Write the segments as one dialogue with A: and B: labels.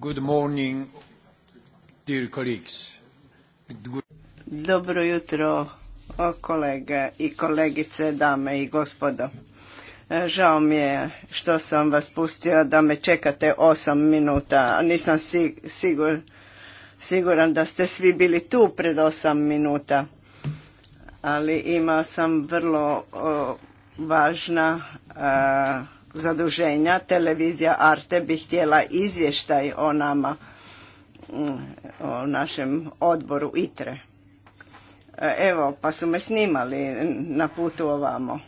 A: Good
B: Dobro jutro, kolege i kolegice, dame i gospodo. E, žao mi je što sam vas pustio da me čekate osam minuta. Nisam siguran da ste svi bili tu pred osam minuta. Ali imao sam vrlo važna zaduženja. Televizija Arte bi htjela izvještaj o nama, mm, o našem odboru ITRE. E, evo, pa su me snimali na putu ovamo.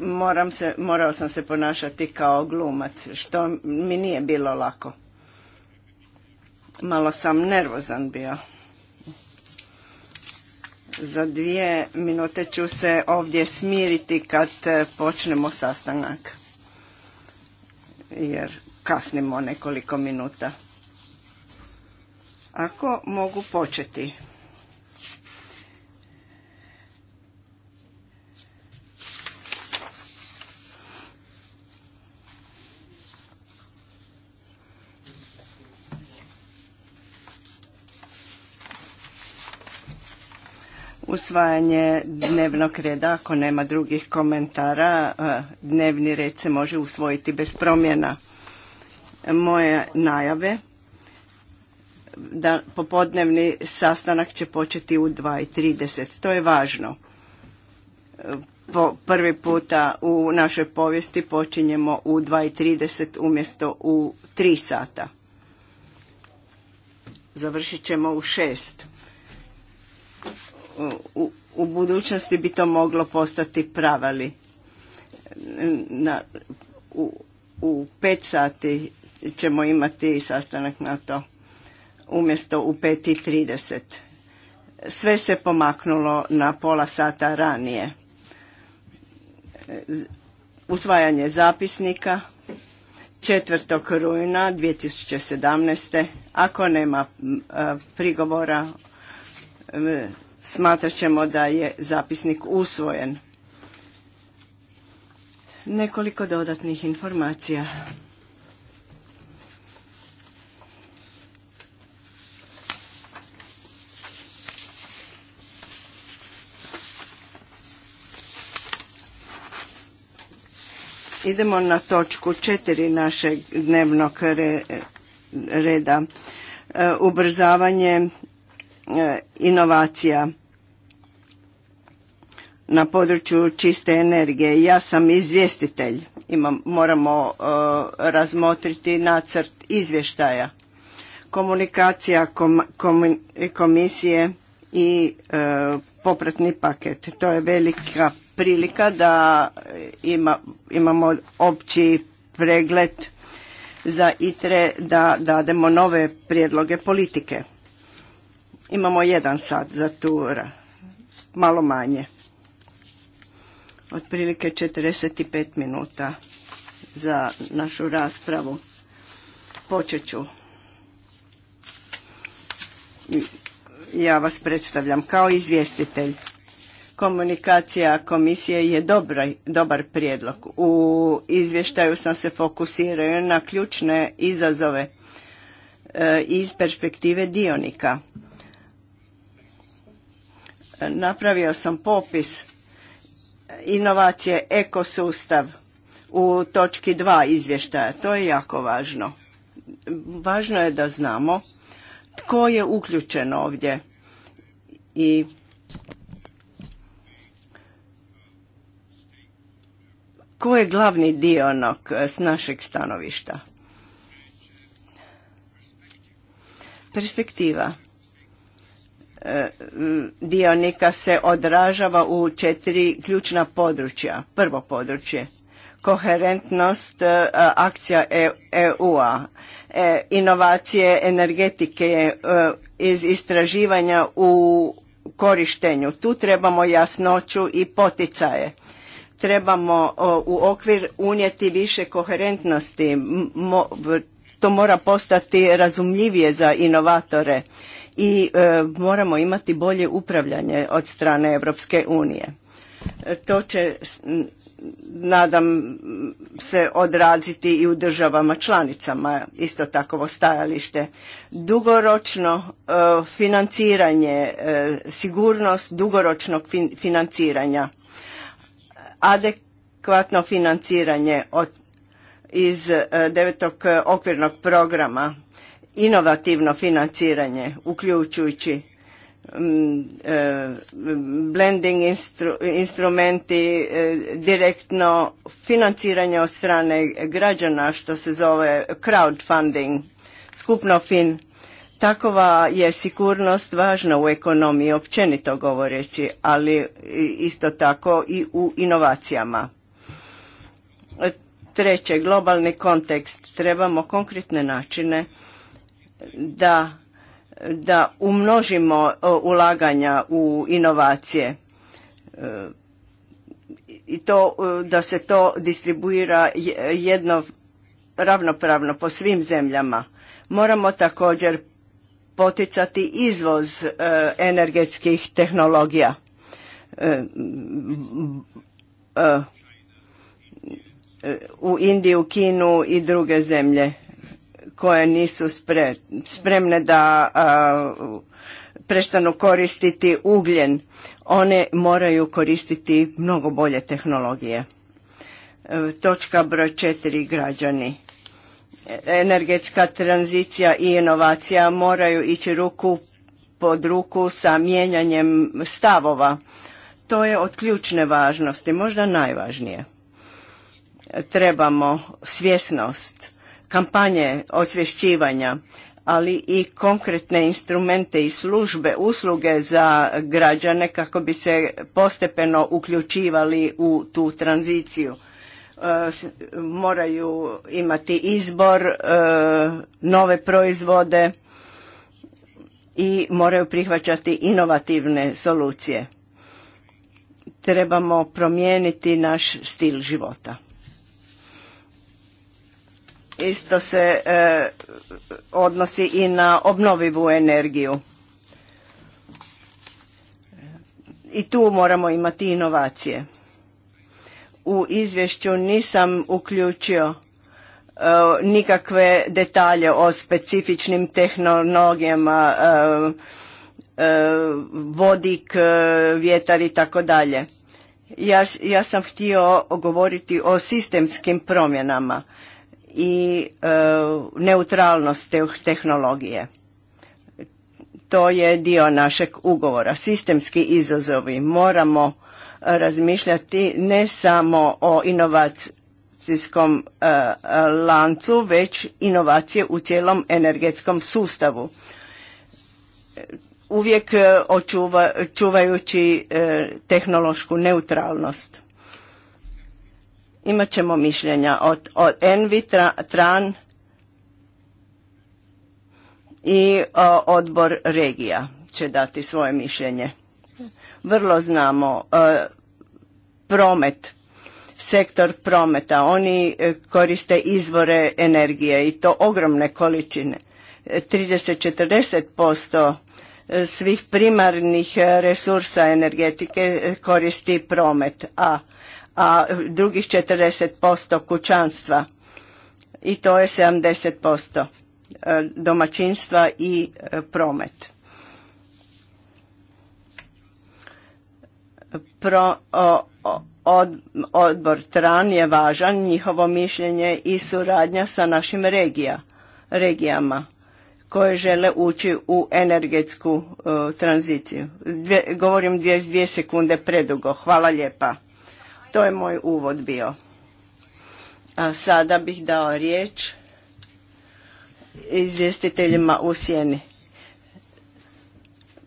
B: Moram se, morao sam se ponašati kao glumac, što mi nije bilo lako. Malo sam nervozan bio. Za dvije minute ću se ovdje smiriti kad e, počnemo sastanak. Jer kasnimo nekoliko minuta. Ako mogu početi. usvajanje dnevnog reda, ako nema drugih komentara, e, dnevni red se može usvojiti bez promjena. Moje najave da popodnevni sastanak će početi u 2.30. To je važno. E, po prvi puta u našoj povijesti počinjemo u 2.30 umjesto u 3 sata. Završit ćemo u 6 u, budućnosti bi to moglo postati pravali. Na, u, u pet sati ćemo imati sastanak na to umjesto u pet i trideset. Sve se pomaknulo na pola sata ranije. Usvajanje zapisnika 4. rujna 2017. Ako nema prigovora Smatrat ćemo da je zapisnik usvojen. Nekoliko dodatnih informacija. Idemo na točku četiri našeg dnevnog reda. E, ubrzavanje E, inovacija na području čiste energije. Ja sam izvjestitelj. moramo e, razmotriti nacrt izvještaja. Komunikacija komisije i e, popratni paket. To je velika prilika da imamo opći pregled za ITRE da dademo nove prijedloge politike. Imamo jedan sat za tura, malo manje. Otprilike 45 minuta za našu raspravu. Počet ću. Ja vas predstavljam kao izvjestitelj. Komunikacija komisije je dobar, dobar prijedlog. U izvještaju sam se fokusirao na ključne izazove e, iz perspektive dionika Napravio sam popis inovacije ekosustav u točki 2 izvještaja. To je jako važno. Važno je da znamo tko je uključen ovdje i ko je glavni onog eh, s našeg stanovišta. Perspektiva E, dionika se odražava u četiri ključna područja. Prvo područje, koherentnost e, akcija EU-a, e inovacije energetike iz istraživanja u korištenju. Tu trebamo jasnoću i poticaje. Trebamo u okvir unijeti više koherentnosti. to mora postati razumljivije za inovatore i e, moramo imati bolje upravljanje od strane Europske unije. E, to će, nadam se, odraziti i u državama članicama, isto takovo stajalište. Dugoročno e, financiranje, sigurnost dugoročnog financiranja, adekvatno financiranje iz devetog okvirnog programa inovativno financiranje, uključujući mm, e, blending instrumenti, e, direktno financiranje od strane građana što se zove crowdfunding, skupno fin. Takova je sigurnost važna u ekonomiji općenito govoreći, ali isto tako i u inovacijama. Treće, globalni kontekst. Trebamo konkretne načine da, da umnožimo ulaganja u inovacije e, i to e, da se to distribuira jedno ravnopravno po svim zemljama. Moramo također poticati izvoz e, energetskih tehnologija. U Indiju, Kinu i druge zemlje koje nisu spremne da prestanu koristiti ugljen. One moraju koristiti mnogo bolje tehnologije. E, točka broj četiri građani. E, energetska tranzicija i inovacija moraju ići ruku pod ruku sa mijenjanjem stavova. To je od ključne važnosti, možda najvažnije. Trebamo svjesnost kampanje osvješćivanja, ali i konkretne instrumente i službe, usluge za građane kako bi se postepeno uključivali u tu tranziciju. E, moraju imati izbor, e, nove proizvode i moraju prihvaćati inovativne solucije. Trebamo promijeniti naš stil života isto se e, odnosi i na obnovivu energiju. I tu moramo imati inovacije. U izvješću nisam uključio e, nikakve detalje o specifičnim tehnologijama, e, vodik, vjetar i tako dalje. Ja sam htio govoriti o sistemskim promjenama i e, neutralnost tehnologije. To je dio našeg ugovora. Sistemski izazovi moramo razmišljati ne samo o inovacijskom e, lancu, već inovacije u cijelom energetskom sustavu. Uvijek e, čuvajući tehnološku neutralnost. Imat ćemo mišljenja od, od Envi, Tran i odbor regija će dati svoje mišljenje. Vrlo znamo e, promet, sektor prometa, oni e, koriste izvore energije i to ogromne količine. 30-40% e, svih primarnih resursa energetike koristi promet, a a drugih 40% kućanstva i to je 70% e, domaćinstva i e, promet. Pro, od, odbor TRAN je važan, njihovo mišljenje i suradnja sa našim regija, regijama koje žele ući u energetsku e, tranziciju. govorim dvije, sekunde predugo. Hvala lijepa. To je moj uvod bio. A sada bih dao riječ izvjestiteljima u sjeni.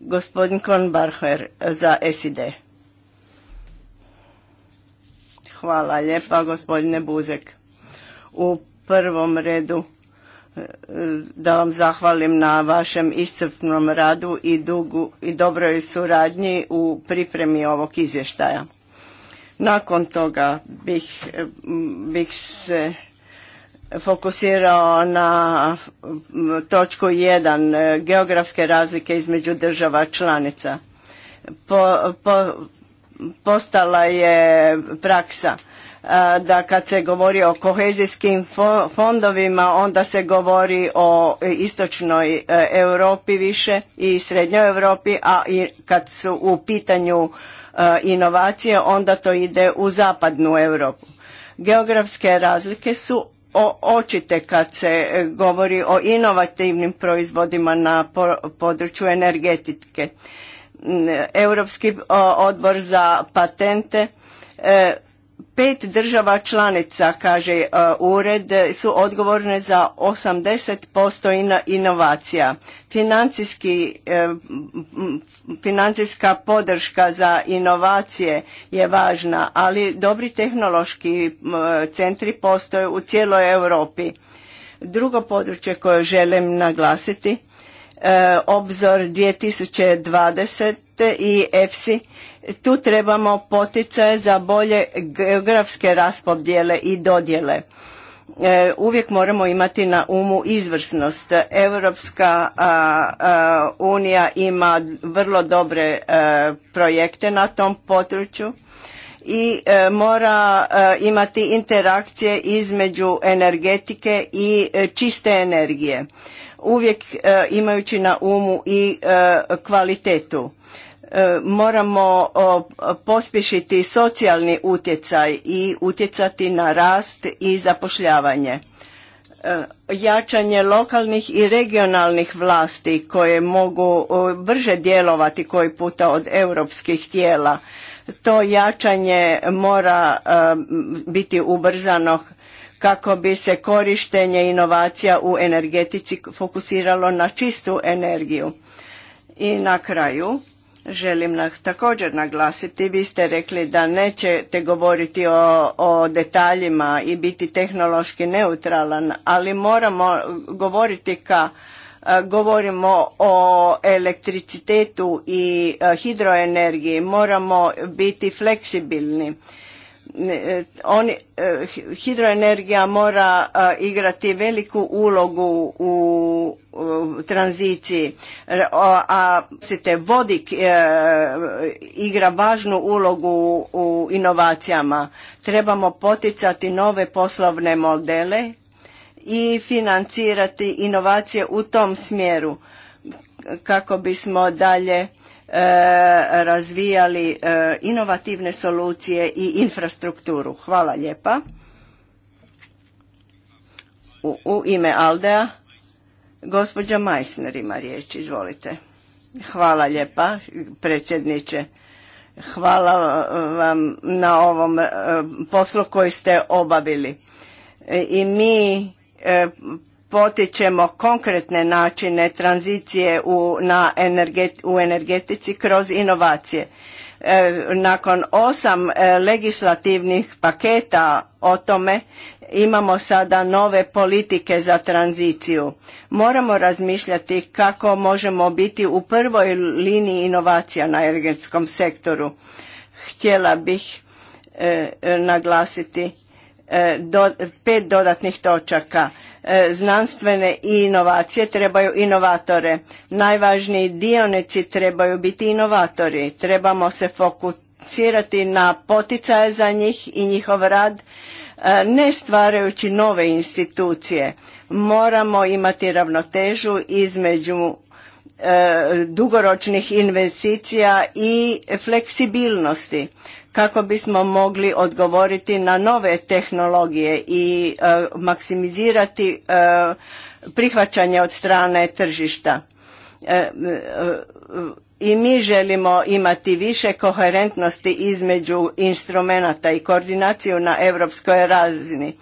B: Gospodin Kon za SID. Hvala lijepa gospodine Buzek. U prvom redu eh, da vam zahvalim na vašem iscrpnom radu i dugu i dobroj suradnji u pripremi ovog izvještaja. Nakon toga bih, bih se fokusirao na točku 1. Geografske razlike između država članica. po, postala je praksa da kad se govori o kohezijskim fondovima onda se govori o istočnoj e, Europi više i srednjoj Europi, a i kad su u pitanju E, inovacije, onda to ide u zapadnu Europu. Geografske razlike su očite kad se e, govori o inovativnim proizvodima na području energetike. Mm, Europski odbor za patente e, Pet država članica, kaže e, ured, su odgovorne za 80% inovacija. Financijski, e, financijska podrška za inovacije je važna, ali dobri tehnološki centri postoje u cijeloj Europi. Drugo područje koje želim naglasiti, e, obzor 2020 i EFSI, tu trebamo poticaje za bolje geografske raspodjele i dodjele. E, uvijek moramo imati na umu izvrsnost. Europska unija ima vrlo dobre e, projekte na tom području i e, mora imati interakcije između energetike i čiste energije. Uvijek imajući na umu i kvalitetu E, moramo pospješiti socijalni utjecaj i utjecati na rast i zapošljavanje. E, jačanje lokalnih i regionalnih vlasti koje mogu brže djelovati koji puta od europskih tijela. To jačanje mora e, biti ubrzano kako bi se korištenje inovacija u energetici fokusiralo na čistu energiju. I na kraju, Želim također naglasiti, vi ste rekli da nećete govoriti o, detaljima i biti tehnološki neutralan, ali moramo govoriti ka e, govorimo o elektricitetu i e, hidroenergiji moramo biti fleksibilni E, on e, hidroenergija mora e, igrati veliku ulogu u, tranziciji, a se vodik igra važnu ulogu u inovacijama. Trebamo poticati nove poslovne modele i financirati inovacije u tom smjeru kako bismo dalje E, razvijali e, inovativne solucije i infrastrukturu. Hvala lijepa. U, ime Aldea, gospođa Majsner ima riječ, izvolite. Hvala lijepa, predsjedniče. Hvala e, vam na ovom poslu koji ste obavili. I mi potičemo konkretne načine tranzicije u, na u energetici kroz inovacije. E, nakon osam e, legislativnih paketa o tome imamo sada nove politike za tranziciju. Moramo razmišljati kako možemo biti u prvoj liniji inovacija na energetskom sektoru. Htjela bih e, naglasiti E, pet dodatnih točaka. E, znanstvene i inovacije trebaju inovatore. Najvažniji dionici trebaju biti inovatori. Trebamo se fokusirati na poticaje za njih i njihov rad, e, ne stvarajući nove institucije. Moramo imati ravnotežu između dugoročnih investicija i fleksibilnosti kako bismo mogli odgovoriti na nove tehnologije i e, maksimizirati e, prihvaćanje od strane tržišta. E, I mi želimo imati više koherentnosti između instrumenata i koordinaciju na europskoj razini.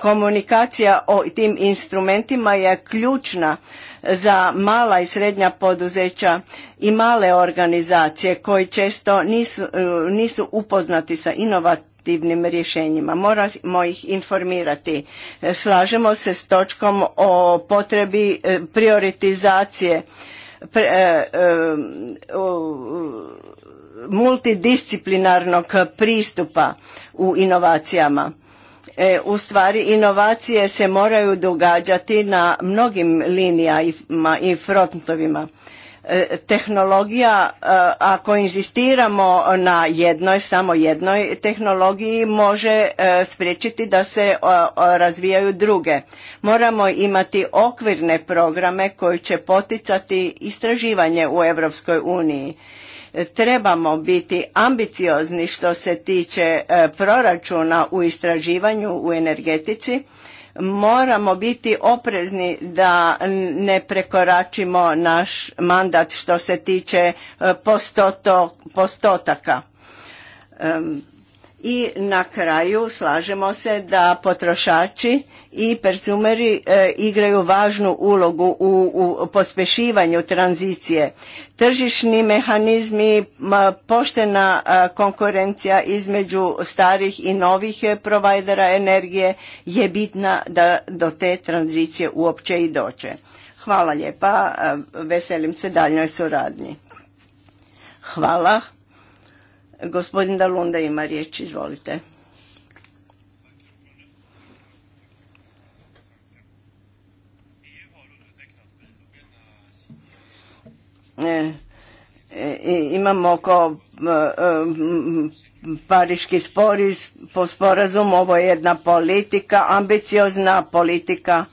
B: Komunikacija o tim instrumentima je ključna za mala i srednja poduzeća i male organizacije koji često nisu, e, nisu upoznati sa inovativnim rješenjima. Moramo ih informirati. E, slažemo se s točkom o potrebi e, prioritizacije multidisciplinarnog pristupa u inovacijama E, u stvari inovacije se moraju događati na mnogim linijama i frontovima. E, tehnologija, e, ako inzistiramo na jednoj, samo jednoj tehnologiji, može e, spriječiti da se razvijaju druge. Moramo imati okvirne programe koji će poticati istraživanje u Europskoj uniji Trebamo biti ambiciozni što se tiče e, proračuna u istraživanju u energetici. Moramo biti oprezni da ne prekoračimo naš mandat što se tiče e, postotaka. I na kraju slažemo se da potrošači i persumeri e, igraju važnu ulogu u, pospešivanju tranzicije. Tržišni mehanizmi, poštena e, konkurencija između starih i novih provajdera energije je bitna da do te tranzicije uopće i dođe. Hvala lijepa, e, veselim se daljnoj suradnji. Hvala. Gospodin Dalunda ima riječ, izvolite. E, e, imamo kao e, pariški sporiz, po sporazumu, ovo je jedna politika, ambiciozna politika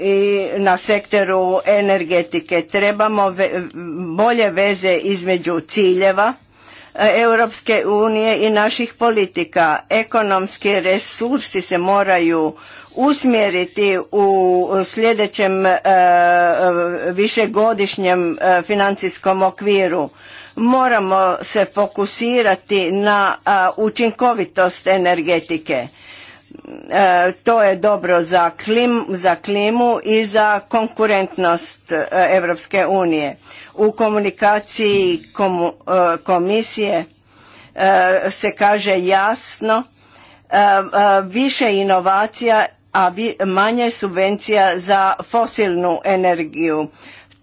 B: i na sektoru energetike. Trebamo bolje veze između ciljeva Europske unije i naših politika. Ekonomski resursi se moraju usmjeriti u sljedećem e, višegodišnjem e, financijskom okviru. Moramo se fokusirati na e, učinkovitost energetike. E, to je dobro za, klimu i za konkurentnost Europske unije. U komunikaciji e, komisije e, se kaže jasno više inovacija, a manje subvencija za fosilnu energiju.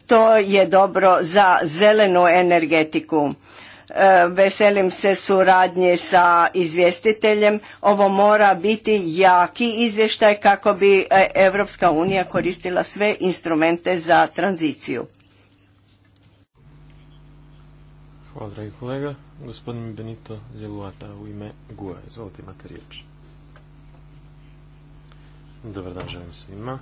B: To je dobro za zelenu energetiku E, veselim se suradnje sa izvjestiteljem. Ovo mora biti jaki izvještaj kako bi Europska unija koristila sve instrumente za tranziciju.
A: Hvala, dragi kolega. Gospodin Benito Ljeluata u ime GUA. Izvolite, imate riječ. Dobar dan, želim svima.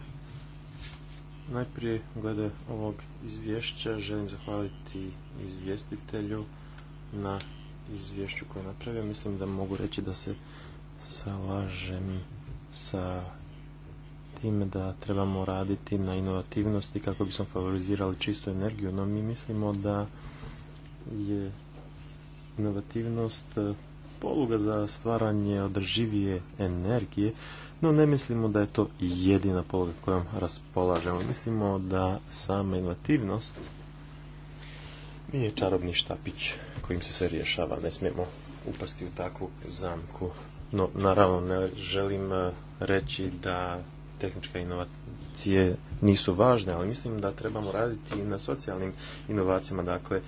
A: Najprije glede ovog izvješća želim zahvaliti izvjestitelju na izvješću koje napravio. Mislim da mogu reći da se salažem sa time da trebamo raditi na inovativnosti kako bismo favorizirali čistu energiju, no mi mislimo da je inovativnost eh, poluga za stvaranje održivije energije, no ne mislimo da je to jedina poluga kojom raspolažemo. Mislimo da sama inovativnost nije čarobni štapić kojim se sve rješava. Ne smijemo upasti u takvu zamku. No, naravno, ne želim e, reći da tehnička inovacije nisu važne, ali mislim da trebamo raditi i na socijalnim inovacijama. Dakle,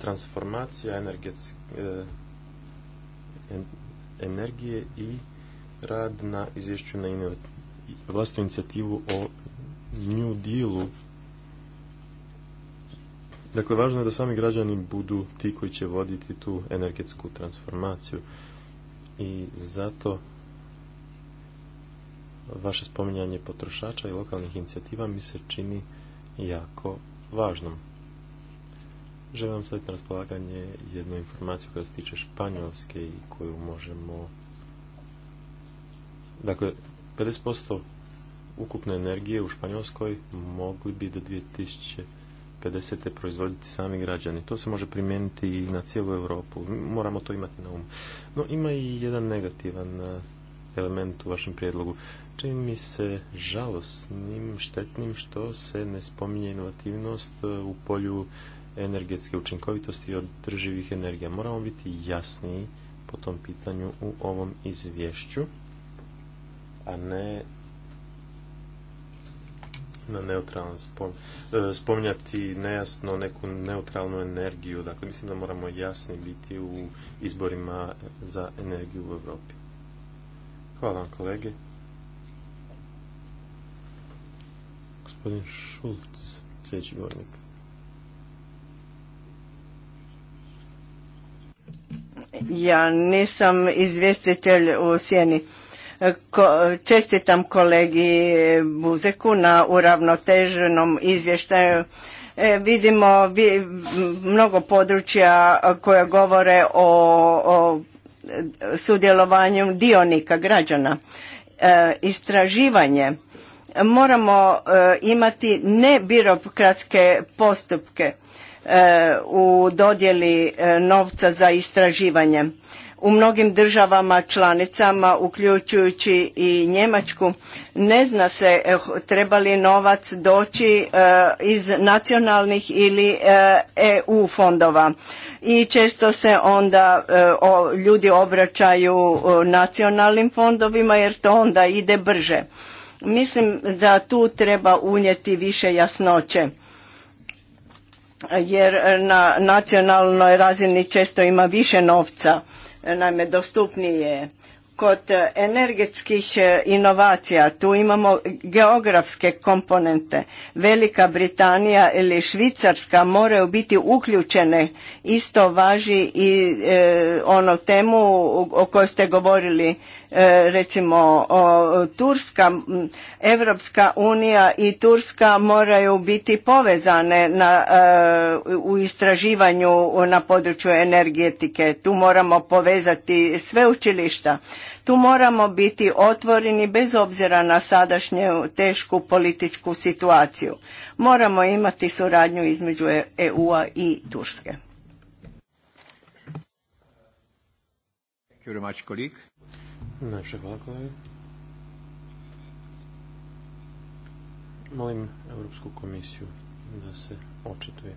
A: transformacija e, energije i rad na izvješću na inovaciju inicijativu o New Dealu Dakle, važno je da sami građani budu ti koji će voditi tu energetsku transformaciju i zato vaše spominjanje potrošača i lokalnih inicijativa mi se čini jako važnom. Želim vam staviti na raspolaganje jednu informaciju koja se tiče Španjolske i koju možemo... Dakle, 50% ukupne energije u Španjolskoj mogli bi do 2000 50. proizvoditi sami građani. To se može primijeniti i na cijelu Europu. Moramo to imati na umu. No ima i jedan negativan eh, element u vašem prijedlogu. Čini mi se žalosnim, štetnim što se ne spominje inovativnost eh, u polju energetske učinkovitosti i održivih energija. Moramo biti jasniji po tom pitanju u ovom izvješću, a ne na neutralan e, spominjati nejasno neku neutralnu energiju. Dakle, mislim da moramo jasni biti u izborima za energiju u Europi. Hvala vam, kolege. Gospodin Šulc, sljedeći govornik.
B: Ja nisam izvjestitelj u Sjeni. Čestitam kolegi Buzeku na uravnoteženom izvještaju. E, vidimo mnogo područja koja govore o, sudjelovanju dionika građana. E, istraživanje moramo e, imati ne birokratske postupke u dodjeli novca za istraživanje u mnogim državama članicama, uključujući i Njemačku, ne zna se eh, treba li novac doći eh, iz nacionalnih ili EU eh, e fondova. I često se onda ljudi obraćaju nacionalnim fondovima jer to onda ide brže. Mislim da tu treba unijeti više jasnoće jer na nacionalnoj razini često ima više novca naime dostupnije. Kod e, energetskih e, inovacija tu imamo geografske komponente. Velika Britanija ili Švicarska moraju biti uključene. Isto važi i e, ono temu o kojoj ste govorili E, recimo Turska, Evropska unija i Turska moraju biti povezane na, e, u istraživanju na području energetike. Tu moramo povezati sve učilišta. Tu moramo biti otvoreni bez obzira na sadašnju tešku političku situaciju. Moramo imati suradnju između e, EU-a i Turske.
A: Najpše hvala Molim Europsku komisiju da se očituje.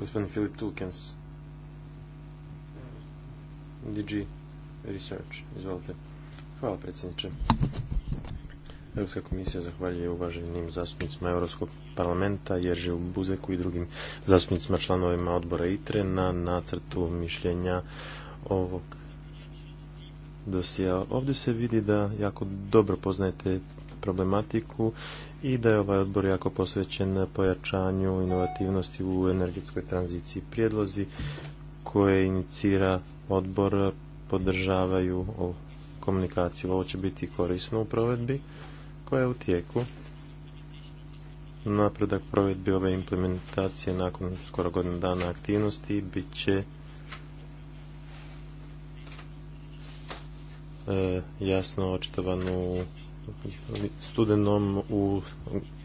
A: Gospodin Filip Tulkens. DG Research. Izvolite. Hvala predsjedniče. Europska komisija zahvaljuje uvaženim zastupnicima Europskog parlamenta u Buzeku i drugim zastupnicima članovima odbora ITRE na nacrtu mišljenja ovog dosija. Ovdje se vidi da jako dobro poznajete problematiku i da je ovaj odbor jako posvećen pojačanju inovativnosti u energetskoj tranziciji. Prijedlozi koje inicira odbor podržavaju komunikaciju. Ovo će biti korisno u provedbi koja je u tijeku napredak provedbi ove implementacije nakon skoro godinu dana aktivnosti bit će e, jasno očitovan u studenom u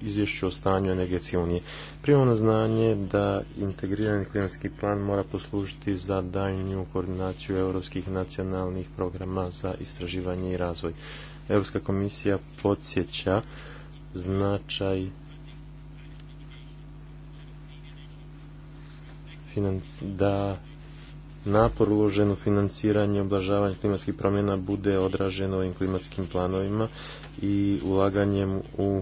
A: izvješću o stanju energetske unije. Primamo na znanje da integrirani klimatski plan mora poslužiti za daljnju koordinaciju europskih nacionalnih programa za istraživanje i razvoj. Europska komisija podsjeća značaj da napor uložen u financiranje oblažavanja klimatskih promjena bude odraženo ovim klimatskim planovima i ulaganjem u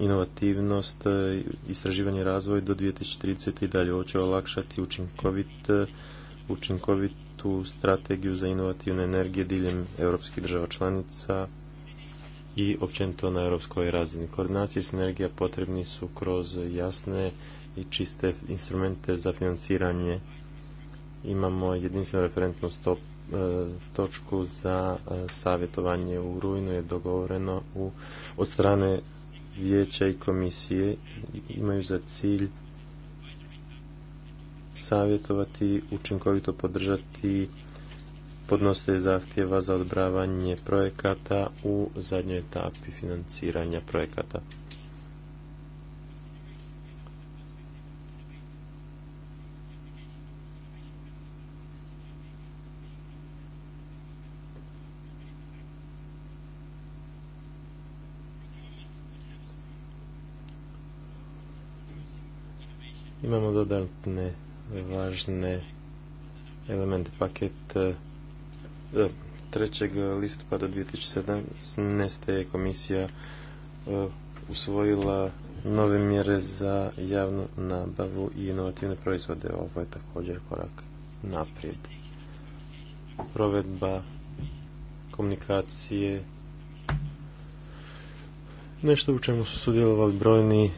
A: inovativnost, e, istraživanje i razvoj do 2030. i dalje. Ovo će olakšati učinkovit, e, učinkovitu strategiju za inovativne energije diljem europskih država članica i općenito na europskoj razini. koordinacije i sinergija potrebni su kroz jasne i čiste instrumente za financiranje. Imamo jedinstvenu referentnu stop, e, točku za e, savjetovanje u rujnu je dogovoreno u, od strane vijeća i komisije imaju za cilj savjetovati, učinkovito podržati podnositelje zahtjeva za odbravanje projekata u zadnjoj etapi financiranja projekata. imamo dodatne važne elemente paket uh, e, 3. E, listopada 2017. je komisija e, usvojila nove mjere za javnu nabavu i inovativne proizvode. Ovo je također korak naprijed. Provedba komunikacije nešto u čemu su sudjelovali brojni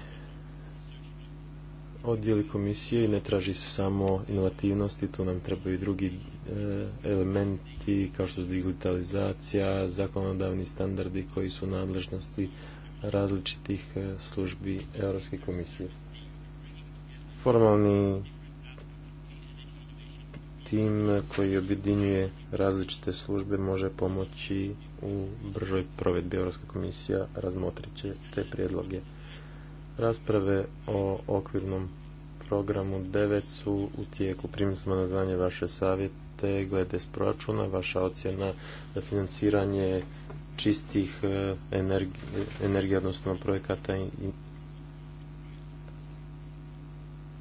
A: odjeli komisije i ne traži se samo inovativnosti, tu nam trebaju i drugi eh, elementi kao što su digitalizacija, zakonodavni standardi koji su nadležnosti različitih eh, službi Europske komisije. Formalni tim koji objedinjuje različite službe može pomoći u bržoj provedbi Europska komisija razmotrit će te prijedloge. Rasprave o okvirnom programu 9 su u tijeku. Primili smo na znanje vaše savjete glede s proračuna, vaša ocjena za financiranje čistih e, energi, energija, odnosno projekata i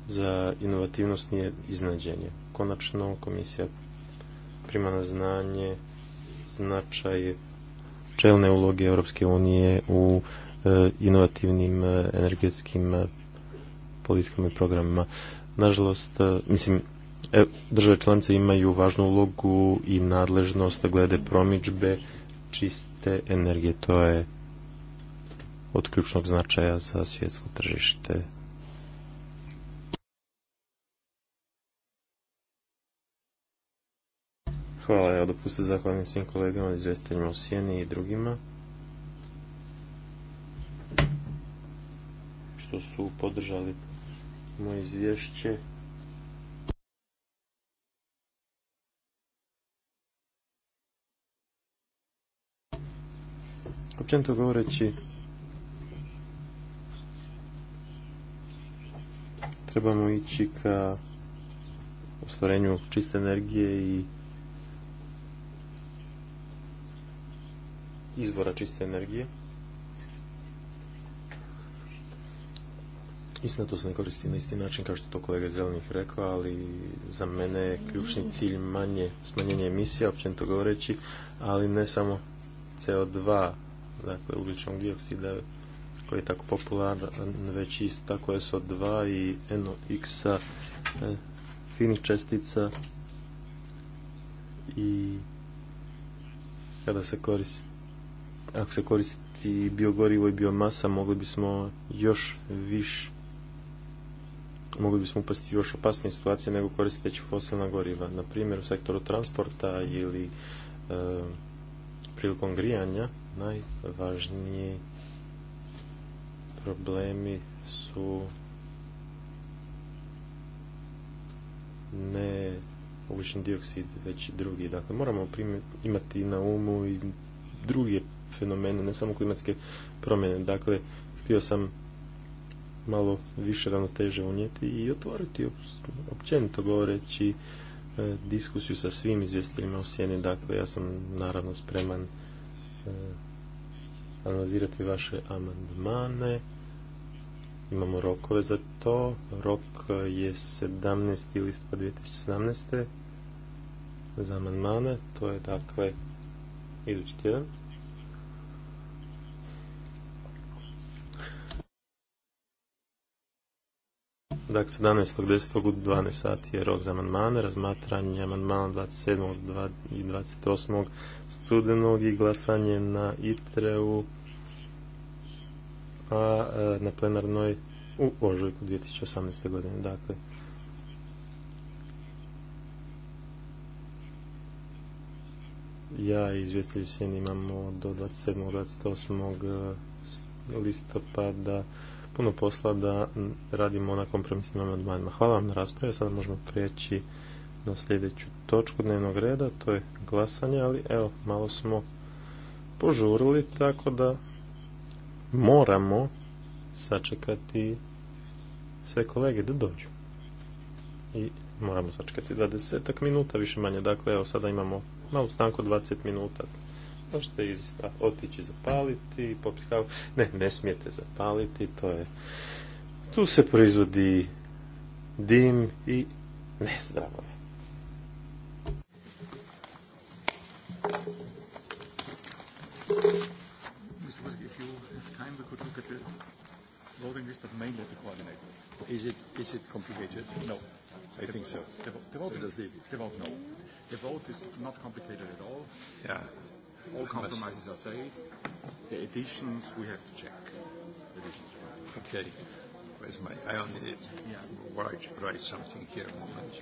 A: za inovativnost nije iznađenje. Konačno, komisija prima na znanje značaj čelne uloge Europske unije u E, inovativnim e, energetskim e, politikama i programima. Nažalost, mislim, države članice imaju važnu ulogu i nadležnost glede promičbe čiste energije. To je od ključnog značaja za svjetsko tržište. Hvala, ja dopustite zahvaljujem svim kolegama, izvjestiteljima u Sijeni i drugima. što su podržali moje izvješće. Općenito govoreći, trebamo ići ka ostvarenju čiste energije i izvora čiste energije. Istina, to se ne koristi na isti način kao što to kolega Zelenih rekao, ali za mene je ključni cilj manje smanjenje emisija, općenito govoreći, ali ne samo CO2, dakle ugljičnog dioksida koji je tako popularan, već isto tako SO2 i NOx-a, e, finih čestica i kada se koristi, ako se koristi biogorivo i biomasa, mogli bismo još više mogli bismo upasti još opasnije situacije nego koristeći fosilna goriva. Na primjer, u sektoru transporta ili e, prilikom grijanja najvažniji problemi su ne ugljični dioksid, već drugi. Dakle, moramo imati na umu i druge fenomene, ne samo klimatske promjene. Dakle, htio sam malo više ravnoteže unijeti i otvoriti općenito govoreći e, diskusiju sa svim izvjestiteljima u sjeni. Dakle, ja sam naravno spreman e, analizirati vaše amandmane. Imamo rokove za to. Rok je 17. listopada 2017. za amandmane. To je dakle idući tjedan. Dakle, 17.10. u 12 sati je rok za manmane, razmatranje manmana 27. i 28. studenog i glasanje na ITRE-u, a e, na plenarnoj u ožujku 2018. godine. Dakle, ja i izvjestitelj se imamo do 27. 28. E, listopada puno posla da radimo na kompromisnim amandmanima. Hvala vam na raspravi, sada možemo prijeći na sljedeću točku dnevnog reda, to je glasanje, ali evo, malo smo požurili, tako da moramo sačekati sve kolege da dođu. I moramo sačekati da minuta više manje, dakle evo sada imamo malo stanku 20 minuta. Možete iz, otići zapaliti, popiti kao... Ne, ne smijete zapaliti, to je... Tu se proizvodi dim i nezdravo je. voting list, but mainly at the coordinators. Is it is it complicated? No, I the, think so. The, the vote is the vote no. The vote is not complicated at all. Yeah, all compromises are safe. The additions we have to check. Additions. Okay. Where's my? I only need. Yeah. Write, write something here. A moment.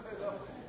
A: bi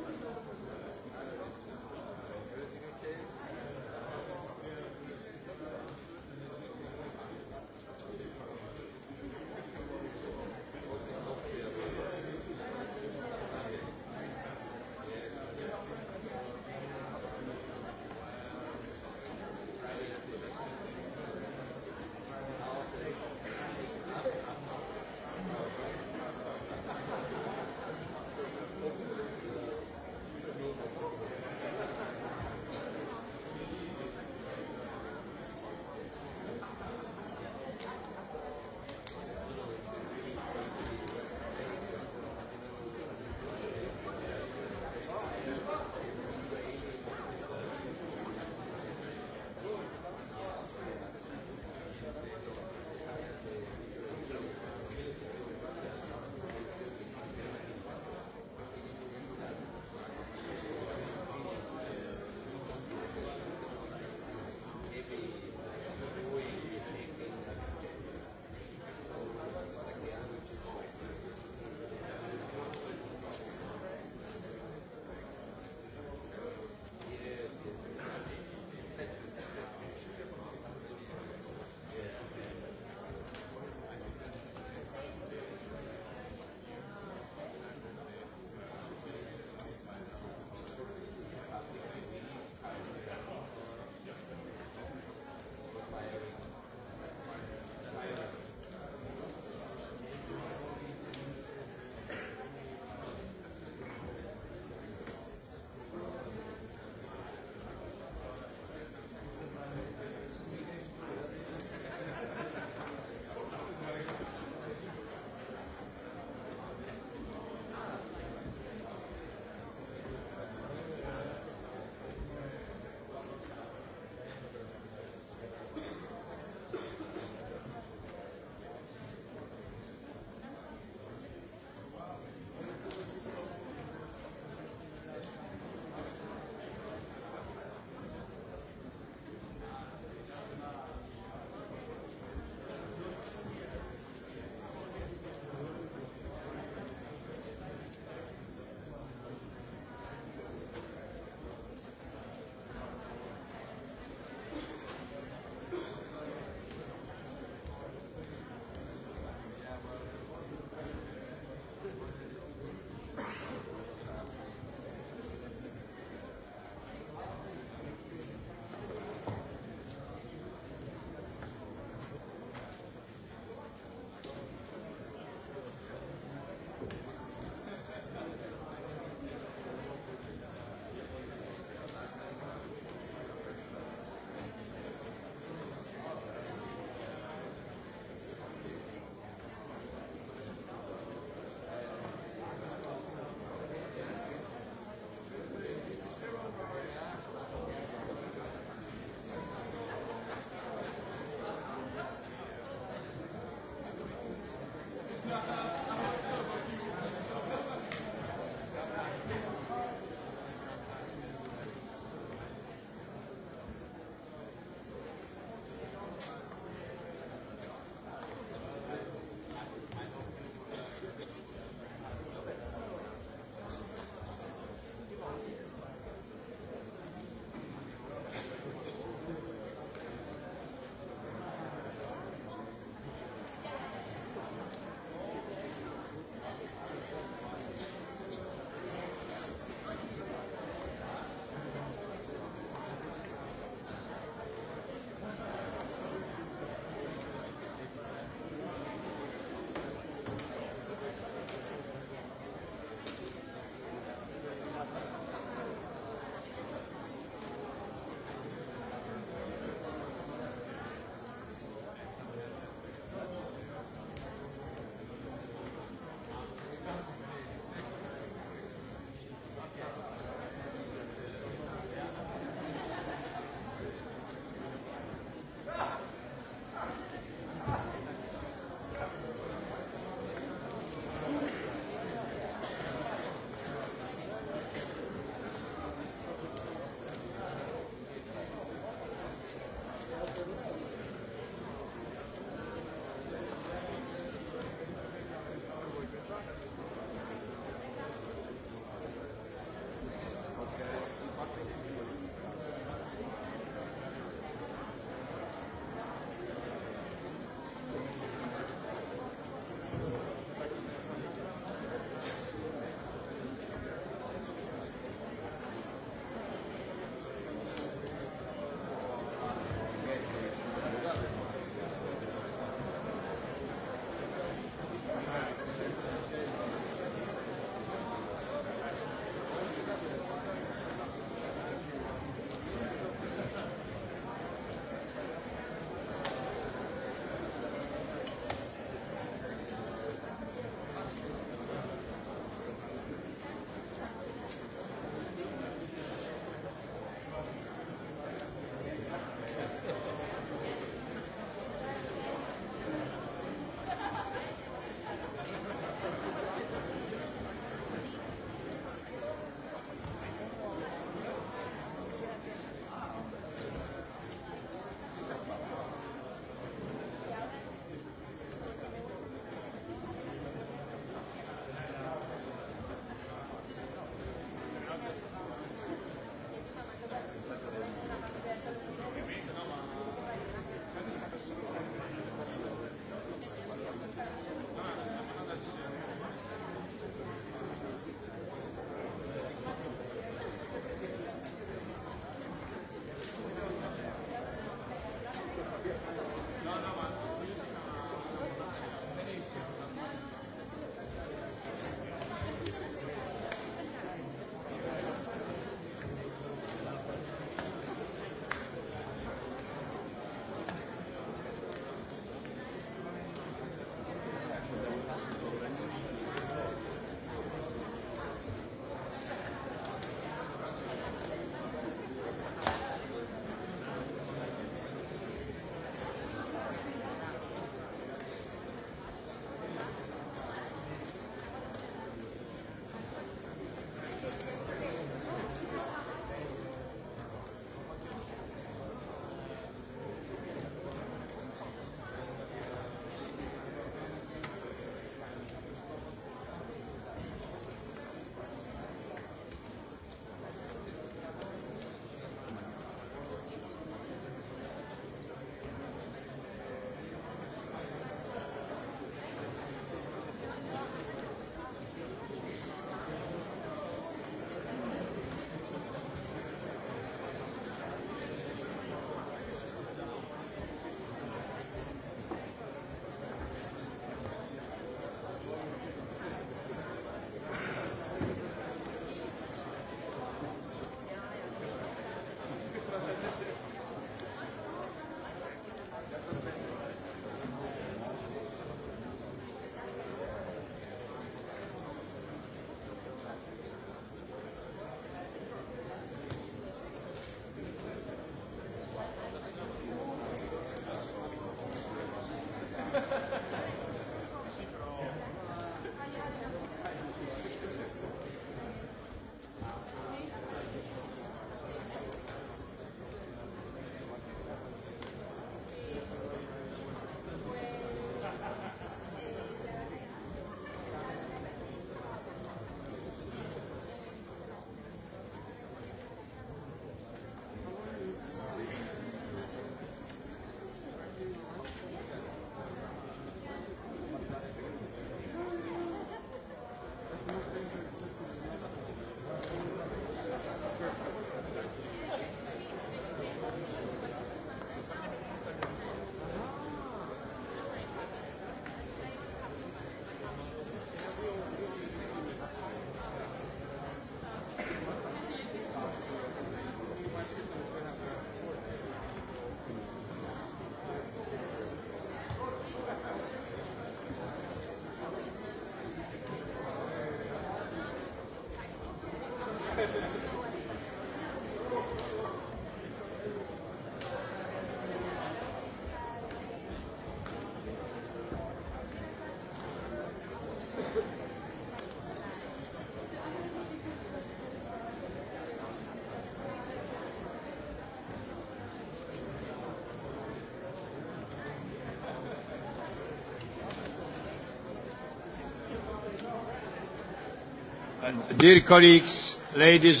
A: Dear colleagues, Ladies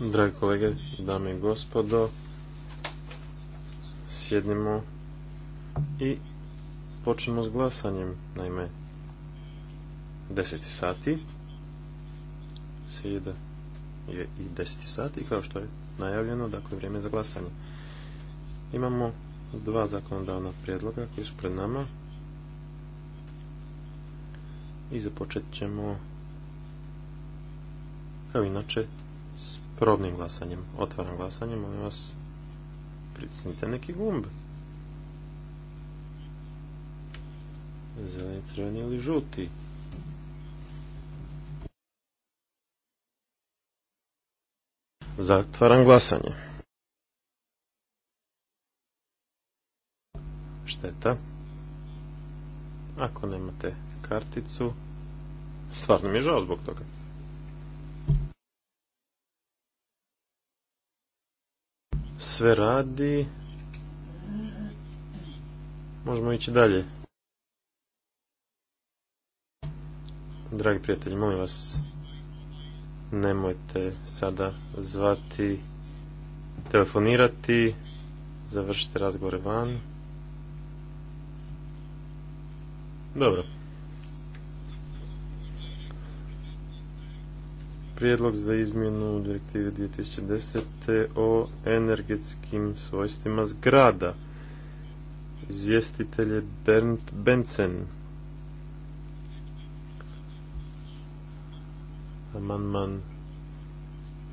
A: Dragi kolege, dame i gospodo, sjednimo i počnemo s glasanjem, naime, 10 sati, sjeda je i 10 sati, kao što je najavljeno, dakle, vrijeme za glasanje. Imamo dva zakonodavna prijedloga koji su pred nama i započet ćemo kao inače s probnim glasanjem. Otvaram glasanje, molim vas pritisnite neki gumb. Zeleni, crveni ili žuti. Zatvaram glasanje. Šteta. Ako nemate karticu, stvarno mi je žao zbog toga. sve radi. Možemo ići dalje. Dragi prijatelji, molim vas, nemojte sada zvati, telefonirati, završite razgovore van. Dobro. prijedlog za izmjenu direktive 2010. o energetskim svojstvima zgrada. Izvjestitelj je Bernd bencen Amandman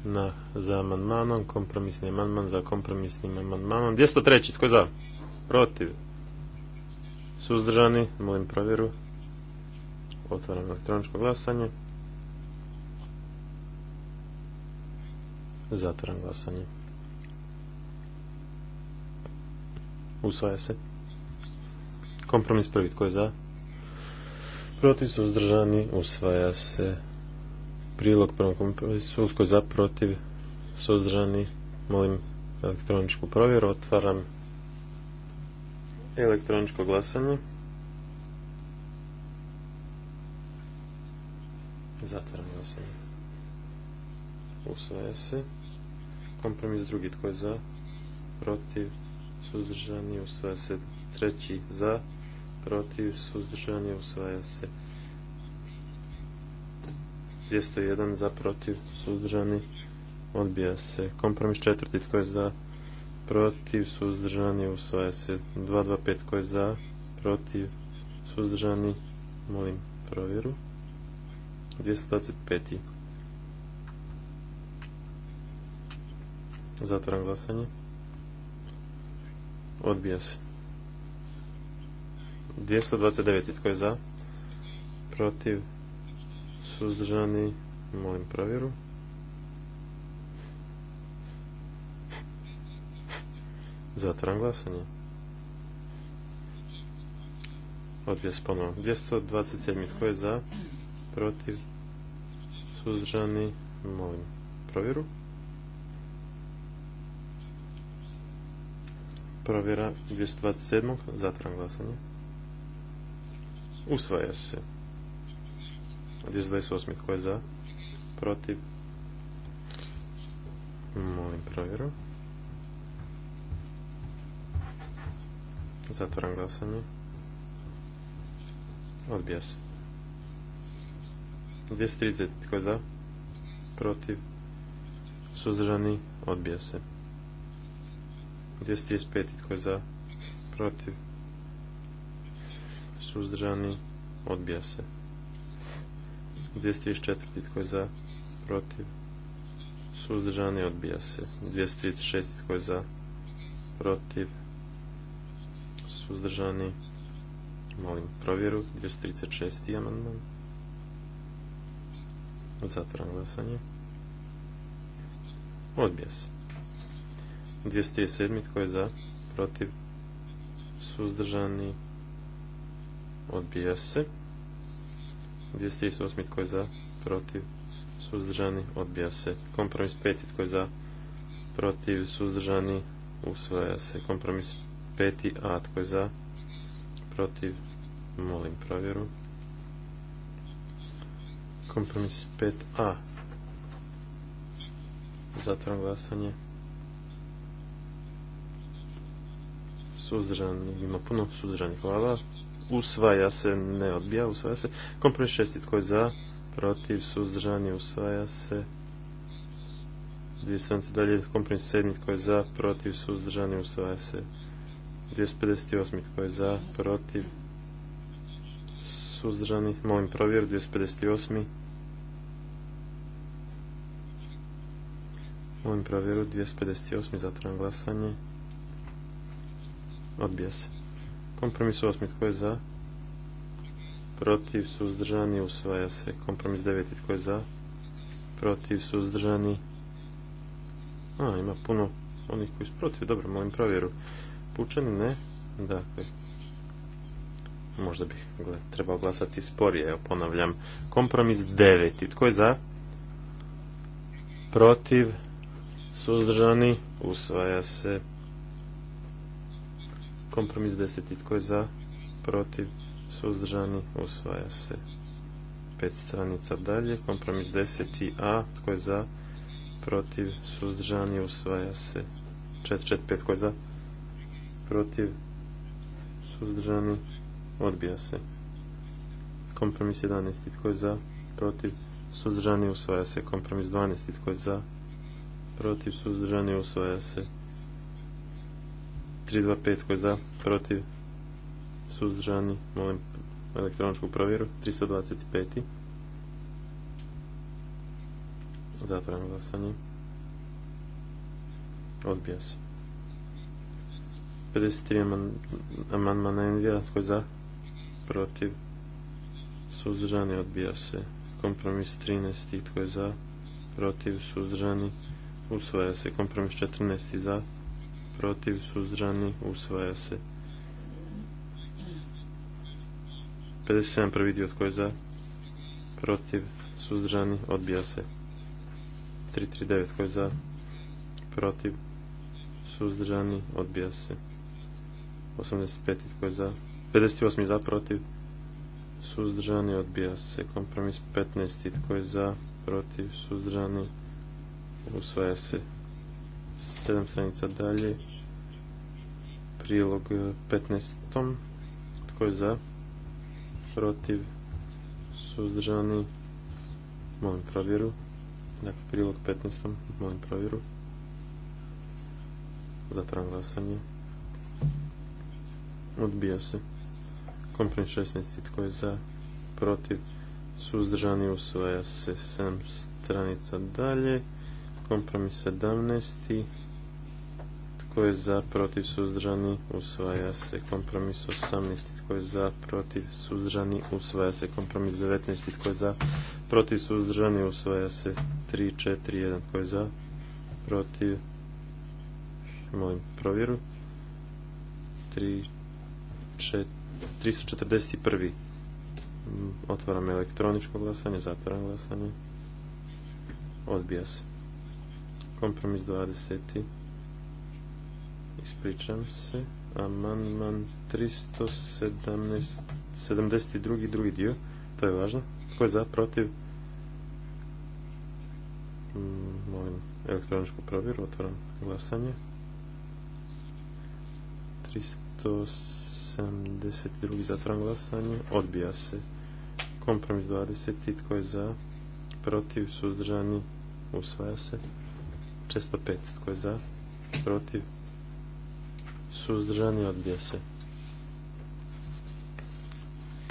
A: na, za amandmanom, kompromisni amandman za kompromisnim amandmanom. 203. Tko je za? Protiv. Suzdržani. Molim provjeru. Otvaram elektroničko glasanje. Zatvoram glasanje. Usvaja se. Kompromis prvi, tko je za? Protiv suzdržani, usvaja se. Prilog prvom kompromisu, tko je za, protiv, suzdržani, molim elektroničku provjeru, otvaram elektroničko glasanje. Zatvaram glasanje. Usvaja se. Kompromis drugi tko je za, protiv, suzdržani, usvaja se. Treći za, protiv, suzdržani, usvaja se. 201 za, protiv, suzdržani, odbija se. Kompromis četvrti tko je za, protiv, suzdržani, usvaja se. 225 tko je za, protiv, suzdržani, molim provjeru. 225. Zatvaram glasanje. Odbija se. 229. Tko je za? Protiv? Suzdržani? Molim provjeru. Zatvaram glasanje. Odbija se ponovno. 227. Tko je za? Protiv? Suzdržani? Molim provjeru. Provjera 227. Zatvaram glasanje. Usvaja se. 228. Tko je za? Protiv? Molim provjeru. Zatvaram glasanje. Odbija se. 230. Tko je za? Protiv? Suzdržani? Odbija se. 235. Tko je za? Protiv? Suzdržani? Odbija se. 234. Tko je za? Protiv? Suzdržani? Odbija se. 236. Tko je za? Protiv? Suzdržani? Molim provjeru. 236. amandman. Zatvaram glasanje. Odbija se. 207. Tko je za? Protiv? Suzdržani? Odbija se. 208. Tko je za? Protiv? Suzdržani? Odbija se. Kompromis 5. Tko je za? Protiv? Suzdržani? Usvaja se. Kompromis 5. A. Tko je za? Protiv? Molim provjeru. Kompromis 5. A. Zatvaram glasanje. suzdržan, ima puno suzdržanih hvala, usvaja se, ne odbija, usvaja se, kompromis šesti, tko je za, protiv, suzdržani, usvaja se, dvije stranice dalje, kompromis sedmi, tko je za, protiv, suzdržani, usvaja se, 258, tko je za, protiv, suzdržani, molim provjer, 258, Molim provjeru 258. zatvoram glasanje. Odbija se. Kompromis osmi. Tko je za? Protiv suzdržani usvaja se. Kompromis deveti. Tko je za? Protiv suzdržani. A, ima puno onih koji su protiv. Dobro, molim provjeru. Pučani ne. Dakle, možda bih trebao glasati sporije, evo ponavljam. Kompromis 9. Tko je za? Protiv, suzdržani, usvaja se. Kompromis 10. Tko je za? Protiv? Suzdržani? Usvaja se. pet stranica dalje. Kompromis 10. A. Tko je za? Protiv? Suzdržani? Usvaja se. pet Tko je za? Protiv? Suzdržani? Odbija se. Kompromis 11. Tko je za? Protiv? Suzdržani? Usvaja se. Kompromis 12. Tko je za? Protiv? Suzdržani? Usvaja se. 325 koji je za, protiv, suzdržani, molim elektroničku provjeru, 325. Zatvoreno glasanje. Odbija se. 53 amandmana Envija, koji je za, protiv, suzdržani, odbija se. Kompromis 13, koji je za, protiv, suzdržani, usvaja se. Kompromis 14 za, protiv, suzdržani, usvaja se. 57 prvi dio tko je za, protiv, suzdržani, odbija se. 339 tko je za, protiv, suzdržani, odbija se. 85 tko je za, 58 za, protiv, suzdržani, odbija se. Kompromis 15 tko je za, protiv, suzdržani, usvaja se sedam stranica dalje prilog 15. Eh, Tko je za? Protiv? Suzdržani? Molim provjeru. Dakle, prilog 15. Molim provjeru. Zatvaram glasanje. Odbija se. Kompromis 16. Tko je za? Protiv? Suzdržani? Usvaja se 7 stranica dalje. Kompromis 17. Tko je za, protiv, suzdržani, usvaja se. Kompromis 18. Tko je za, protiv, suzdržani, usvaja se. Kompromis 19. Tko je za, protiv, suzdržani, usvaja se. Tri, 4, jedan, Tko je za, protiv, molim provjeru. 3, 4, 341. Otvaram elektroničko glasanje, zatvaram glasanje. Odbija se. Kompromis 20. Ispričam se. Amandman 317. 72. drugi dio. To je važno. Tko je za, protiv? Mm, molim elektroničku provjeru. Otvaram glasanje. 372. Zatvaram glasanje. Odbija se. Kompromis 20. Tko je za? Protiv? Suzdržani? Usvaja se. 405. Tko je za? Protiv? Suzdržani odbija se.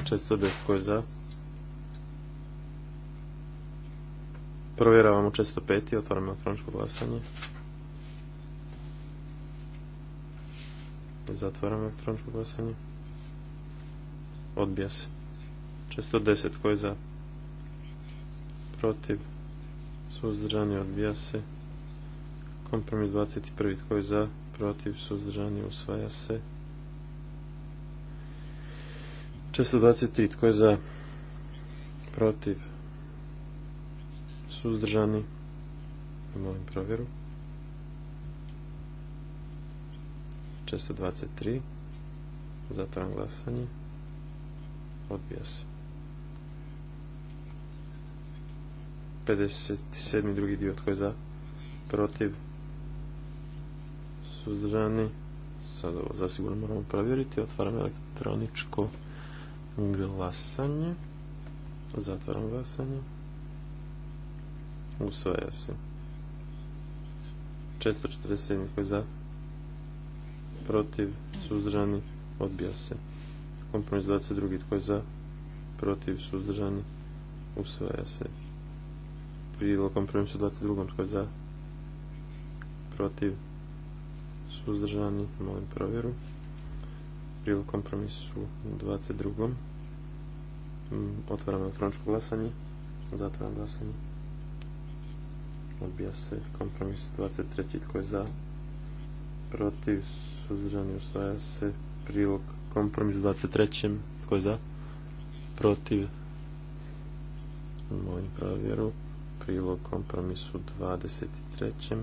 A: 410. Tko je za? Provjeravamo 405. Otvaramo elektroničko glasanje. Zatvaramo elektroničko glasanje. Odbija se. 410. Tko je za? Protiv? Suzdržani odbija se. Kompromis 21. Tko je za? Protiv? Suzdržani? Usvaja se. 423. Tko je za? Protiv? Suzdržani? Molim provjeru. 23. Zatvaram glasanje. Odbija se. 57. drugi dio. Tko je za? Protiv? suzdržani. Sad ovo zasigurno moramo provjeriti. Otvaram elektroničko glasanje. Zatvaram glasanje. Usvaja se. 647 koji za protiv suzdržani odbija se. Kompromis 22 tko je za protiv suzdržani usvaja se. Prilog kompromisu 22 tko je za protiv suzdržani, molim provjeru. Prilog kompromisu 22. Mm, otvaram elektroničko glasanje. Zatvaram glasanje. Odbija se kompromis 23. Tko je za? Protiv suzdržani usvaja se prilog kompromis 23. Tko je za? Protiv molim provjeru. Prilog kompromisu 23.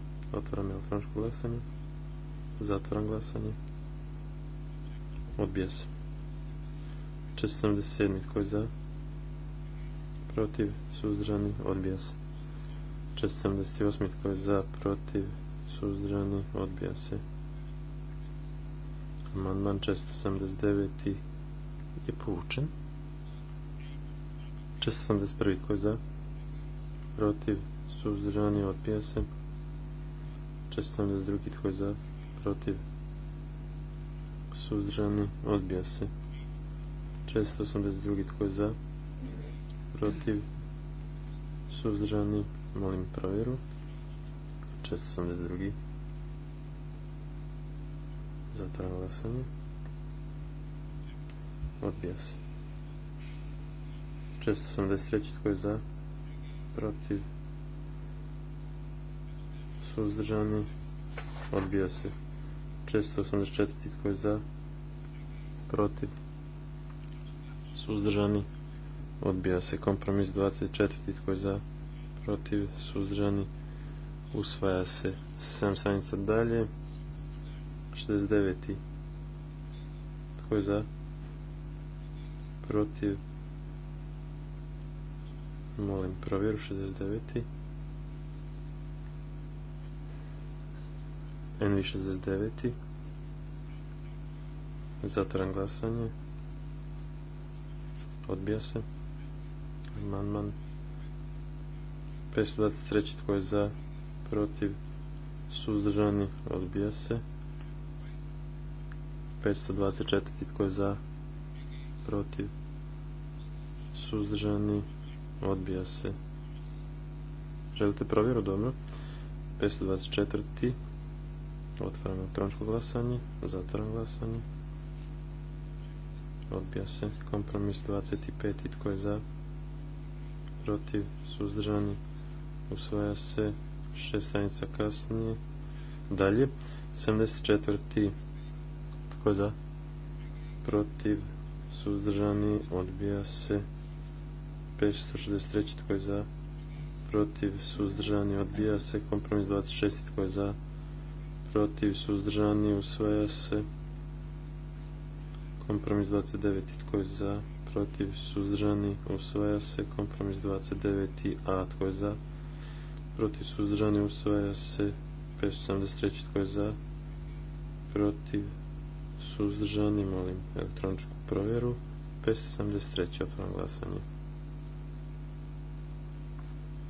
A: Otvaram elektroničko glasanje. Zatvaram glasanje. Odbija se. 477. Tko je za? Protiv. Suzdržani. Odbija se. 478. Tko je za? Protiv. suzdrani. Odbija se. Amandman 479. je povučen. 481. Tko je za? Protiv. Suzdržani. Odbija se drugi tko je za protiv suzdržani odbija se sam drugi tko je za protiv suzdržani molim provjeru sam drugi, zatvaram glasanje odbija se sam treći tko je za protiv suzdržani, odbija se. 684 Tko je za? Protiv? Suzdržani? Odbija se. Kompromis 24. Tko je za? Protiv? Suzdržani? Usvaja se. 7 stranica dalje. 69. Tko je za? Protiv? Molim provjeru 69. NV69. Zatvaram glasanje. Odbija se. Amandman 523. Tko je za? Protiv? Suzdržani? Odbija se. 524. Tko je za? Protiv? Suzdržani? Odbija se. Želite provjeru? Dobro. 524. Otvaram elektroničko glasanje, zatvaram glasanje. Odbija se kompromis 25. Tko je za? Protiv? Suzdržani? Usvaja se šest stranica kasnije. Dalje. 74. Tko je za? Protiv? Suzdržani? Odbija se 563. Tko je za? Protiv? Suzdržani? Odbija se kompromis 26. Tko je za? protiv, suzdržani, usvaja se. Kompromis 29. Tko je za? Protiv, suzdržani, usvaja se. Kompromis 29. A. Tko je za? Protiv, suzdržani, usvaja se. 573. Tko je za? Protiv, suzdržani, molim elektroničku provjeru. 573. otvoram glasanje.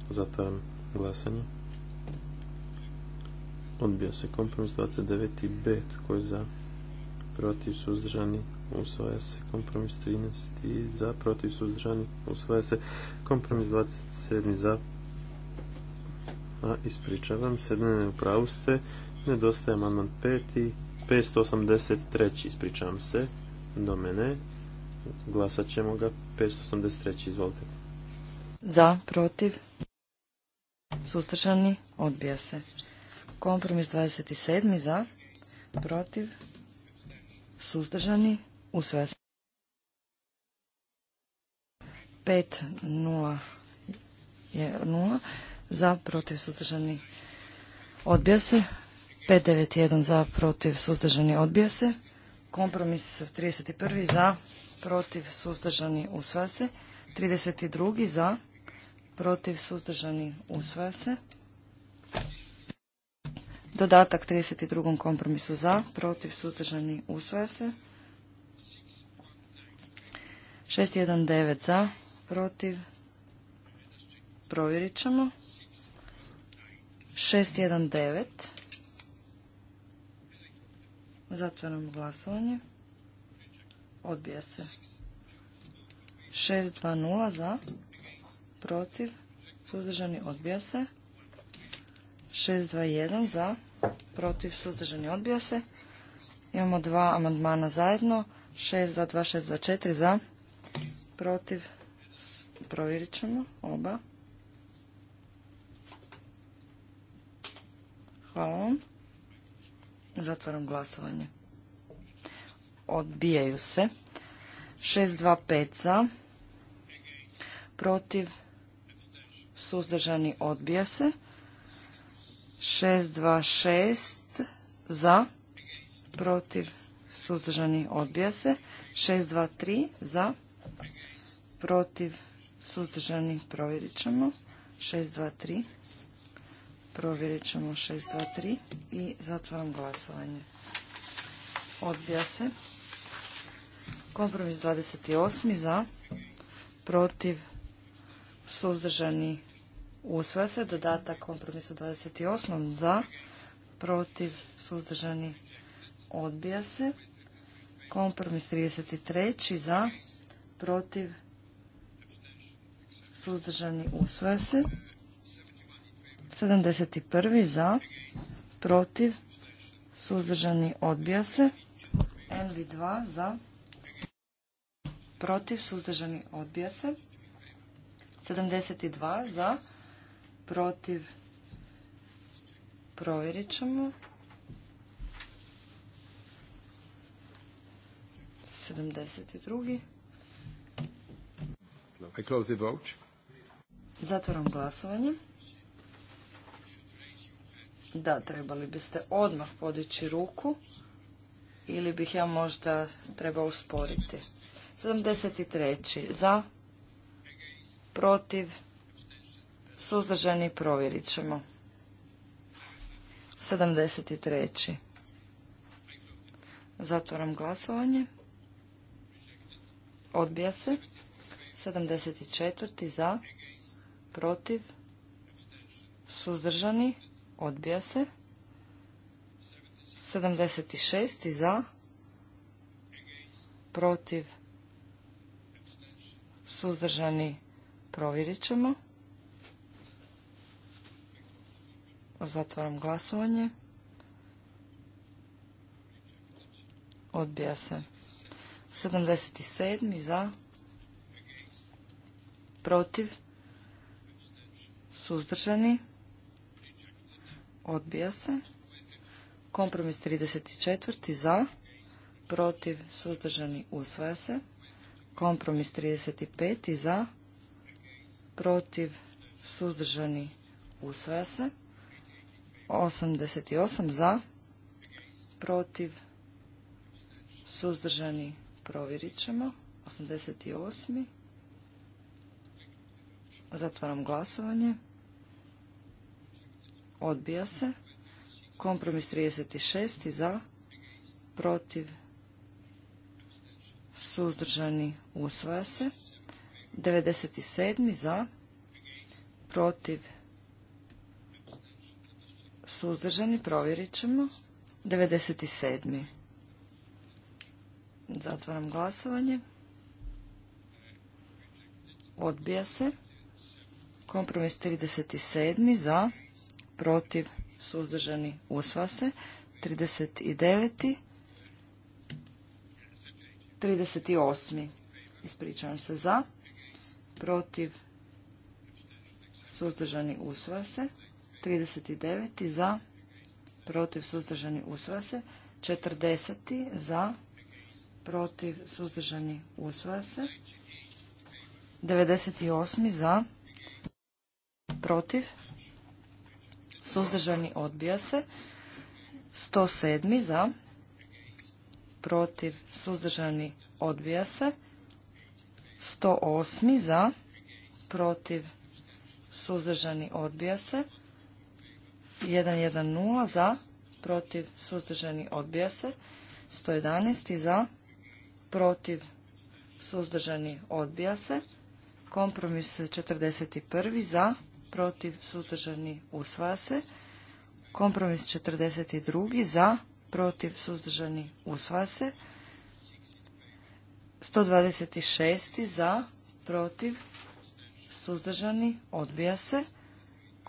A: Zatvaram glasanje. Odbija se kompromis 29b. Tko je za? Protiv suzdržani. Usvaja se kompromis 13. Za. Protiv suzdržani. Usvaja se kompromis 27. Za. A ispričavam se, ne u pravu ste. Nedostaje amandman 5. 583. Ispričavam se. Do mene. Glasat ćemo ga. 583. Izvolite. Za.
C: Protiv. Sustršani. Odbija se. Kompromis 27. za, protiv, suzdržani, u se. 5, 0 je 0, za, protiv, suzdržani, odbija se. 591 za, protiv, suzdržani, odbija se. Kompromis 31 za, protiv, suzdržani, usvaja se. 32 za, protiv, suzdržani, usvaja se. Dodatak 32. kompromisu za, protiv, suzdržani, usvaja se. 619 za, protiv, provjerit ćemo. 619. zatvaramo glasovanje. Odbija se. 620 za, protiv, suzdržani, odbija se. 621 za, protiv, suzdržani, odbija se. Imamo dva amandmana zajedno, 622624 za, protiv, provjerit ćemo oba. Hvala vam. Zatvaram glasovanje. Odbijaju se. 625 za, protiv, suzdržani, odbija se. 626 za, protiv, suzdržani, odbija se. 623 za, protiv, suzdržani, provjerit ćemo. 623, provjerit ćemo 623 i zatvaram glasovanje. Odbija se. Kompromis 28 za, protiv, suzdržani, Usvaja se dodatak kompromisu 28. za, protiv, suzdržani, odbija se. Kompromis 33. za, protiv, suzdržani, usvaja se. 71. za, protiv, suzdržani, odbija se. NV2 za, protiv, suzdržani, odbija se. 72 za, protiv, provjerit ćemo. 72. I close Zatvoram glasovanje. Da, trebali biste odmah podići ruku ili bih ja možda trebao usporiti. 73. Za, protiv, Suzdržani provjerit ćemo. 73. Zatvoram glasovanje. Odbija se. 74. za. Protiv. Suzdržani. Odbija se. 76. za. Protiv. Suzdržani. Provjerit ćemo. Zatvaram glasovanje. Odbija se. 77. za. Protiv. Suzdržani. Odbija se. Kompromis 34. za. Protiv. Suzdržani. Usvaja se. Kompromis 35. za. Protiv. Suzdržani. Usvaja se. 88 za, protiv, suzdržani, provjerit ćemo. 88. Zatvaram glasovanje. Odbija se. Kompromis 36 za, protiv, suzdržani, usvaja se. 97 za, protiv, suzdržani, provjerit ćemo. 97. Zatvaram glasovanje. Odbija se. Kompromis 37. Za, protiv, suzdržani, usva se. 39. 38. Ispričavam se za, protiv, suzdržani, usva se. 39. za, protiv, suzdržani, usvoja se. 40. za, protiv, suzdržani, usvoja se. 98. za, protiv, suzdržani, odbija se. 107. za, protiv, suzdržani, odbija se. 108. za, protiv, suzdržani, odbija se. 110 za, protiv, suzdržani, odbija se. 111 za, protiv, suzdržani, odbija se. Kompromis 41 za, protiv, suzdržani, usvaja se. Kompromis 42 za, protiv, suzdržani, usvaja se. 126 za, protiv, suzdržani, odbija se.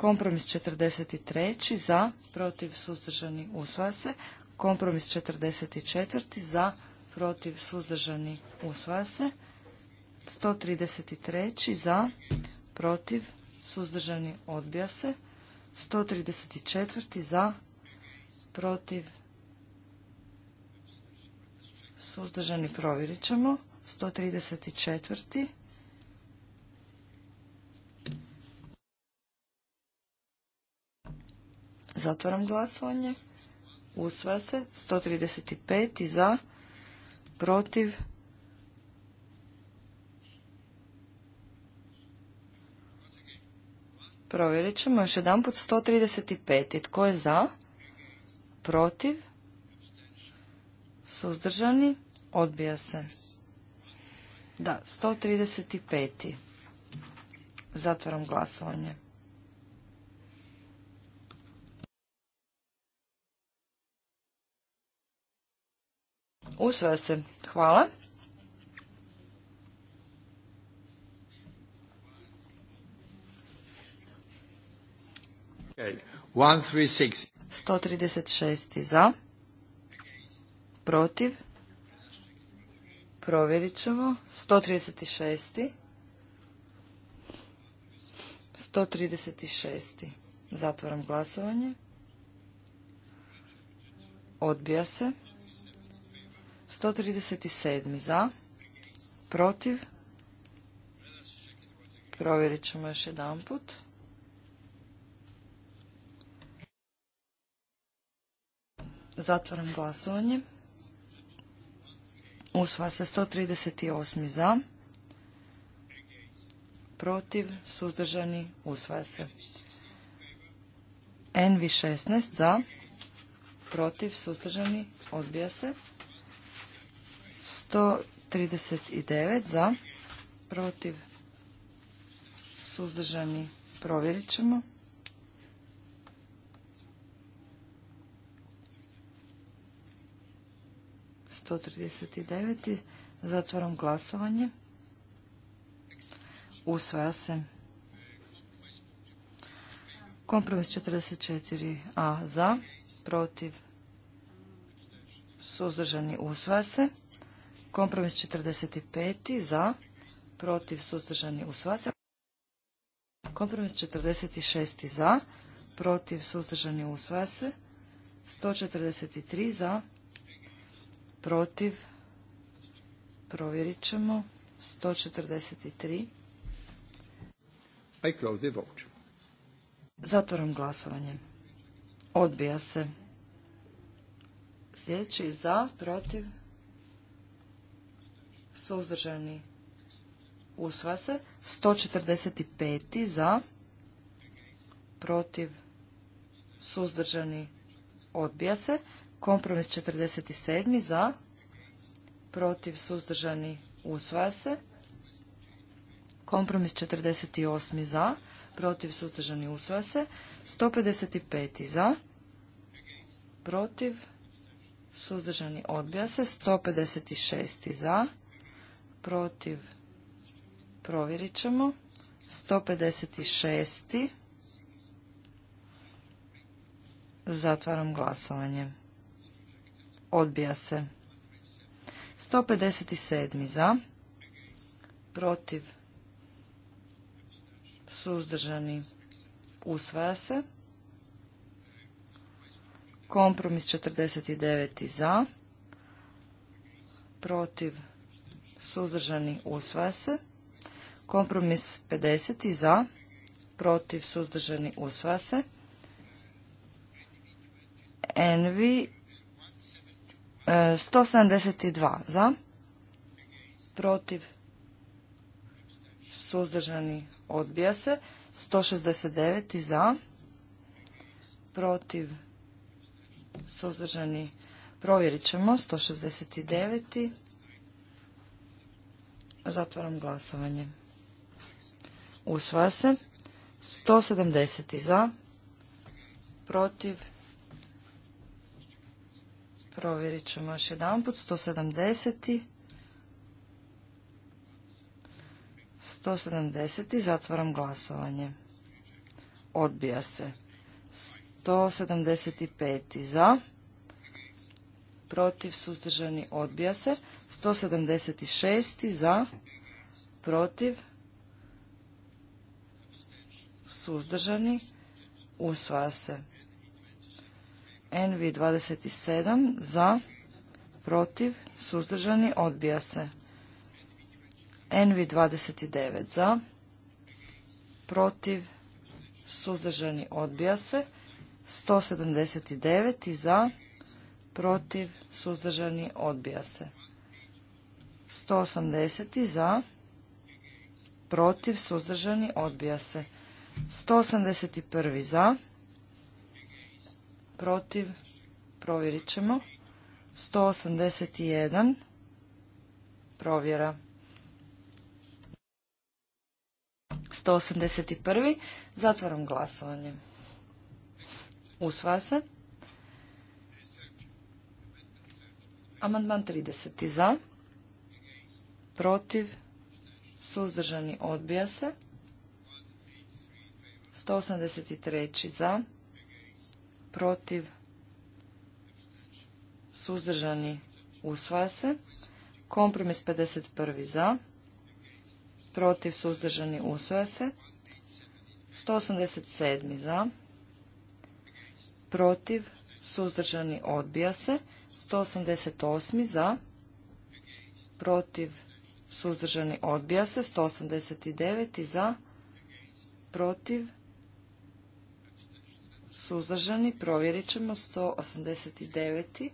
C: Kompromis 43. za, protiv, suzdržani, usvaja se. Kompromis 44. za, protiv, suzdržani, usvaja se. 133. za, protiv, suzdržani, odbija se. 134. za, protiv, suzdržani, provjerit ćemo. 134. Zatvaram glasovanje. Usvaja se. 135 za. Protiv. Provjerit ćemo još jedan put 135. Tko je za? Protiv? Suzdržani? Odbija se. Da, 135. Zatvaram glasovanje. Usvaja se. Hvala. 136. za. Protiv. Provjerit ćemo. 136. 136. Zatvoram glasovanje. Odbija se. 137. za, protiv, provjerit ćemo još jedanput. Zatvaram glasovanje. Usvaja se 138. za, protiv, suzdržani, usvaja se. NV16 za, protiv, suzdržani, odbija se. 139 za, protiv, suzdržani, provjerit ćemo. Sto trideset glasovanje. Usvaja se. Kompromis 44a za, protiv, suzdržani usvaja se. Kompromis 45. za, protiv, suzdržani, usvaja se. Kompromis 46. za, protiv, suzdržani, usvaja se. 143 za, protiv, provjerit ćemo. 143.
A: I close the vote.
C: Zatvoram glasovanje. Odbija se. Sljedeći za, protiv, suzdržani, usva se. 145. za, protiv, suzdržani, odbija se. Kompromis 47. za, protiv, suzdržani, usvaja se. Kompromis 48. za, protiv, suzdržani, usvaja se. 155. za, protiv, suzdržani, odbija se. 156. za, protiv, provjerit ćemo. 156. Zatvaram glasovanje. Odbija se. 157. za. Protiv. Suzdržani. Usvaja se. Kompromis 49. za. Protiv suzdržani, usvaja se. Kompromis 50 za, protiv, suzdržani, usvaja se. Envi 172 za, protiv, suzdržani, odbija se. 169 za, protiv, suzdržani, provjerit ćemo. 169 Zatvaram glasovanje. Usvaja se. 170 za. Protiv. Provjerit ćemo još jedan put. 170. 170. Zatvaram glasovanje. Odbija se. 175. za. Protiv suzdržani odbija se. 176. za, protiv, suzdržani, usvaja se. NV 27 za, protiv, suzdržani, odbija se. NV 29 za, protiv, suzdržani, odbija se. 179 za, protiv, suzdržani, odbija se. 180. za, protiv, suzdržani, odbija se. 181. za, protiv, provjerit ćemo. 181. provjera. 181. Zatvaram glasovanje. Usvaja se. Amandman 30. za protiv, suzdržani odbija se. 183. za, protiv, suzdržani usvaja se. Kompromis 51. za, protiv, suzdržani usvaja se. 187. za, protiv, suzdržani odbija se. 188. za, protiv, suzdržani, odbija se. 189. za, protiv, suzdržani, provjerit ćemo. 189.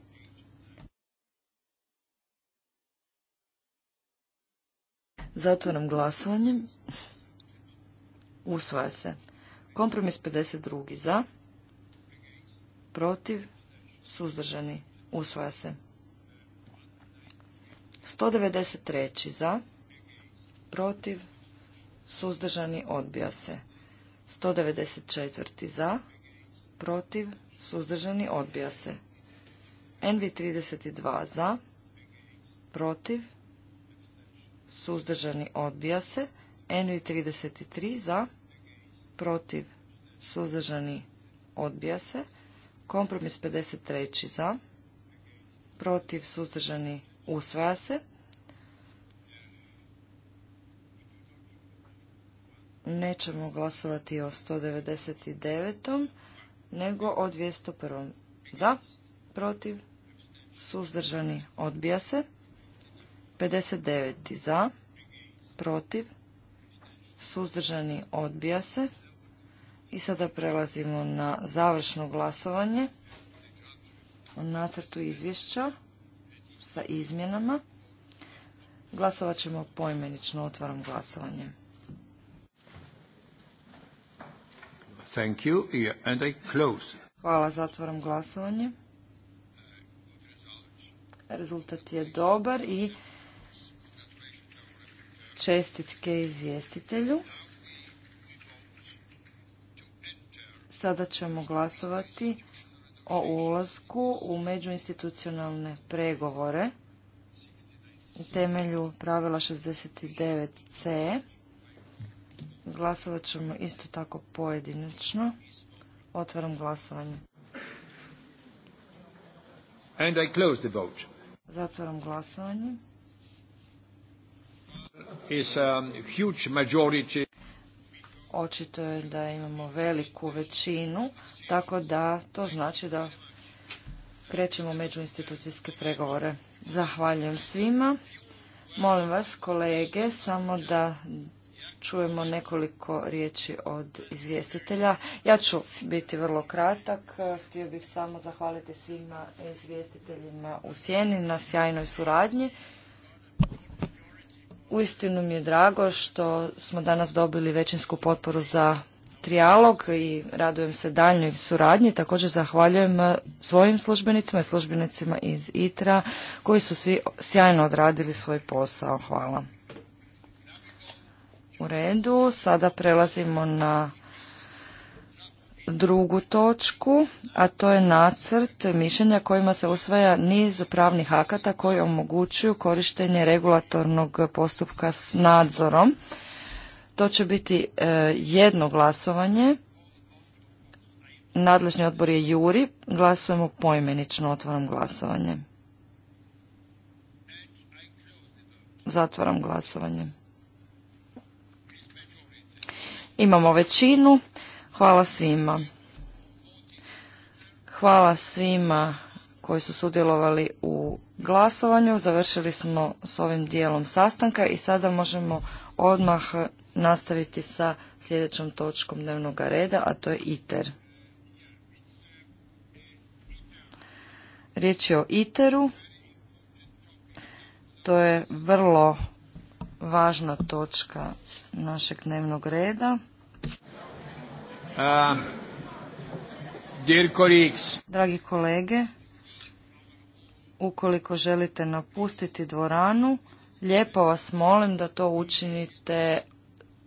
C: Zatvorom glasovanjem Usvaja se. Kompromis 52. za. Protiv. Suzdržani. Usvaja se. 193. za, protiv, suzdržani, odbija se. 194. za, protiv, suzdržani, odbija se. NV32 za, protiv, suzdržani, odbija se. NV33 za, protiv, suzdržani, odbija se. Kompromis 53. za, protiv, suzdržani, odbija se Usvaja se. Nećemo glasovati o 199. nego o 201. Za, protiv, suzdržani, odbija se. 59. za, protiv, suzdržani, odbija se. I sada prelazimo na završno glasovanje o nacrtu izvješća sa izmjenama. Glasovat ćemo poimenično. otvorom glasovanje.
B: Thank you. And
C: Hvala, glasovanje. Rezultat je dobar i čestitke izvjestitelju. Sada ćemo glasovati o ulasku u međuinstitucionalne pregovore u temelju pravila 69c. Glasovat ćemo isto tako pojedinačno. Otvaram glasovanje. And Zatvaram glasovanje.
B: Um, huge majority.
C: Očito je da imamo veliku većinu tako da to znači da krećemo međuinstitucijske institucijske pregovore. Zahvaljujem svima. Molim vas kolege samo da čujemo nekoliko riječi od izvjestitelja. Ja ću biti vrlo kratak. Htio bih samo zahvaliti svima izvjestiteljima u Sjeni na sjajnoj suradnji. Uistinu mi je drago što smo danas dobili većinsku potporu za trijalog i radujem se daljnjoj suradnji. Također zahvaljujem eh, svojim službenicima i službenicima iz ITRA koji su svi sjajno odradili svoj posao. Hvala. U redu, sada prelazimo na drugu točku, a to je nacrt mišljenja kojima se usvaja niz pravnih akata koji omogućuju korištenje regulatornog postupka s nadzorom to će biti e, jedno glasovanje. Nadležni odbor je Juri. Glasujemo poimenično. Otvaram glasovanje. Zatvaram glasovanje. Imamo većinu. Hvala svima. Hvala svima koji su sudjelovali u glasovanju. Završili smo s ovim dijelom sastanka i sada možemo odmah nastaviti sa sljedećom točkom dnevnog reda, a to je ITER. Riječ je o ITER-u. To je vrlo važna točka našeg dnevnog reda. Dragi kolege, ukoliko želite napustiti dvoranu, lijepo vas molim da to učinite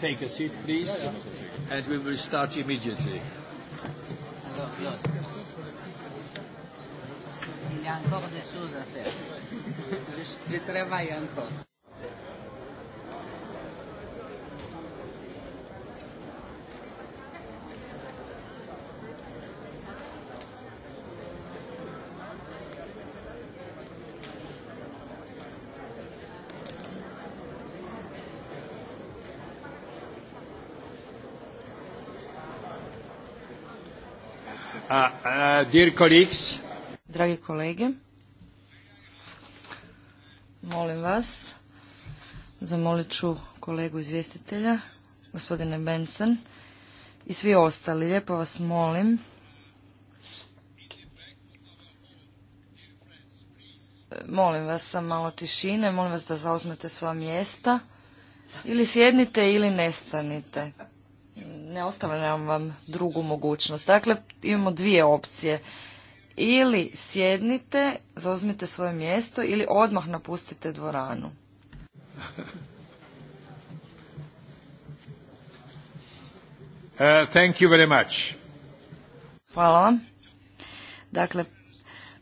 B: Take a seat, please, and we will start immediately. Dragi
C: kolege, molim vas, zamolit ću kolegu izvjestitelja, gospodine Benson, i svi ostali, lijepo vas molim, molim vas sa malo tišine, molim vas da zauzmete svoja mjesta, ili sjednite ili nestanite ne ostavljam vam drugu mogućnost. Dakle, imamo dvije opcije. Ili sjednite, zauzmite svoje mjesto ili odmah napustite dvoranu.
A: Uh, thank you very much.
C: Hvala vam. Dakle,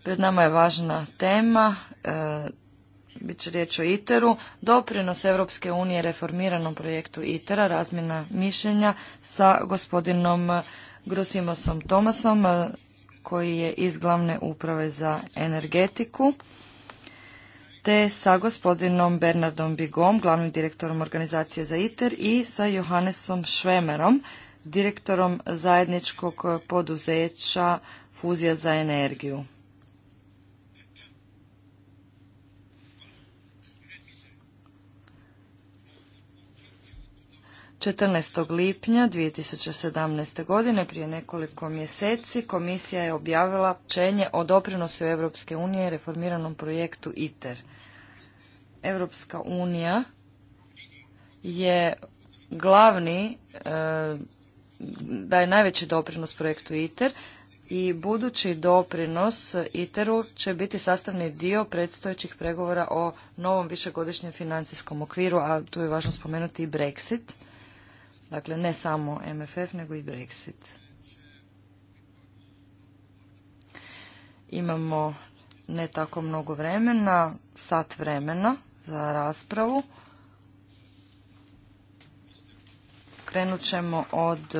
C: pred nama je važna tema. Uh, bit će riječ o ITER-u, doprinos Europske unije reformiranom projektu ITER-a, razmjena mišljenja sa gospodinom Grosimosom Tomasom, koji je iz glavne uprave za energetiku, te sa gospodinom Bernardom Bigom, glavnim direktorom organizacije za ITER, i sa Johannesom Švemerom, direktorom zajedničkog poduzeća Fuzija za energiju. 14. lipnja 2017. godine, prije nekoliko mjeseci, komisija je objavila pćenje o doprinosu Europske unije reformiranom projektu ITER. Europska unija je glavni, eh, da je najveći doprinos projektu ITER i budući doprinos ITER-u će biti sastavni dio predstojećih pregovora o novom višegodišnjem financijskom okviru, a tu je važno spomenuti i Brexit. Dakle, ne samo MFF, nego i Brexit. Imamo ne tako mnogo vremena, sat vremena za raspravu. Krenut ćemo od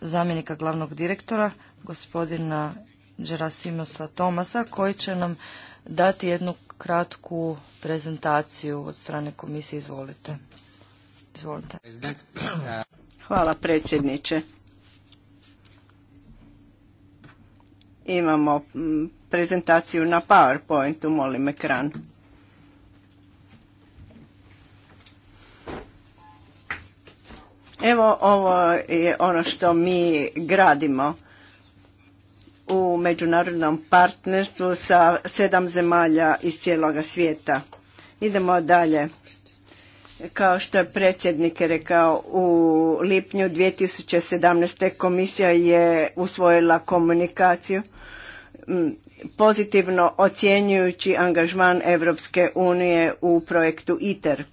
C: zamjenika glavnog direktora, gospodina Gerasimosa Tomasa, koji će nam dati jednu kratku prezentaciju od strane komisije. Izvolite.
B: Izvolite. Hvala predsjedniče. Imamo mm, prezentaciju na PowerPointu, molim ekran. Evo ovo je ono što mi gradimo u međunarodnom partnerstvu sa sedam zemalja iz cijeloga svijeta. Idemo dalje. Kao što je predsjednik rekao, u lipnju 2017. komisija je usvojila komunikaciju pozitivno ocjenjujući angažman Europske unije u projektu ITER.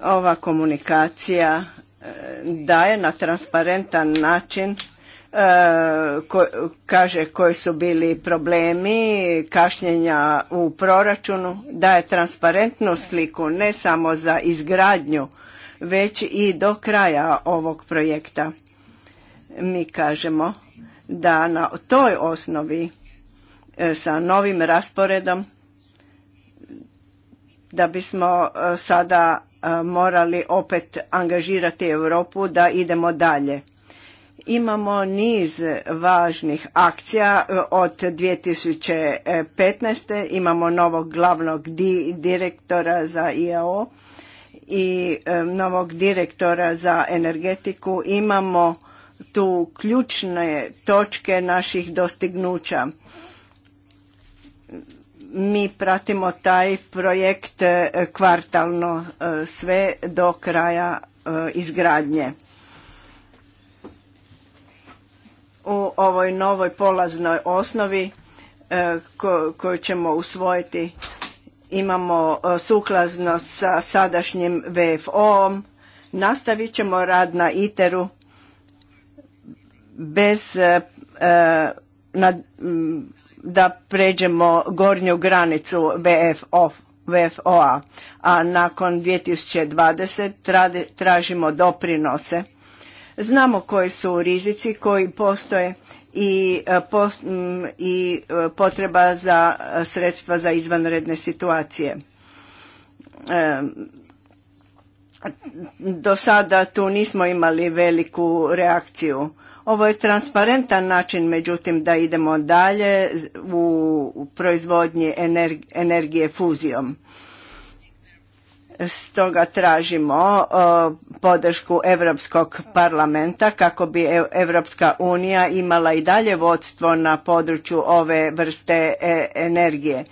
B: Ova komunikacija e, daje na transparentan način ko, kaže koji su bili problemi, kašnjenja u proračunu, daje transparentnu sliku ne samo za izgradnju, već i do kraja ovog projekta. Mi kažemo da na toj osnovi e, sa novim rasporedom da bismo e, sada e, morali opet angažirati Europu da idemo dalje Imamo niz važnih akcija e, od 2015. Imamo novog glavnog direktora za IAO i e, novog direktora za energetiku. Imamo tu ključne točke naših dostignuća. Mi pratimo taj projekt e, kvartalno sve do kraja izgradnje. u ovoj novoj polaznoj osnovi e, koju ćemo usvojiti imamo e, suklaznost sa sadašnjim VFO-om, nastavit ćemo rad na ITER-u bez e, da pređemo gornju granicu VFO, VFO-a, a nakon 2020 tražimo doprinose Znamo koji su rizici koji postoje i, e, i e, potreba za e, sredstva za izvanredne situacije. do sada tu nismo imali veliku reakciju. Ovo je transparentan način, međutim, da idemo dalje u proizvodnji energije fuzijom. Stoga tražimo podršku Europskog parlamenta kako bi Europska unija imala i dalje vodstvo na području ove vrste e, energije.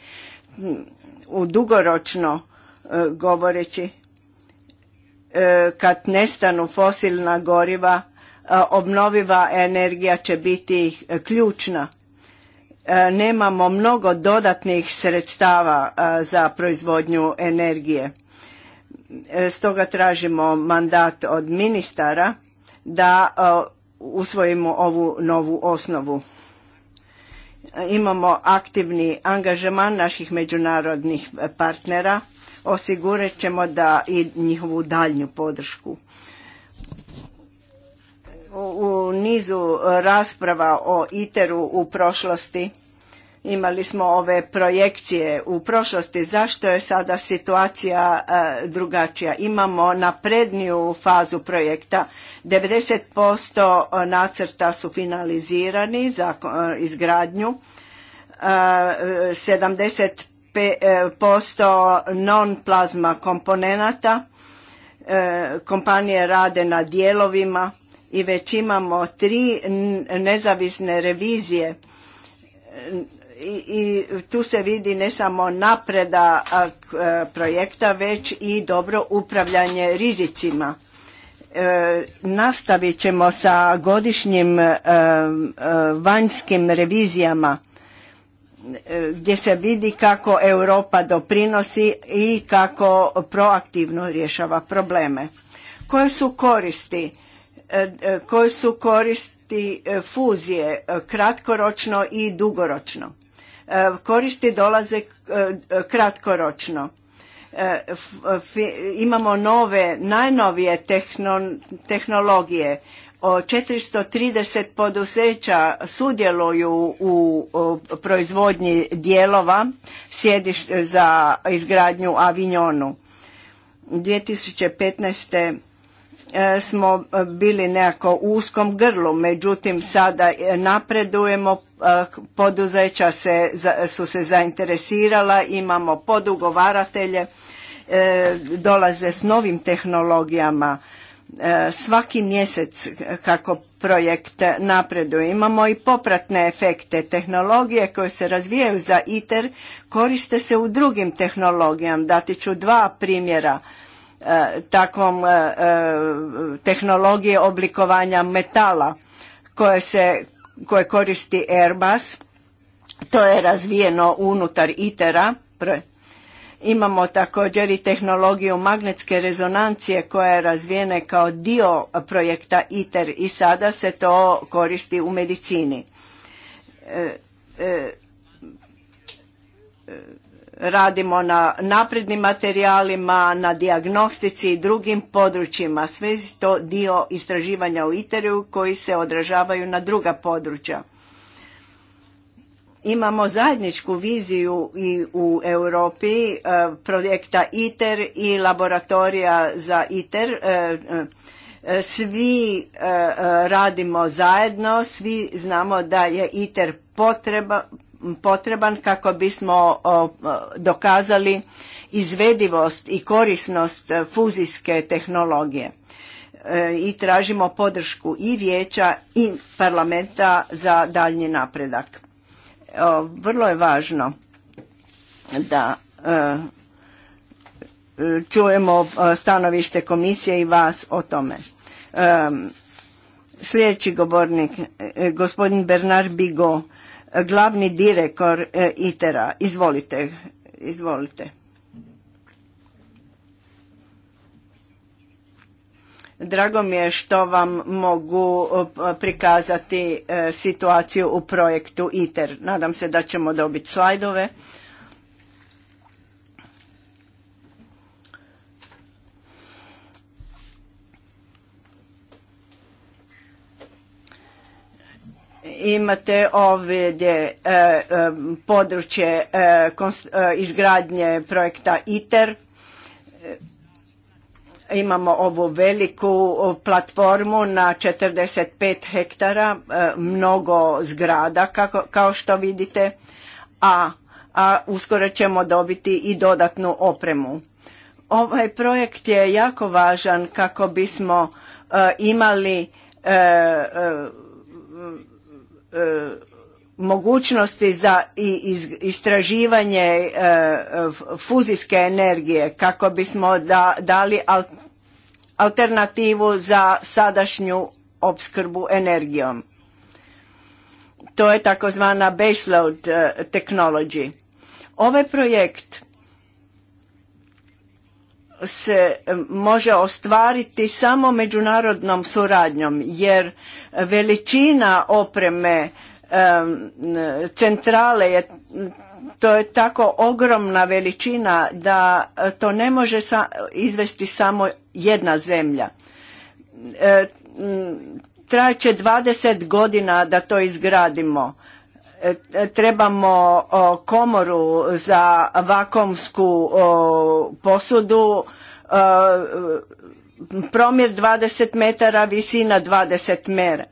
B: U dugoročno e, govoreći e, kad nestanu fosilna goriva obnoviva energija će biti ključna. Nemamo mnogo dodatnih sredstava za proizvodnju energije E, stoga tražimo mandat od ministara da e, usvojimo ovu novu osnovu. Imamo aktivni angažman naših međunarodnih partnera. Osigurat ćemo da i njihovu daljnju podršku. U nizu rasprava o ITER-u u prošlosti Imali smo ove projekcije u prošlosti, zašto je sada situacija e, drugačija? Imamo napredniju fazu projekta, 90% nacrta su finalizirani za e, izgradnju, 70% e, non-plazma komponenata, kompanije rade na dijelovima i već imamo tri nezavisne revizije i, tu se vidi ne samo napreda e, projekta, već i dobro upravljanje rizicima. E, nastavit ćemo sa godišnjim e, vanjskim revizijama gdje se vidi kako Europa doprinosi i kako proaktivno rješava probleme. Koje su koristi? Koje su koristi fuzije kratkoročno i dugoročno? E, koristi dolaze e, kratkoročno. E, imamo nove, najnovije tehnologije. 430 poduzeća sudjeluju u proizvodnji dijelova za izgradnju Avignonu. 2015. E, smo e, bili nekako u uskom grlu, međutim sada e, napredujemo, poduzeća se, su se zainteresirala, imamo podugovaratelje, dolaze s novim tehnologijama svaki mjesec kako projekt napreduje. Imamo i popratne efekte tehnologije koje se razvijaju za ITER, koriste se u drugim tehnologijama. Dati ću dva primjera E, takvom e, e, tehnologije oblikovanja metala koje koristi Airbus. To je razvijeno unutar ITER-a. Imamo također i tehnologiju magnetske rezonancije koja je razvijena kao dio projekta ITER i sada se to koristi u medicini radimo na naprednim materijalima, na diagnostici i drugim područjima. Sve je to dio istraživanja u ITER-u koji se odražavaju na druga područja. Imamo zajedničku viziju i u Europi e, projekta ITER i laboratorija za ITER. E, e, svi radimo zajedno, svi znamo da je ITER potreba, potreban kako bismo dokazali izvedivost i korisnost e, fuzijske tehnologije e, i tražimo podršku i vijeća i parlamenta za daljnji napredak. Vrlo je važno da e, čujemo stanovište komisije i vas o tome. Sljedeći govornik, gospodin Bernard Bigo, glavni direktor e, ITER-a. Izvolite, izvolite. Drago mi je što vam mogu e, prikazati e, situaciju u projektu ITER. Nadam se da ćemo dobiti slajdove. imate ovdje e, e, područje e, izgradnje projekta ITER. Imamo ovu veliku platformu na 45 hektara, mnogo zgrada kao što vidite, a, a uskoro ćemo dobiti i dodatnu opremu. Ovaj projekt je jako važan kako bismo imali E, mogućnosti za istraživanje e, fuzijske energije kako bismo dali alternativu za sadašnju opskrbu energijom. To je takozvana baseload e, technology. Ovaj projekt se može ostvariti samo međunarodnom suradnjom jer veličina opreme centrale je to je tako ogromna veličina da to ne može izvesti samo jedna zemlja. E, će 20 godina da to izgradimo. Trebamo komoru za vakomsku posudu, promjer 20 metara, visina 20 mera.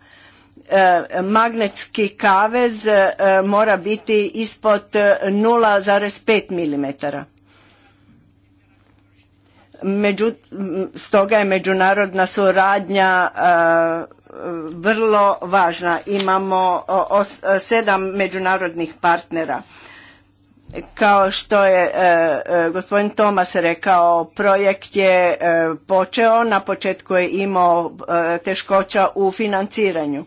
B: E, magnetski kavez e, mora biti ispod 0,5 e, mm. stoga je međunarodna suradnja vrlo važna. Imamo sedam međunarodnih partnera. Kao što je e, e, gospodin Tomas rekao, projekt je e, počeo, na početku je imao teškoća u financiranju.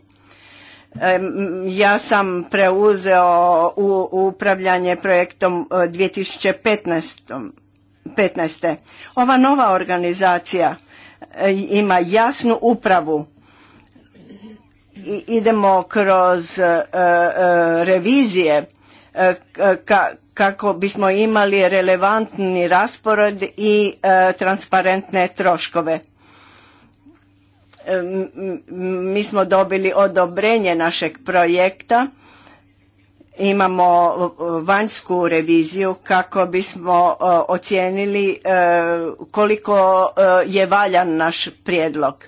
B: Ja sam preuzeo u, upravljanje projektom 2015. 15. Ova nova organizacija ima jasnu upravu idemo kroz e, e, revizije e, kako bismo imali relevantni raspored i transparentne troškove mi smo dobili odobrenje našeg projekta imamo vanjsku reviziju kako bismo ocijenili koliko je valjan naš prijedlog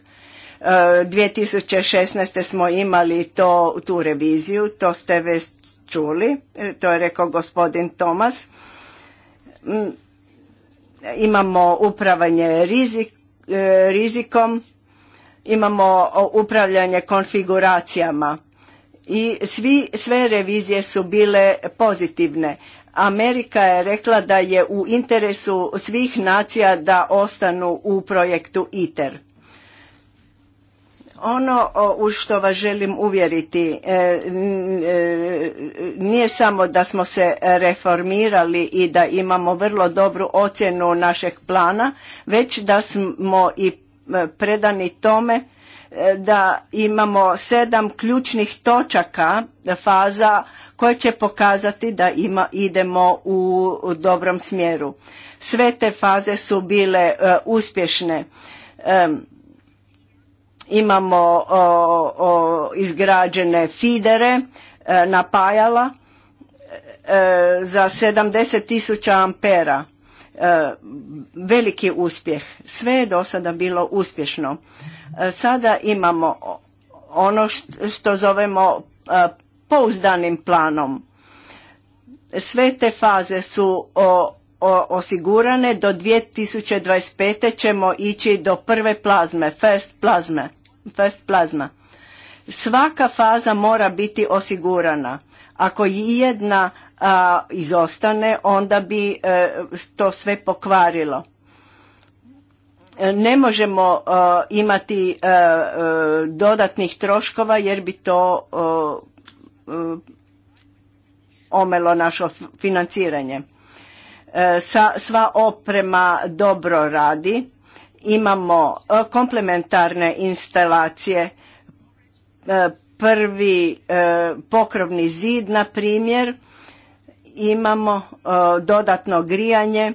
B: 2016. smo imali to, tu reviziju, to ste već čuli, e, to je rekao gospodin Tomas. Mm, imamo upravanje e, rizikom, imamo upravljanje konfiguracijama i svi, sve revizije su bile pozitivne. Amerika je rekla da je u interesu svih nacija da ostanu u projektu ITER ono u što vas želim uvjeriti e, e, nije samo da smo se reformirali i da imamo vrlo dobru ocjenu našeg plana, već da smo i e, predani tome da imamo sedam ključnih točaka faza koje će pokazati da ima, idemo u, dobrom smjeru. Sve te faze su bile uspješne imamo o, izgrađene fidere, e, napajala e, za 70 tisuća ampera. E, veliki uspjeh. Sve je do sada bilo uspješno. Sada imamo ono što zovemo pouzdanim planom. Sve te faze su o, osigurane, do 2025. ćemo ići do prve plazme, first plazme, first plazma. Svaka faza mora biti osigurana. Ako jedna a, izostane, onda bi e, to sve pokvarilo. Ne možemo e, imati e, dodatnih troškova jer bi to omelo naše financiranje. E, sva oprema dobro radi, imamo e, komplementarne instalacije, e, prvi pokrovni zid, na primjer, imamo dodatno grijanje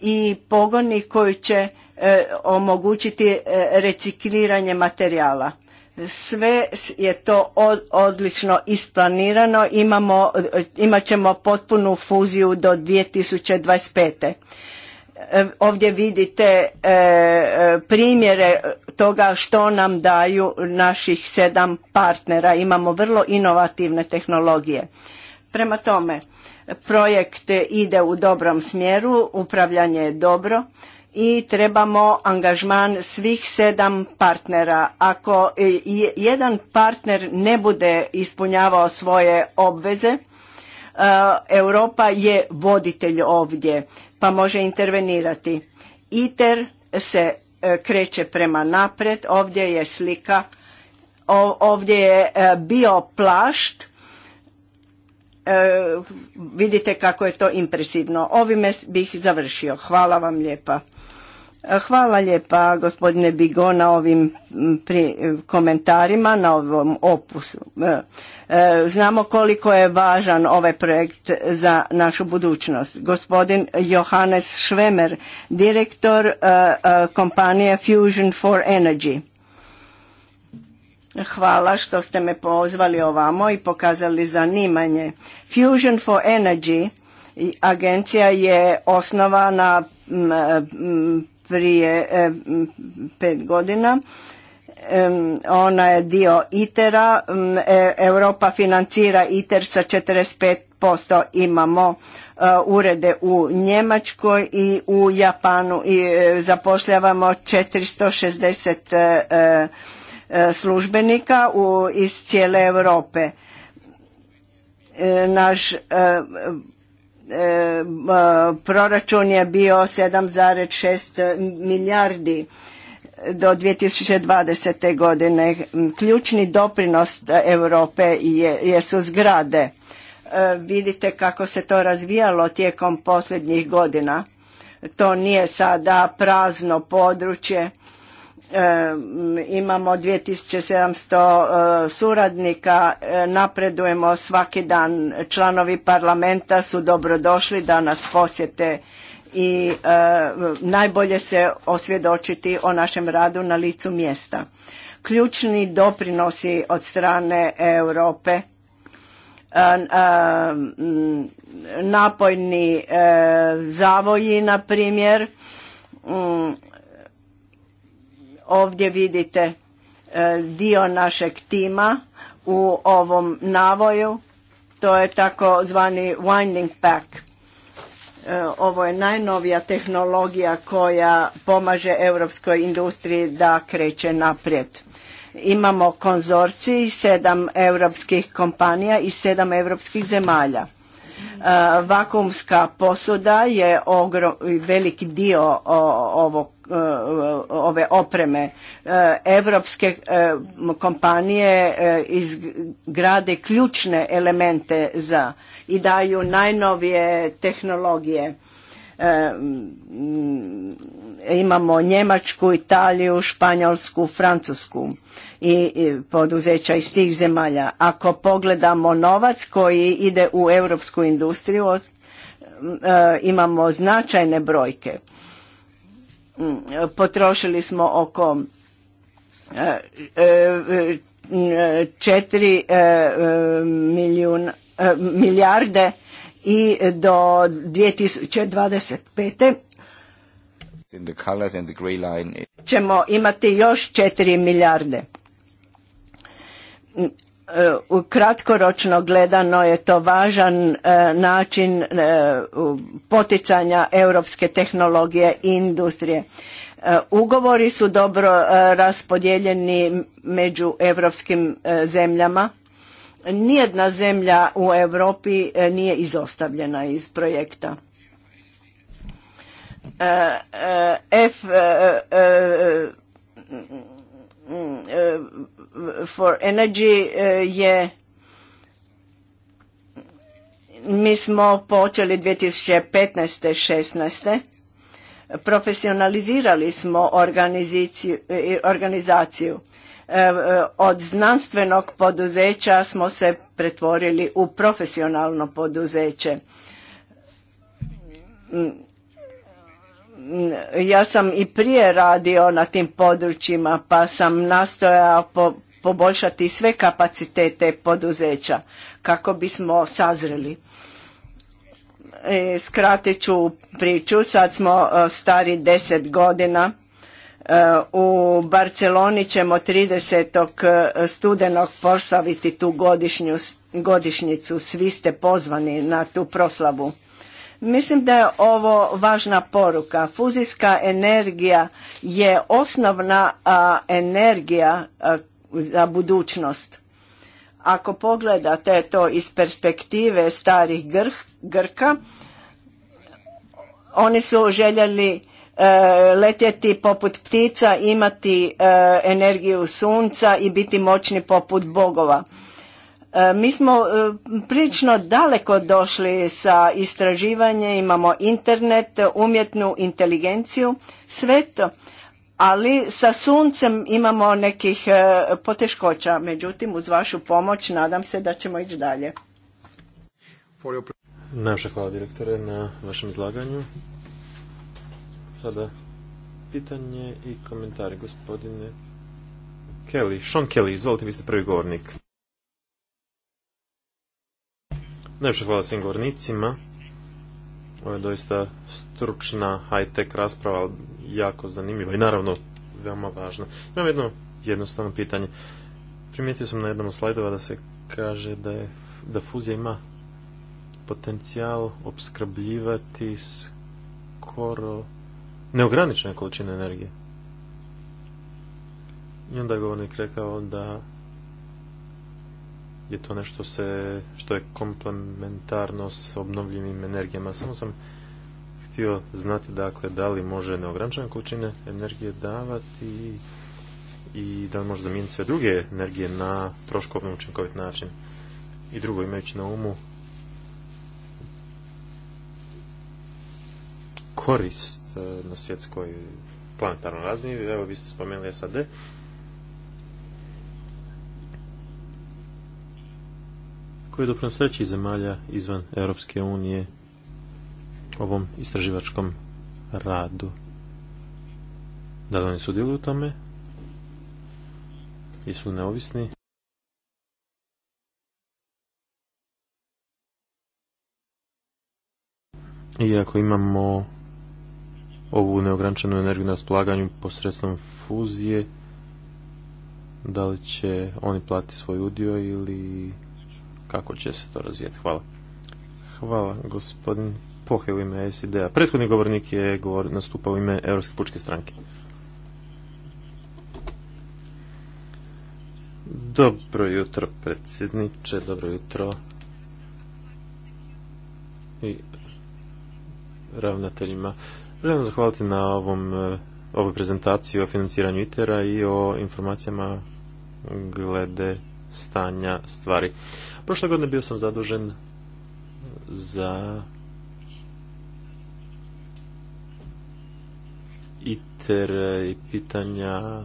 B: i pogoni koji će omogućiti recikliranje materijala. Sve je to odlično isplanirano, Imamo, imat ćemo potpunu fuziju do 2025. E, ovdje vidite e, e, primjere toga što nam daju naših sedam partnera. Imamo vrlo inovativne tehnologije. Prema tome, projekt ide u dobrom smjeru, upravljanje je dobro, i trebamo angažman svih sedam partnera. Ako jedan partner ne bude ispunjavao svoje obveze, e, Europa je voditelj ovdje pa može intervenirati. ITER se e, kreće prema napred, ovdje je slika, ovdje je e, bio plašt, vidite kako je to impresivno. Ovime bih završio. Hvala vam lijepa. Hvala lijepa gospodine Bigo na ovim komentarima, na ovom opusu. E, e, znamo koliko je važan ovaj projekt za našu budućnost. Gospodin Johannes Schwemer, direktor e, kompanije Fusion for Energy. Hvala što ste me pozvali ovamo i pokazali zanimanje. Fusion for Energy agencija je osnovana prije e, pet godina. E, ona je dio ITera. E, Europa financira ITER sa 45%. Imamo urede u Njemačkoj i u Japanu i zapošljavamo 460 službenika iz cijele Europe. Naš proračun je bio 7,6 milijardi do 2020. godine. Ključni doprinos Europe je, jesu zgrade. E, vidite kako se to razvijalo tijekom posljednjih godina. To nije sada prazno područje imamo 2700 e, suradnika, e, napredujemo svaki dan, članovi parlamenta su dobrodošli da nas posjete i e, najbolje se osvjedočiti o našem radu na licu mjesta. Ključni doprinosi od strane Europe napojni zavoji, na primjer, Ovdje vidite e, dio našeg tima u ovom navoju. To je tako zvani winding pack. E, ovo je najnovija tehnologija koja pomaže europskoj industriji da kreće naprijed. Imamo konzorciji, sedam europskih kompanija i sedam europskih zemalja. E, vakumska posuda je velik dio e, ove opreme. E, evropske kompanije izgrade ključne elemente za i daju najnovije tehnologije imamo Njemačku, Italiju, Španjolsku, Francusku i poduzeća iz tih zemalja. Ako pogledamo novac koji ide u europsku industriju, e, imamo značajne brojke. Mm, potrošili smo oko 4 e, e, milijarde i do 2025 ćemo imati još 4 milijarde. Mm, e, u kratkoročno gledano je to važan e, način e, poticanja europske tehnologije i industrije. Ugovori su dobro raspodijeljeni među europskim zemljama. Nijedna zemlja u Europi nije izostavljena iz projekta. F eh, eh, eh, mm, for Energy je mi smo počeli 2015. 16. Profesionalizirali smo organizaciju. Od znanstvenog poduzeća smo se pretvorili u profesionalno poduzeće mm, Mm, ja sam i prije radio na tim područjima pa sam nastojao poboljšati sve kapacitete poduzeća kako bismo sazreli. E, skratit ću priču, sad smo e, stari deset godina. E, u Barceloni ćemo 30. E, studenog postaviti tu godišnju, godišnjicu, svi ste pozvani na tu proslavu. Mislim da je ovo važna poruka. Fuzijska energija je osnovna a, energija za budućnost. Ako pogledate to iz perspektive starih Grka, oni su željeli e, letjeti poput ptica, imati e, energiju sunca i biti moćni poput bogova. E, mi smo e, prilično daleko došli sa istraživanje, imamo internet, umjetnu inteligenciju, sve to. Ali sa suncem imamo nekih e, poteškoća. Međutim, uz vašu pomoć nadam se da ćemo ići dalje.
A: Najviše hvala direktore na vašem izlaganju. Sada pitanje i komentari gospodine Kelly. Sean Kelly, izvolite, vi ste prvi govornik. Najviše hvala svim govornicima. Ovo je doista stručna high-tech rasprava, jako zanimljiva i naravno veoma važna. Imam jedno jednostavno pitanje. Primijetio sam na jednom od slajdova da se kaže da, je, da fuzija ima potencijal opskrbljivati skoro neograničene količine energije. I onda je govornik rekao da je to nešto se, što je komplementarno s obnovljivim energijama. Samo sam htio znati dakle da li može neograničene količine energije davati i da li može zamijeniti sve druge energije na troškovno učinkovit način. I drugo, imajući na umu korist eh, na svjetskoj planetarnoj razini, evo vi ste spomenuli SAD, koji doprinos trećih zemalja izvan Europske unije ovom istraživačkom radu. Da li oni sudjeluju u tome? Jesu neovisni? I ako imamo ovu neograničenu energiju na splaganju posredstvom fuzije, da li će oni platiti svoj udio ili kako će se to razvijati? Hvala. Hvala, gospodin Pohe u ime SID-a. Prethodni govornik je govor, nastupao u ime Europske pučke stranke. Dobro jutro, predsjedniče, dobro jutro. I ravnateljima. Želim zahvaliti na ovom, ovoj prezentaciji o financiranju ITER-a i o informacijama glede stanja stvari. Prošle godine bio sam zadužen za ITER i pitanja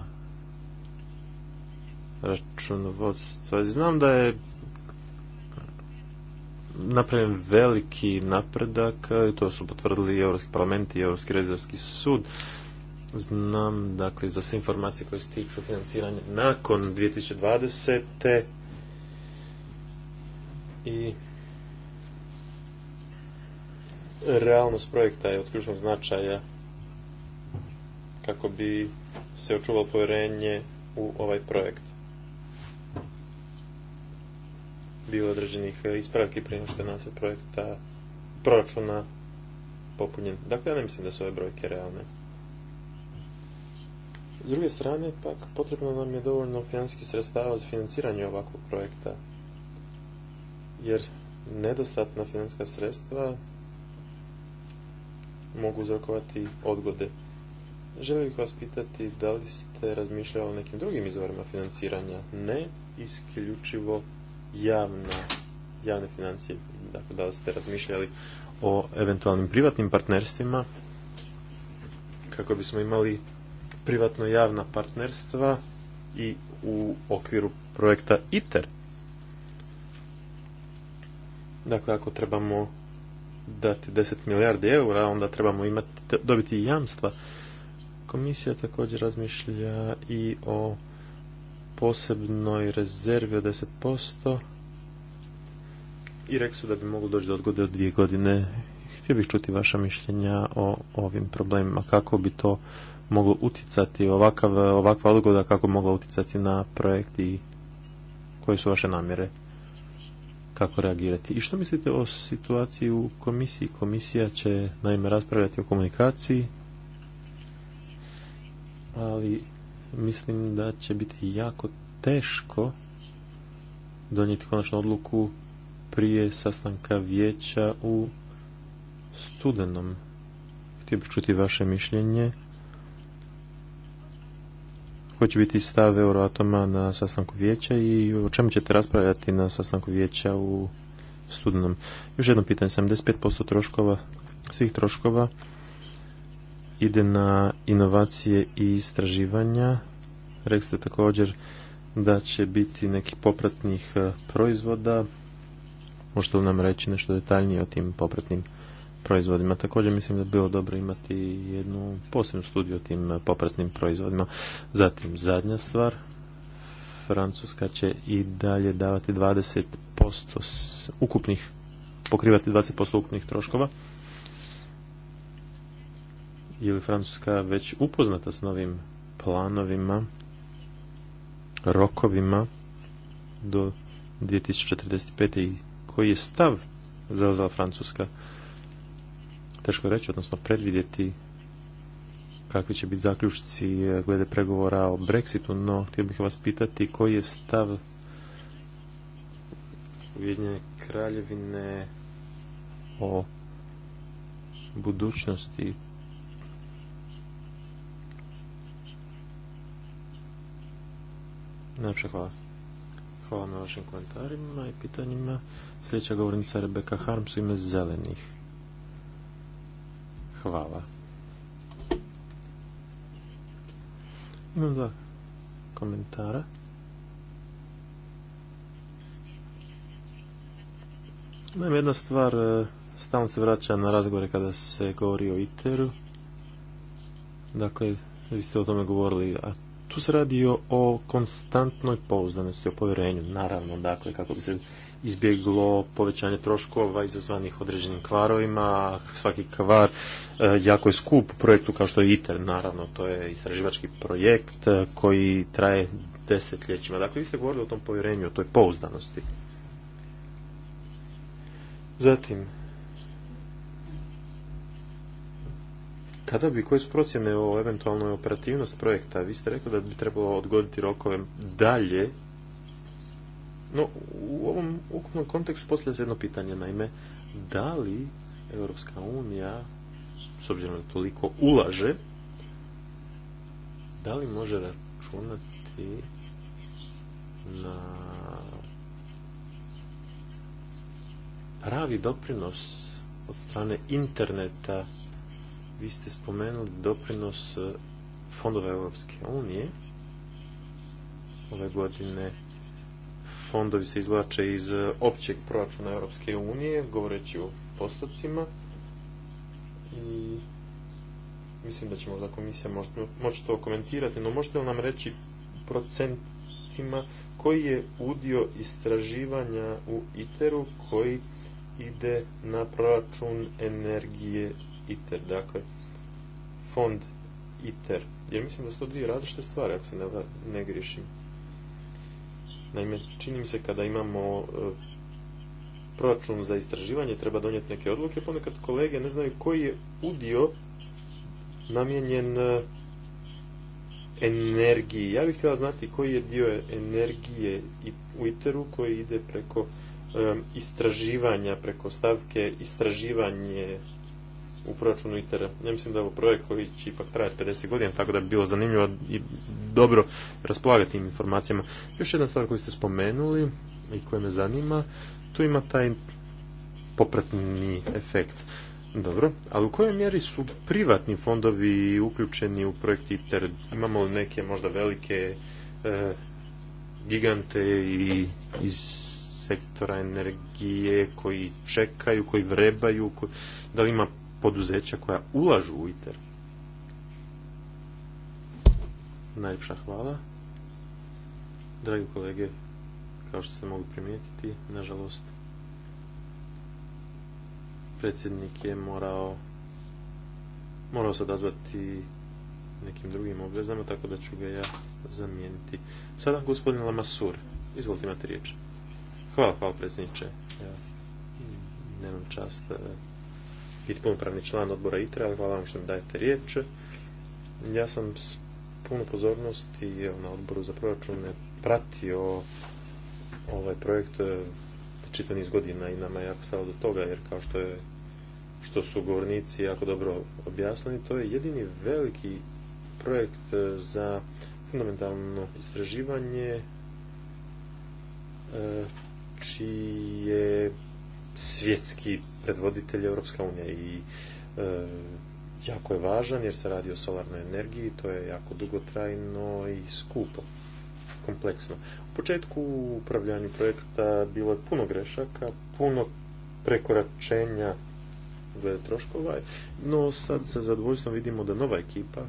A: računovodstva. Znam da je napravljen veliki napredak, i to su potvrdili Europski parlament i Europski revizorski sud znam, dakle, za sve informacije koje se tiču financiranja nakon 2020. I realnost projekta je od ključnog značaja kako bi se očuvalo povjerenje u ovaj projekt. Bilo određenih ispravki prije što je projekta proračuna popunjen. Dakle, ja ne mislim da su ove brojke realne. S druge strane, pak, potrebno nam je dovoljno financijskih sredstava za financiranje ovakvog projekta, jer nedostatna financijska sredstva mogu uzrokovati odgode. Želim bih vas pitati da li ste razmišljali o nekim drugim izvorima financiranja, ne isključivo javna, javne financije. Dakle, da li ste razmišljali o eventualnim privatnim partnerstvima kako bismo imali privatno-javna partnerstva i u okviru projekta ITER. Dakle, ako trebamo dati 10 milijardi eura, onda trebamo imati, dobiti jamstva. Komisija također razmišlja i o posebnoj rezervi od 10% i rekli su da bi moglo doći do odgode od dvije godine. Htio bih čuti vaša mišljenja o ovim problemima, kako bi to moglo uticati ovakav, ovakva odgoda kako mogla uticati na projekt i koje su vaše namjere kako reagirati. I što mislite o situaciji u komisiji? Komisija će naime raspravljati o komunikaciji, ali mislim da će biti jako teško donijeti konačnu odluku prije sastanka vijeća u studenom. Htio bih čuti vaše mišljenje koji će biti stav Euroatoma na sastanku vijeća i o čemu ćete raspravljati na sastanku vijeća u studenom. Još jedno pitanje, 75% troškova, svih troškova ide na inovacije i istraživanja. Rekli ste također da će biti nekih popratnih eh, proizvoda. Možete li nam reći nešto detaljnije o tim popratnim proizvodima? proizvodima. Također mislim da bi bilo dobro imati jednu posebnu studiju o tim eh, popratnim proizvodima. Zatim zadnja stvar, Francuska će i dalje davati 20% ukupnih, pokrivati 20% ukupnih troškova. Je li Francuska već upoznata s novim planovima, rokovima do 2045. i koji je stav zauzela Francuska teško reći, odnosno predvidjeti kakvi će biti zaključci e, glede pregovora o Brexitu, no htio bih vas pitati koji je stav Ujedinjene kraljevine o budućnosti Najpša hvala. Hvala na vašim komentarima i pitanjima. Sljedeća govornica Rebeka Harms u ime zelenih. Hvala. Imam dva komentara. Imam jedna stvar, e, stalno se vraća na razgovore kada se govori o ITER-u. Dakle, vi ste o tome govorili, a tu se radi o, konstantnoj pouzdanosti, o povjerenju. Naravno, dakle, kako bi se izbjeglo povećanje troškova izazvanih određenim kvarovima. Svaki kvar e, jako je skup projektu kao što je ITER, naravno, to je istraživački projekt e, koji traje desetljećima. Dakle, vi ste govorili o tom povjerenju, o toj pouzdanosti. Zatim, Kada bi, koje su procjene o eventualnoj operativnosti projekta? Vi ste rekli da bi trebalo odgoditi rokove dalje no, u ovom ukupnom kontekstu postavlja se jedno pitanje, naime, da li Europska unija, s obzirom da toliko ulaže, da li može računati na pravi doprinos od strane interneta, vi ste spomenuli doprinos eh, fondova Europske unije ove godine fondovi se izvlače iz e, općeg proračuna Europske unije, govoreći o postupcima i mislim da ćemo, da komisija moći to komentirati, no možete li nam reći procentima koji je udio istraživanja u ITER-u koji ide na proračun energije ITER, dakle fond ITER. Jer mislim da su to dvije različite stvari, ako se ne, ne griješim. Naime, čini mi se kada imamo e, proračun za istraživanje, treba donijeti neke odluke, ponekad kolege ne znaju koji je udio namijenjen e, energiji. Ja bih htjela znati koji je dio energije u iter koji ide preko e, istraživanja, preko stavke istraživanje u proračunu ITER. Ja mislim da je ovo projekt koji će ipak trajati 50 godina, tako da bi bilo zanimljivo i dobro raspolagati tim informacijama. Još jedna stvar koju ste spomenuli i koja me zanima, tu ima taj popratni efekt. Dobro, ali u kojoj mjeri su privatni fondovi uključeni u projekt ITER? Imamo li neke možda velike e, gigante i iz sektora energije koji čekaju, koji vrebaju, koji, da li ima poduzeća koja ulažu u ITER. Najljepša hvala. Dragi kolege, kao što ste mogli primijetiti, nažalost, predsjednik je morao morao se odazvati nekim drugim obvezama, tako da ću ga ja zamijeniti. Sada gospodin Lamasur, izvolite imate riječ. Hvala, hvala predsjedniče. Ja nemam čast eh, biti punopravni član odbora ITRA, ali hvala vam što mi dajete riječ. Ja sam s puno pozornosti na odboru za proračune pratio ovaj projekt e, čitav niz godina i nama je jako stalo do toga, jer kao što je što su govornici jako dobro objasnili, to je jedini veliki projekt e, za fundamentalno istraživanje e, je svjetski predvoditelj Europska unija i e, jako je važan jer se radi o solarnoj energiji, to je jako dugotrajno i skupo, kompleksno. U početku u upravljanju projekta bilo je puno grešaka, puno prekoračenja glede troškova, no sad sa zadovoljstvom vidimo da nova ekipa,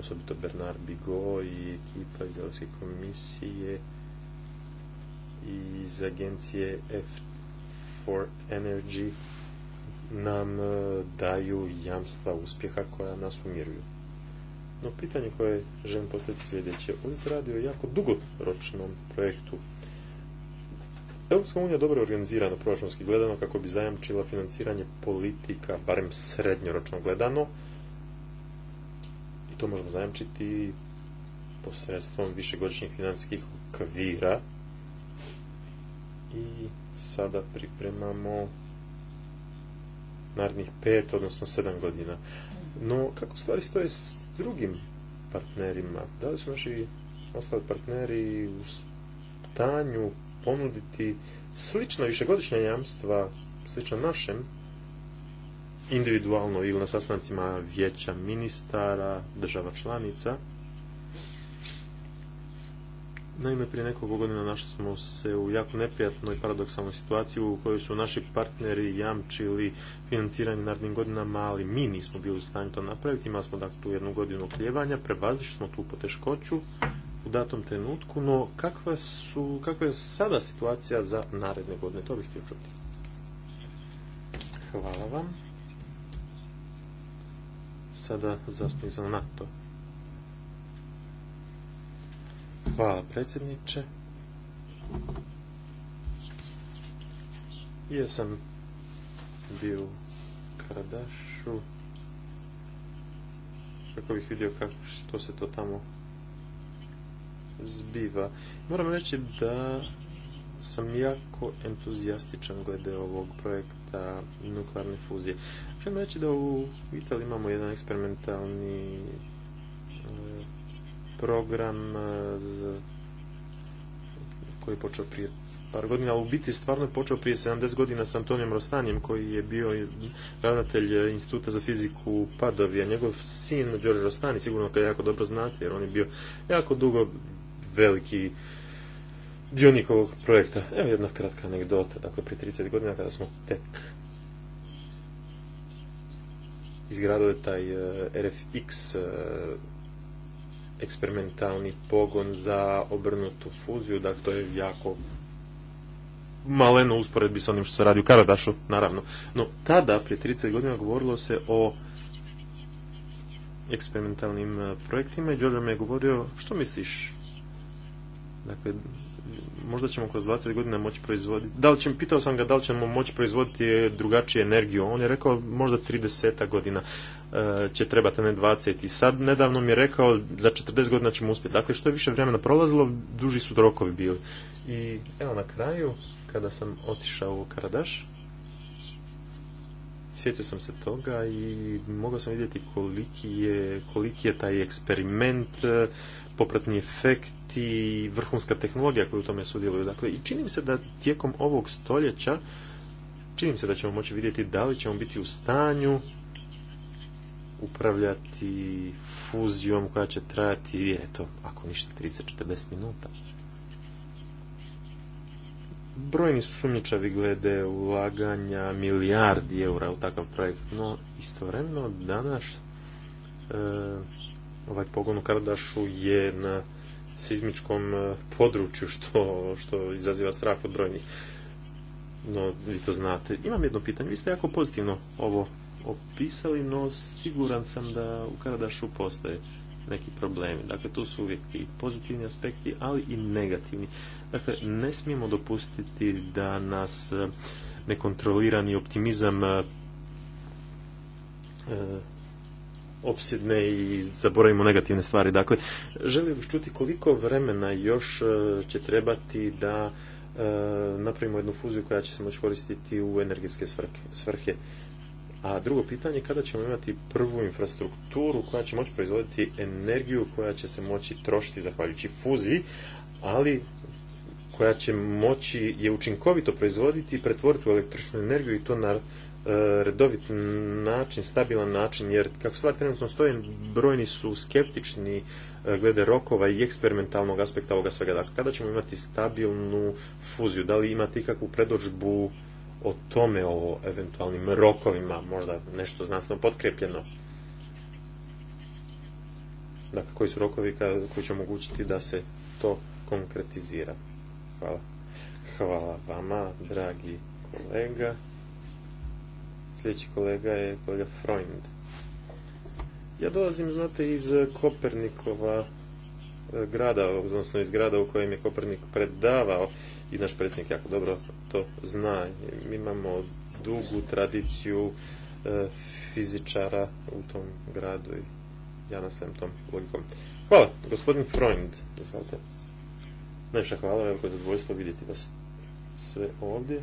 A: osobito Bernard Bigot i ekipa iz Europske komisije, iz agencije f for Energy nam e, daju jamstva uspjeha koja nas umiruju. No pitanje koje želim postaviti sljedeće. Ovdje se radi o jako dugoročnom projektu. Europska unija dobro organizirana proračunski gledano kako bi zajamčila financiranje politika, barem srednjoročno gledano. I to možemo zajamčiti posredstvom višegodišnjih financijskih okvira i sada pripremamo narednih pet, odnosno sedam godina. No, kako stvari stoje s drugim partnerima? Da li su naši ostali partneri u stanju ponuditi slična višegodišnja jamstva, slična našem, individualno ili na sastancima vijeća ministara, država članica? Naime, prije nekoliko godina našli smo se u jako neprijatnoj paradoksalnoj situaciji u kojoj su naši partneri jamčili financiranje narednim godinama, ali mi nismo bili u stanju to napraviti. Imali smo dakle tu jednu godinu okljevanja, prebazili smo tu poteškoću u datom trenutku, no kakva, su, kakva je sada situacija za naredne godine? To bih htio čuti. Hvala vam. Sada zastupnik za NATO. Hvala predsjedniče. Ja sam bio u Karadašu kako bih vidio što se to tamo zbiva. Moram reći da sam jako entuzijastičan glede ovog projekta nuklearne fuzije. Želim reći da u Italiji imamo jedan eksperimentalni program e, koji je počeo prije par godina, ali u biti stvarno je počeo prije 70 godina s Antonijom Rostanjem koji je bio ravnatelj Instituta za fiziku u njegov sin Đorđe Rostani sigurno ga jako dobro znate jer on je bio jako dugo veliki dionik ovog projekta. Evo jedna kratka anegdota, dakle prije 30 godina kada smo tek izgradili taj e, RFX e, eksperimentalni pogon za obrnutu fuziju, dakle to je jako maleno usporedbi sa onim što se radi u Karadašu, naravno. No, tada, prije 30 godina, govorilo se o eksperimentalnim e, projektima i Đorđe me je govorio, što misliš? Dakle, možda ćemo kroz 20 godina moći proizvoditi, da li ćemo, pitao sam ga da li ćemo moći proizvoditi drugačiju energiju, on je rekao možda 30 godina. E, će trebati ne 20. I sad nedavno mi je rekao za 40 godina ćemo uspjeti. Dakle, što je više vremena prolazilo, duži su rokovi bili. I evo na kraju, kada sam otišao u Karadaš, sjetio sam se toga i mogao sam vidjeti koliki je, koliki je taj eksperiment, e, popratni efekti, vrhunska tehnologija koju u tome sudjeluju. Dakle, i čini mi se da tijekom ovog stoljeća, čini mi se da ćemo moći vidjeti da li ćemo biti u stanju upravljati fuzijom koja će trajati, eto, ako ništa, 30-40 minuta. Brojni su sumnjičavi glede ulaganja milijardi eura u takav projekt, no istovremeno danas e, ovaj pogon u Kardašu je na sizmičkom e, području što, što izaziva strah od brojnih no vi to znate. Imam jedno pitanje, vi ste jako pozitivno ovo opisali, no siguran sam da u Karadašu postoje neki problemi. Dakle, tu su uvijek i pozitivni aspekti, ali i negativni. Dakle, ne smijemo dopustiti da nas e, nekontrolirani optimizam e, e, opsjedne i zaboravimo negativne stvari. Dakle, želio bih čuti koliko vremena još će trebati da napravimo jednu fuziju koja će se moći koristiti u energetske svrhe. A drugo pitanje kada ćemo imati prvu infrastrukturu koja će moći proizvoditi energiju koja će se moći trošiti zahvaljujući fuziji, ali koja će moći je učinkovito proizvoditi i pretvoriti u električnu energiju i to na e, redovit način, stabilan način, jer kako sva trenutno stoje, brojni su skeptični e, glede rokova i eksperimentalnog aspekta ovoga svega. Dakle, kada ćemo imati stabilnu fuziju? Da li imate ikakvu predođbu o tome, o eventualnim rokovima, možda nešto znanstveno potkrepljeno. Dakle, koji su rokovi koji će omogućiti da se to konkretizira. Hvala. Hvala vama, dragi kolega. Sljedeći kolega je kolega Freund. Ja dolazim, znate, iz Kopernikova e, grada, odnosno iz grada u kojem je Kopernik predavao i naš predsjednik jako dobro to zna. Mi imamo dugu tradiciju e, fizičara u tom gradu i ja nastavim tom logikom. Hvala, gospodin Freund, izvolite. Najviše hvala, veliko zadovoljstvo vidjeti vas sve ovdje.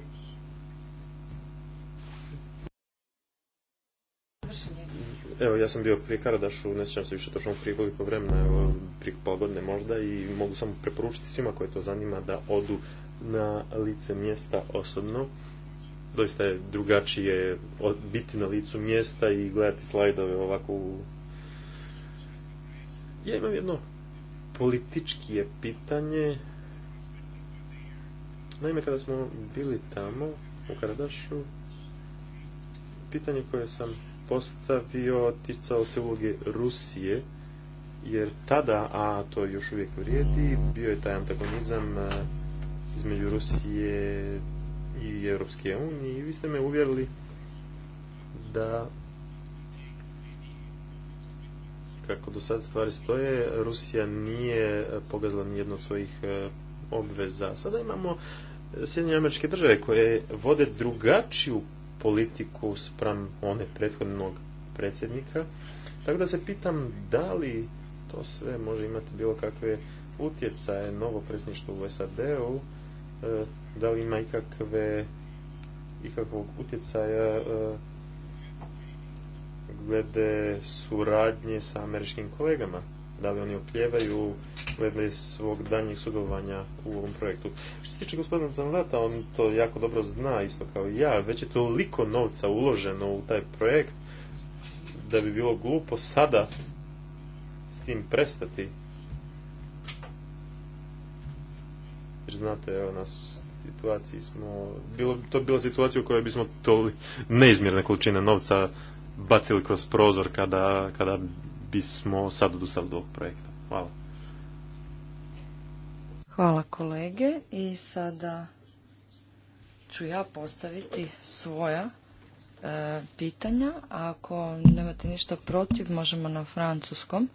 A: Evo, ja sam bio prije Karadašu, ne sjećam se više točno prije koliko vremena, prije pogodne možda, i mogu samo preporučiti svima koje to zanima da odu na lice mjesta osobno. Doista je drugačije biti na licu mjesta i gledati slajdove ovako u... Ja imam jedno političkije pitanje. Naime, kada smo bili tamo, u Karadašu, pitanje koje sam postavio ticao se uloge Rusije, jer tada, a to još uvijek vrijedi, bio je taj antagonizam između Rusije i Europske unije i vi ste me uvjerili da kako do sad stvari stoje, Rusija nije pogazila nijednu od svojih e, obveza. Sada imamo e, Sjedinje američke države koje vode drugačiju politiku spram one prethodnog predsjednika. Tako da se pitam da li to sve može imati bilo kakve utjecaje novo predsjedništvo u SAD-u E, da li ima ikakve ikakvog utjecaja e, glede suradnje sa američkim kolegama da li oni okljevaju glede svog danjih sudovanja u ovom projektu. Što se tiče gospodina Zanlata, on to jako dobro zna, isto kao i ja. Već je toliko novca uloženo u taj projekt da bi bilo glupo sada s tim prestati. priznate, evo nas u situaciji smo, bilo, to bi bila situacija u kojoj bismo to neizmjerne količine novca bacili kroz prozor kada, kada bismo sad odustali do ovog projekta. Hvala.
C: Hvala kolege i sada ću ja postaviti svoja e, pitanja. Ako nemate ništa protiv, možemo na francuskom,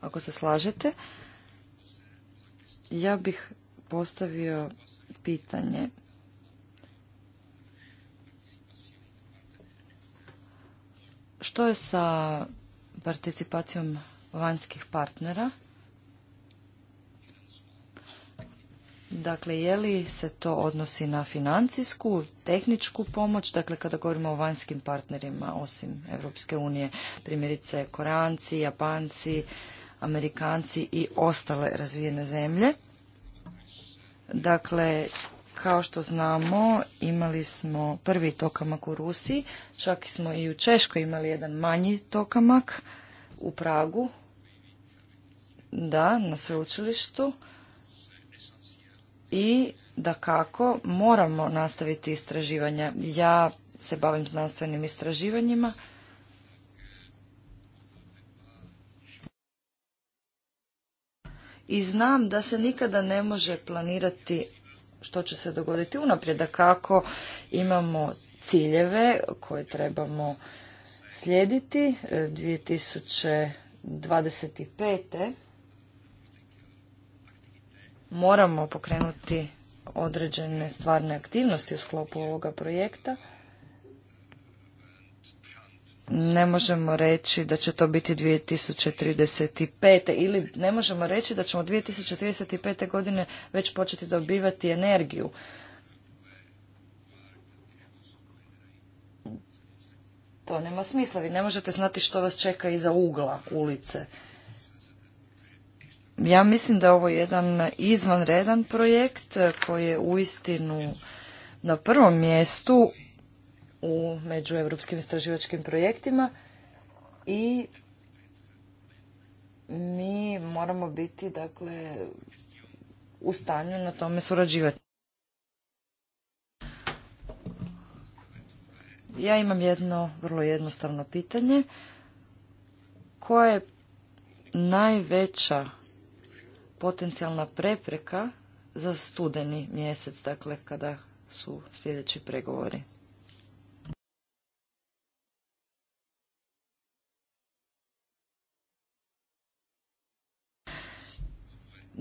C: ako se slažete. Ja bih postavio pitanje što je sa participacijom vanjskih partnera? Dakle, je li se to odnosi na financijsku, tehničku pomoć, dakle kada govorimo o vanjskim partnerima osim Europske unije, primjerice Koranci, Japanci, Amerikanci i ostale razvijene zemlje? Dakle, kao što znamo, imali smo prvi tokamak u Rusiji, čak smo i u Češkoj imali jedan manji tokamak u Pragu, da, na sveučilištu. I da kako moramo nastaviti istraživanja. Ja se bavim znanstvenim istraživanjima i znam da se nikada ne može planirati što će se dogoditi unaprijed, da kako imamo ciljeve koje trebamo slijediti 2025. E, moramo pokrenuti određene stvarne aktivnosti u sklopu ovoga projekta ne možemo reći da će to biti 2035. ili ne možemo reći da ćemo 2035. godine već početi dobivati energiju. To nema smisla, vi ne možete znati što vas čeka iza ugla ulice. Ja mislim da je ovo jedan izvanredan projekt koji je uistinu na prvom mjestu u među europskim istraživačkim projektima i mi moramo biti dakle u stanju na tome surađivati. Ja imam jedno vrlo jednostavno pitanje. Koja je najveća potencijalna prepreka za studeni mjesec, dakle kada su sljedeći pregovori?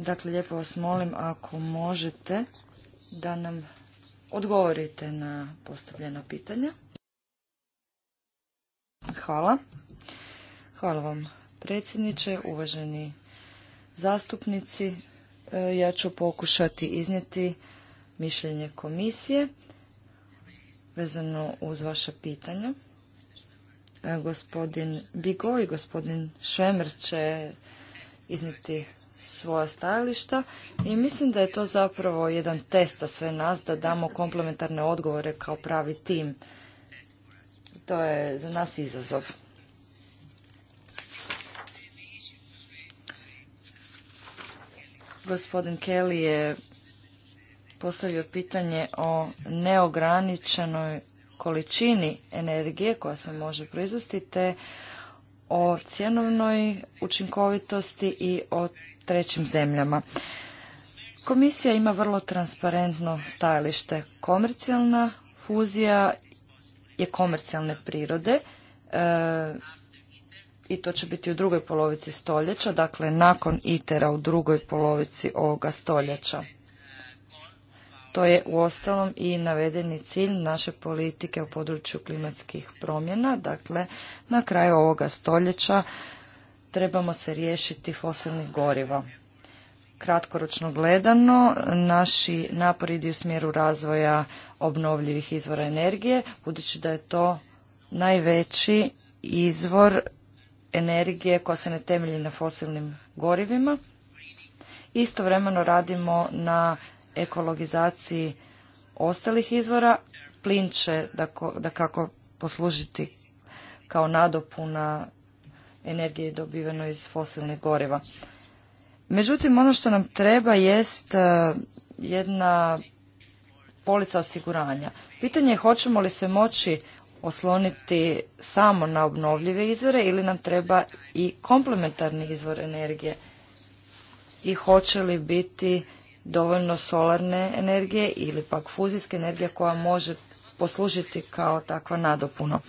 C: Dakle, lijepo vas molim ako možete da nam odgovorite na postavljena pitanja. Hvala. Hvala vam predsjedniče, uvaženi zastupnici. E, ja ću pokušati iznijeti mišljenje komisije vezano uz vaša pitanja. E, gospodin Bigo i gospodin Švemer će iznijeti svoja stajališta i mislim da je to zapravo jedan test za sve nas da damo komplementarne odgovore kao pravi tim. To je za nas izazov. Gospodin Kelly je postavio pitanje o neograničenoj količini energije koja se može proizvesti te o cjenovnoj učinkovitosti i o trećim zemljama. Komisija ima vrlo transparentno stajalište. Komercijalna fuzija je komercijalne prirode e, i to će biti u drugoj polovici stoljeća, dakle nakon itera a u drugoj polovici ovoga stoljeća. To je uostalom i navedeni cilj naše politike u području klimatskih promjena, dakle na kraju ovoga stoljeća trebamo se riješiti fosilnih goriva. Kratkoročno gledano, naši napori idu u smjeru razvoja obnovljivih izvora energije, budući da je to najveći izvor energije koja se ne temelji na fosilnim gorivima. Istovremeno radimo na ekologizaciji ostalih izvora. Plin će da kako poslužiti kao nadopuna energije dobiveno iz fosilnih goriva. Međutim, ono što nam treba jest e, jedna polica osiguranja. Pitanje je hoćemo li se moći osloniti samo na obnovljive izvore ili nam treba i komplementarni izvor energije i hoće li biti dovoljno solarne energije ili pak fuzijske energije koja može poslužiti kao takva nadopuna.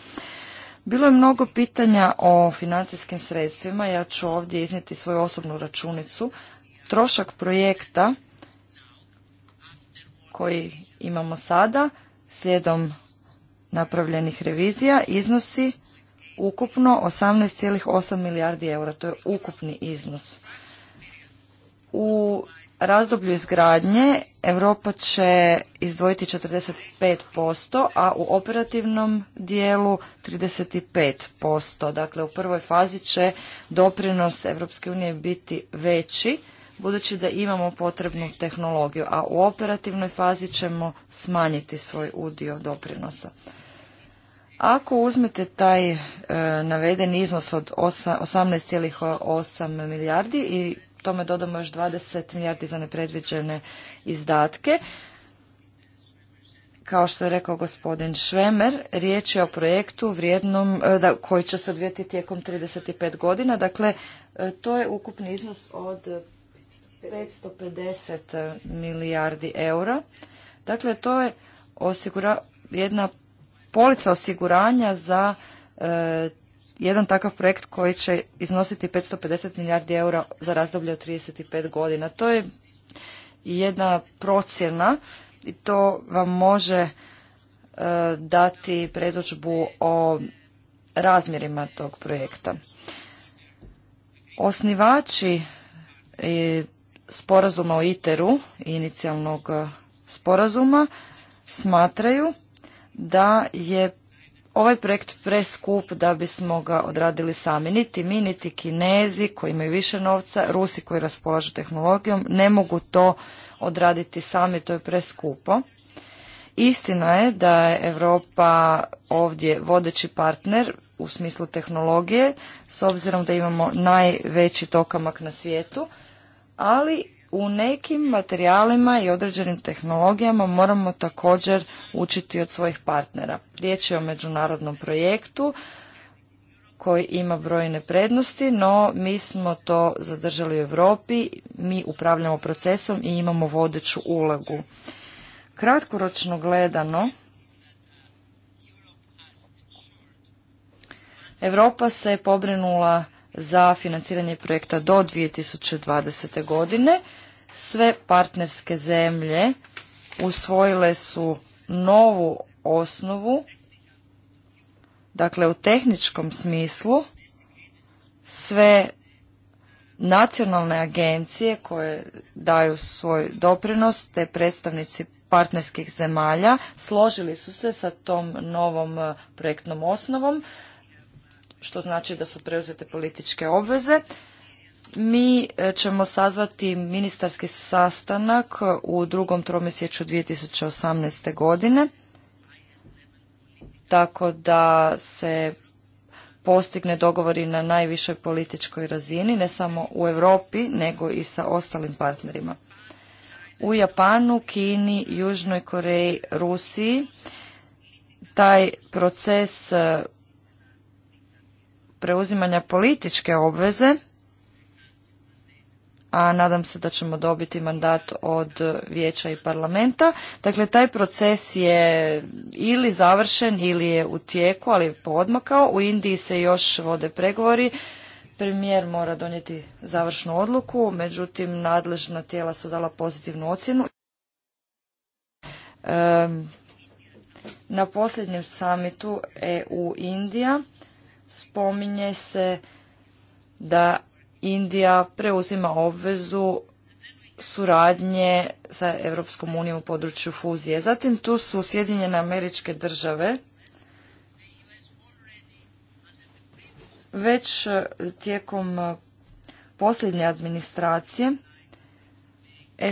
C: Bilo je mnogo pitanja o financijskim sredstvima, ja ću ovdje iznijeti svoju osobnu računicu. Trošak projekta koji imamo sada, slijedom napravljenih revizija, iznosi ukupno 18,8 milijardi eura. To je ukupni iznos. U razdoblju izgradnje Europa će izdvojiti 45%, a u operativnom dijelu 35%. Dakle, u prvoj fazi će doprinos Europske unije biti veći, budući da imamo potrebnu tehnologiju, a u operativnoj fazi ćemo smanjiti svoj udio doprinosa. Ako uzmete taj e, naveden iznos od 18,8 milijardi i tome dodamo još 20 milijardi za nepredviđene izdatke. Kao što je rekao gospodin Švemer, riječ je o projektu vrijednom, e, da, koji će se odvijeti tijekom 35 godina. Dakle, e, to je ukupni iznos od 550 milijardi eura. Dakle, to je osigura, jedna polica osiguranja za e, jedan takav projekt koji će iznositi 550 milijardi eura za razdoblje od 35 godina. To je jedna procjena i to vam može e, dati predođbu o razmjerima tog projekta. Osnivači e, sporazuma o ITER-u, inicijalnog e, sporazuma, smatraju da je ovaj projekt preskup da bismo ga odradili sami. Niti mi, niti kinezi koji imaju više novca, Rusi koji raspolažu tehnologijom, ne mogu to odraditi sami, to je preskupo. Istina je da je Europa ovdje vodeći partner u smislu tehnologije, s obzirom da imamo najveći tokamak na svijetu, ali u nekim materijalima i određenim tehnologijama moramo također učiti od svojih partnera. Riječ je o međunarodnom projektu koji ima brojne prednosti, no mi smo to zadržali u Europi, mi upravljamo procesom i imamo vodeću ulogu. Kratkoročno gledano, Europa se pobrinula za financiranje projekta do 2020. godine sve partnerske zemlje usvojile su novu osnovu, dakle u tehničkom smislu sve nacionalne agencije koje daju svoj doprinos te predstavnici partnerskih zemalja složili su se sa tom novom e, projektnom osnovom, što znači da su preuzete političke obveze. Mi e, ćemo sazvati ministarski sastanak u drugom tromjesečju 2018. godine, tako da se postigne dogovori na najvišoj političkoj razini, ne samo u Europi, nego i sa ostalim partnerima. U Japanu, Kini, Južnoj Koreji, Rusiji taj proces e, preuzimanja političke obveze a nadam se da ćemo dobiti mandat od vijeća i parlamenta. Dakle, taj proces je ili završen ili je u tijeku, ali poodmakao. U Indiji se još vode pregovori. Premijer mora donijeti završnu odluku, međutim nadležna tijela su dala pozitivnu ocjenu. na posljednjem samitu EU-Indija spominje se da Indija preuzima obvezu suradnje sa Europskom unijom u području fuzije. Zatim tu su Sjedinjene američke države već e, tijekom e, posljednje administracije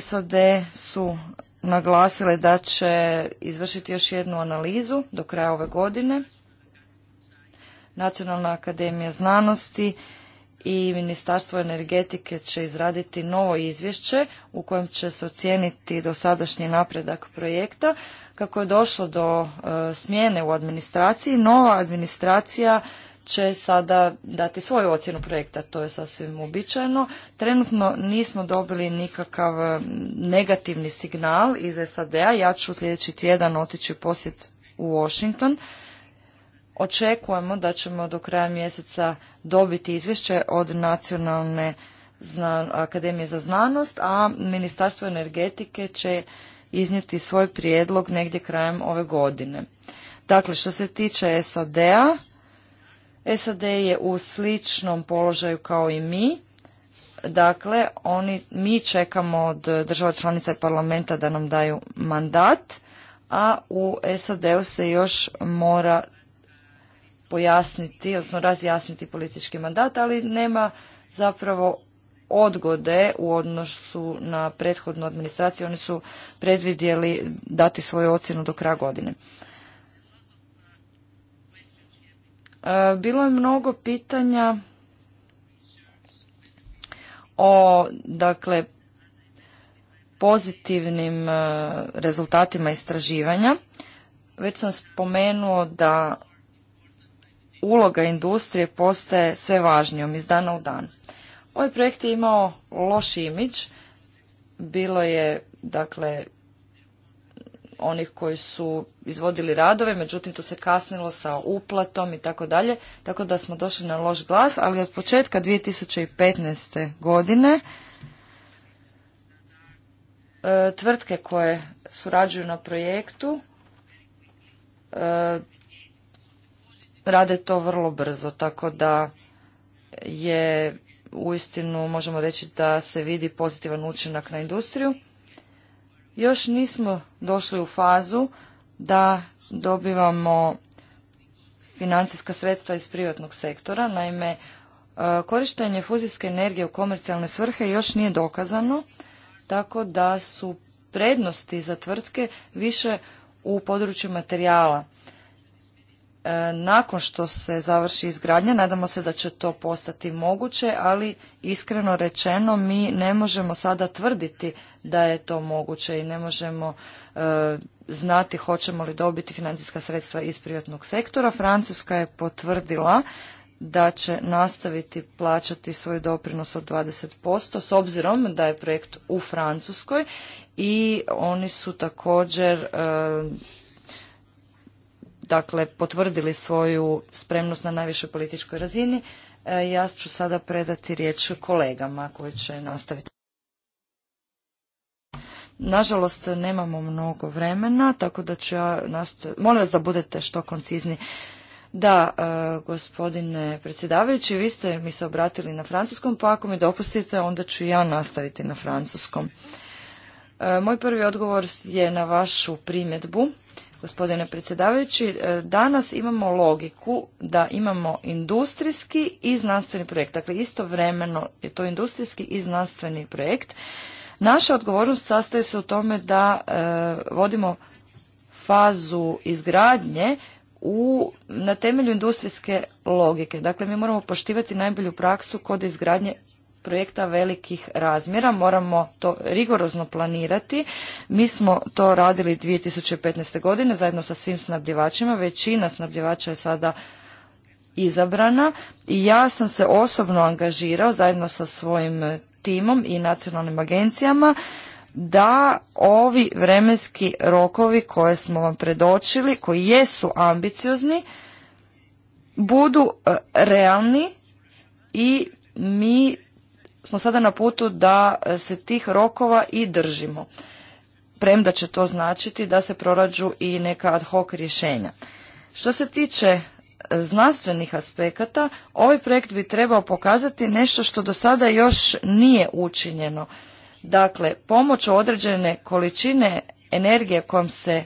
C: SAD su naglasile da će izvršiti još jednu analizu do kraja ove godine. Nacionalna akademija znanosti i Ministarstvo energetike će izraditi novo izvješće u kojem će se ocijeniti dosadašnji napredak projekta. Kako je došlo do e, smjene u administraciji, nova administracija će sada dati svoju ocjenu projekta, to je sasvim uobičajeno. Trenutno nismo dobili nikakav e, negativni signal iz SAD-a. Ja ću sljedeći tjedan otići u posjet u Washington Očekujemo da ćemo do kraja mjeseca dobiti izvješće od Nacionalne akademije za znanost, a Ministarstvo energetike će iznijeti svoj prijedlog negdje krajem ove godine. Dakle, što se tiče SAD-a, SAD je u sličnom položaju kao i mi. Dakle, oni, mi čekamo od država članica i parlamenta da nam daju mandat, a u SAD-u se još mora pojasniti, odnosno razjasniti politički mandat, ali nema zapravo odgode u odnosu na prethodnu administraciju. Oni su predvidjeli dati svoju ocjenu do kraja godine. E, bilo je mnogo pitanja o dakle pozitivnim e, rezultatima istraživanja. Već sam spomenuo da uloga industrije postaje sve važnijom iz dana u dan. Ovaj projekt je imao loš imidž, bilo je dakle onih koji su izvodili radove, međutim to se kasnilo sa uplatom i tako dalje, tako da smo došli na loš glas, ali od početka 2015. godine e, tvrtke koje surađuju na projektu e, rade to vrlo brzo, tako da je uistinu možemo reći da se vidi pozitivan učinak na industriju. Još nismo došli u fazu da dobivamo financijska sredstva iz privatnog sektora. Naime, e, korištenje fuzijske energije u komercijalne svrhe još nije dokazano, tako da su prednosti za tvrtke više u području materijala. E, nakon što se završi izgradnja. Nadamo se da će to postati moguće, ali iskreno rečeno mi ne možemo sada tvrditi da je to moguće i ne možemo e, znati hoćemo li dobiti financijska sredstva iz privatnog sektora. Francuska je potvrdila da će nastaviti plaćati svoj doprinos od 20% s obzirom da je projekt u Francuskoj i oni su također e, dakle potvrdili svoju spremnost na najvišoj političkoj razini. E, ja ću sada predati riječ kolegama koji će nastaviti. Nažalost, nemamo mnogo vremena, tako da ću ja nastaviti. Molim vas da budete što koncizni. Da, e, gospodine predsjedavajući, vi ste mi se obratili na francuskom, pa ako mi dopustite, onda ću ja nastaviti na francuskom. E, moj prvi odgovor je na vašu primjedbu gospodine predsjedavajući. E, danas imamo logiku da imamo industrijski i znanstveni projekt. Dakle, istovremeno je to industrijski i znanstveni projekt. Naša odgovornost sastoji se u tome da e, vodimo fazu izgradnje u, na temelju industrijske logike. Dakle, mi moramo poštivati najbolju praksu kod izgradnje projekta velikih razmjera. Moramo to rigorozno planirati. Mi smo to radili 2015. godine zajedno sa svim snabdjevačima. Većina snabdjevača je sada izabrana i ja sam se osobno angažirao zajedno sa svojim timom i nacionalnim agencijama da ovi vremenski rokovi koje smo vam predočili, koji jesu ambiciozni, budu e, realni i mi smo sada na putu da e, se tih rokova i držimo. Premda će to značiti da se prorađu i neka ad hoc rješenja. Što se tiče e, znanstvenih aspekata, ovaj projekt bi trebao pokazati nešto što do sada još nije učinjeno. Dakle, pomoć određene količine energije kojom se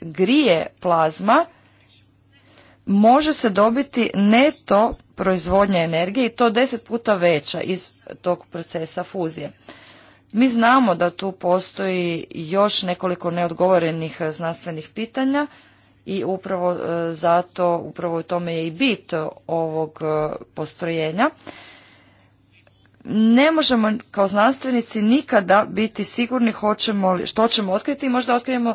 C: grije plazma, može se dobiti neto ...proizvodnje energije i to deset puta veća iz tog procesa fuzije. Mi znamo da tu postoji još nekoliko neodgovorenih e, znanstvenih pitanja i upravo e, zato, upravo u tome je i bit ovog e, postrojenja. Ne možemo kao znanstvenici nikada biti sigurni hoćemo što ćemo otkriti i možda otkrijemo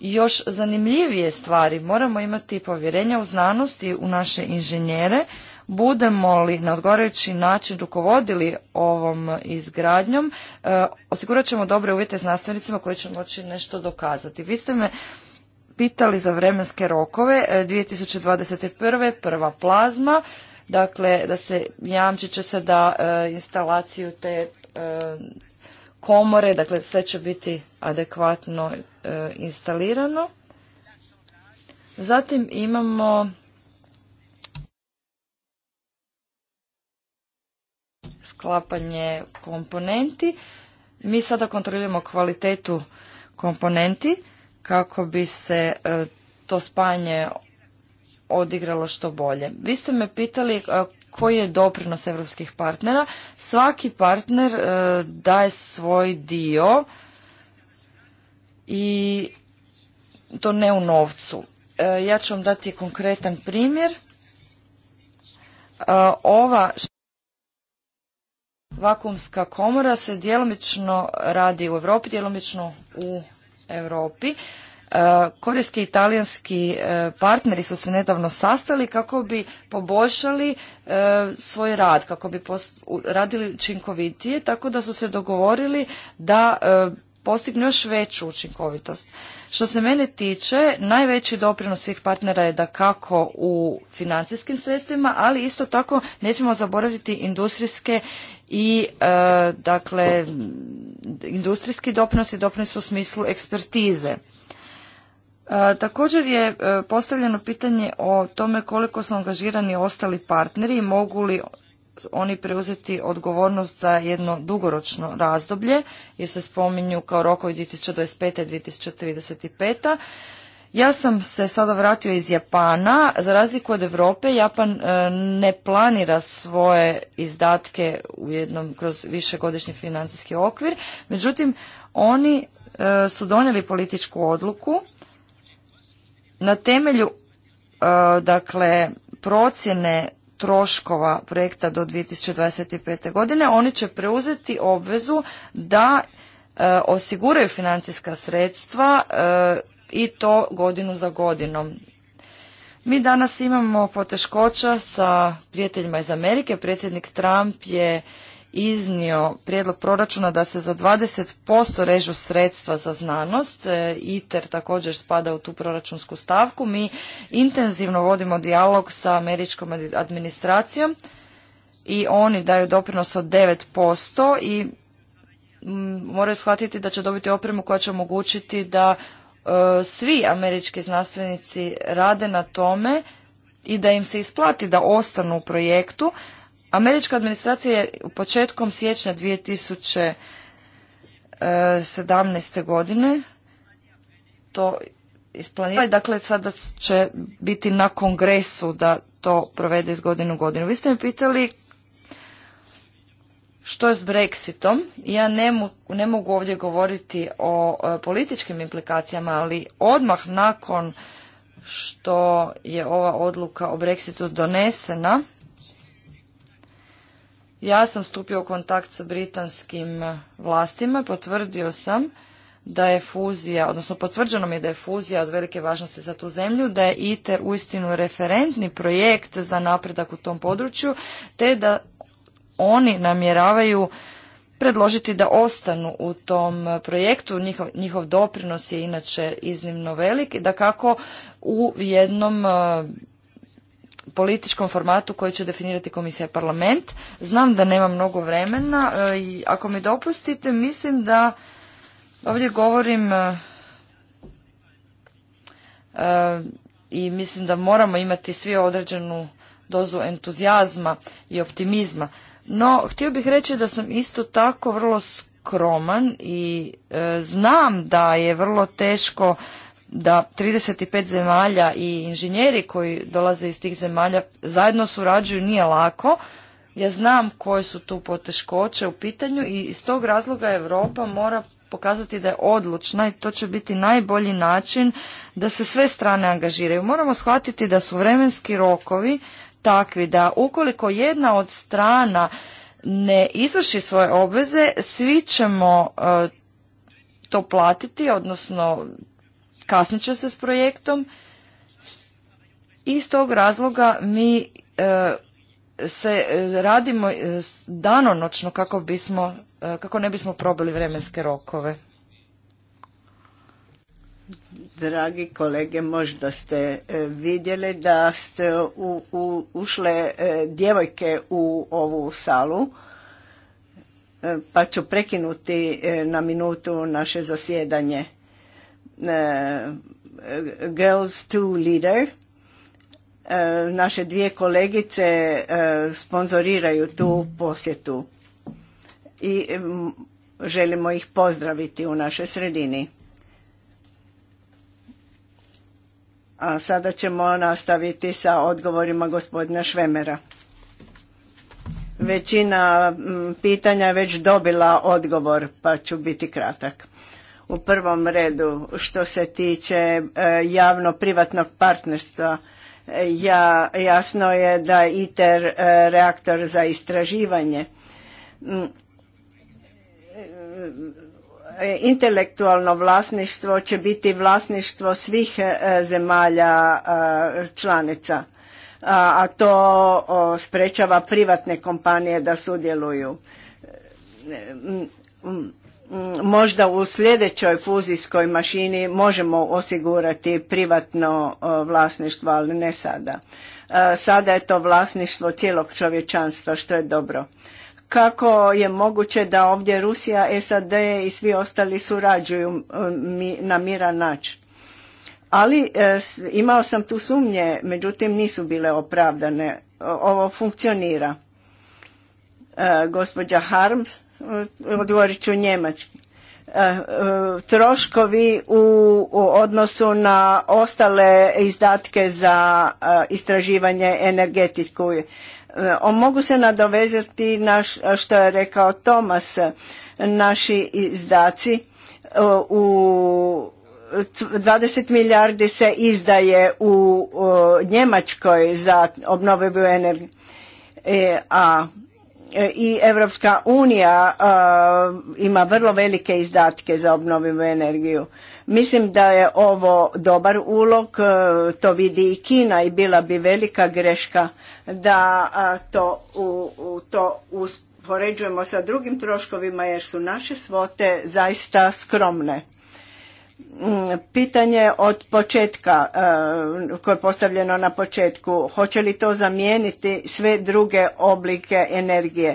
C: još zanimljivije stvari. Moramo imati povjerenja u znanost i u naše inženjere Budemo li na odgovarajući način rukovodili ovom izgradnjom, e, osigurat ćemo dobre uvjete znanstvenicima koji će moći nešto dokazati. Vi ste me pitali za vremenske rokove 2021. E, prva plazma, dakle da se jamčit će se da e, instalaciju te komore, dakle sve će biti adekvatno instalirano. Zatim imamo sklapanje komponenti. Mi sada kontroliramo kvalitetu komponenti kako bi se e, to spajanje odigralo što bolje. Vi ste me pitali e, koji je doprinos europskih partnera. Svaki partner e, daje svoj dio i to ne u novcu. Ja ću vam dati konkretan primjer. Ova vakumska komora se djelomično radi u Europi, djelomično u Europi. E, korejski i talijanski e, partneri su se nedavno sastali kako bi poboljšali e, svoj rad, kako bi radili učinkovitije, tako da su se dogovorili da postignu još veću učinkovitost. Što se mene tiče, najveći doprinos svih partnera je da kako u financijskim sredstvima, ali isto tako ne smijemo zaboraviti industrijske i e, dakle industrijski doprinos i doprinos u smislu ekspertize. E, također je e, postavljeno pitanje o tome koliko su angažirani ostali partneri i mogu li oni preuzeti odgovornost za jedno dugoročno razdoblje, jer se spominju kao rokovi 2025. i 2035. Ja sam se sada vratio iz Japana. Za razliku od Europe, Japan e, ne planira svoje izdatke u jednom kroz višegodišnji financijski okvir. Međutim, oni e, su donijeli političku odluku na temelju e, dakle procjene troškova projekta do 2025. godine, oni će preuzeti obvezu da e, osiguraju financijska sredstva e, i to godinu za godinom. Mi danas imamo poteškoća sa prijateljima iz Amerike. Predsjednik Trump je iznio prijedlog proračuna da se za 20% režu sredstva za znanost. E, ITER također spada u tu proračunsku stavku. Mi intenzivno vodimo dijalog sa američkom administracijom i oni daju doprinos od 9% i mm, moraju shvatiti da će dobiti opremu koja će omogućiti da e, svi američki znanstvenici rade na tome i da im se isplati da ostanu u projektu Američka administracija je početkom siječnja 2017. godine to isplanirali. Dakle, sada će biti na kongresu da to provede iz godinu u godinu. Vi ste me pitali što je s Brexitom. Ja ne, mogu ovdje govoriti o e, političkim implikacijama, ali odmah nakon što je ova odluka o Brexitu donesena, ja sam stupio u kontakt sa britanskim vlastima, potvrdio sam da je fuzija, odnosno potvrđeno mi je da je fuzija od velike važnosti za tu zemlju, da je ITER uistinu referentni projekt za napredak u tom području, te da oni namjeravaju predložiti da ostanu u tom projektu. Njihov, doprinos je inače iznimno velik i da kako u jednom političkom formatu koji će definirati komisija i parlament. Znam da nema mnogo vremena e, i ako mi dopustite, mislim da ovdje govorim e, e, i mislim da moramo imati svi određenu dozu entuzijazma i optimizma. No, htio bih reći da sam isto tako vrlo skroman i znam da je vrlo teško da 35 zemalja i inženjeri koji dolaze iz tih zemalja zajedno surađuju nije lako. Ja znam koje su tu poteškoće u pitanju i iz tog razloga Europa mora pokazati da je odlučna i to će biti najbolji način da se sve strane angažiraju. Moramo shvatiti da su vremenski rokovi takvi da ukoliko jedna od strana ne izvrši svoje obveze, svi ćemo e, to platiti, odnosno kasnit će se s projektom. Iz tog razloga mi e, se e, radimo e, danonočno kako bismo, kako ne bismo probili vremenske rokove.
B: Dragi kolege, možda ste vidjeli da ste u, u, ušle djevojke u ovu salu, pa ću prekinuti na minutu naše zasjedanje. Uh, Girls to Leader. Uh, naše dvije kolegice uh, sponzoriraju tu posjetu i um, želimo ih pozdraviti u našoj sredini. A sada ćemo nastaviti sa odgovorima gospodina Švemera. Većina mm, pitanja je već dobila odgovor, pa ću biti kratak u prvom redu što se tiče e, javno-privatnog partnerstva. E, ja, jasno je da ITER e, reaktor za istraživanje intelektualno vlasništvo će biti vlasništvo svih zemalja članica, a to sprečava privatne kompanije da sudjeluju Mm, možda u sljedećoj fuzijskoj mašini možemo osigurati privatno vlasništvo, ali ne sada. E, sada je to vlasništvo cijelog čovječanstva, što je dobro. Kako je moguće da ovdje Rusija, SAD i svi ostali surađuju na miran način? Ali e, imao sam tu sumnje, međutim nisu bile opravdane. Ovo funkcionira. E, gospođa Harms odgovorit ću njemački. E, e, troškovi u, u odnosu na ostale izdatke za e, istraživanje energetiku. Mogu se nadovezati na što je rekao Tomas, naši izdaci u 20 milijardi se izdaje u Njemačkoj za obnovljivu energiju. a E, i Evropska unija e, ima vrlo velike izdatke za obnovivu energiju. Mislim da je ovo dobar ulog, e, to vidi i Kina i bila bi velika greška da to, u, u to uspoređujemo sa drugim troškovima jer su naše svote zaista skromne pitanje od početka e, koje je postavljeno na početku hoće li to zamijeniti sve druge oblike energije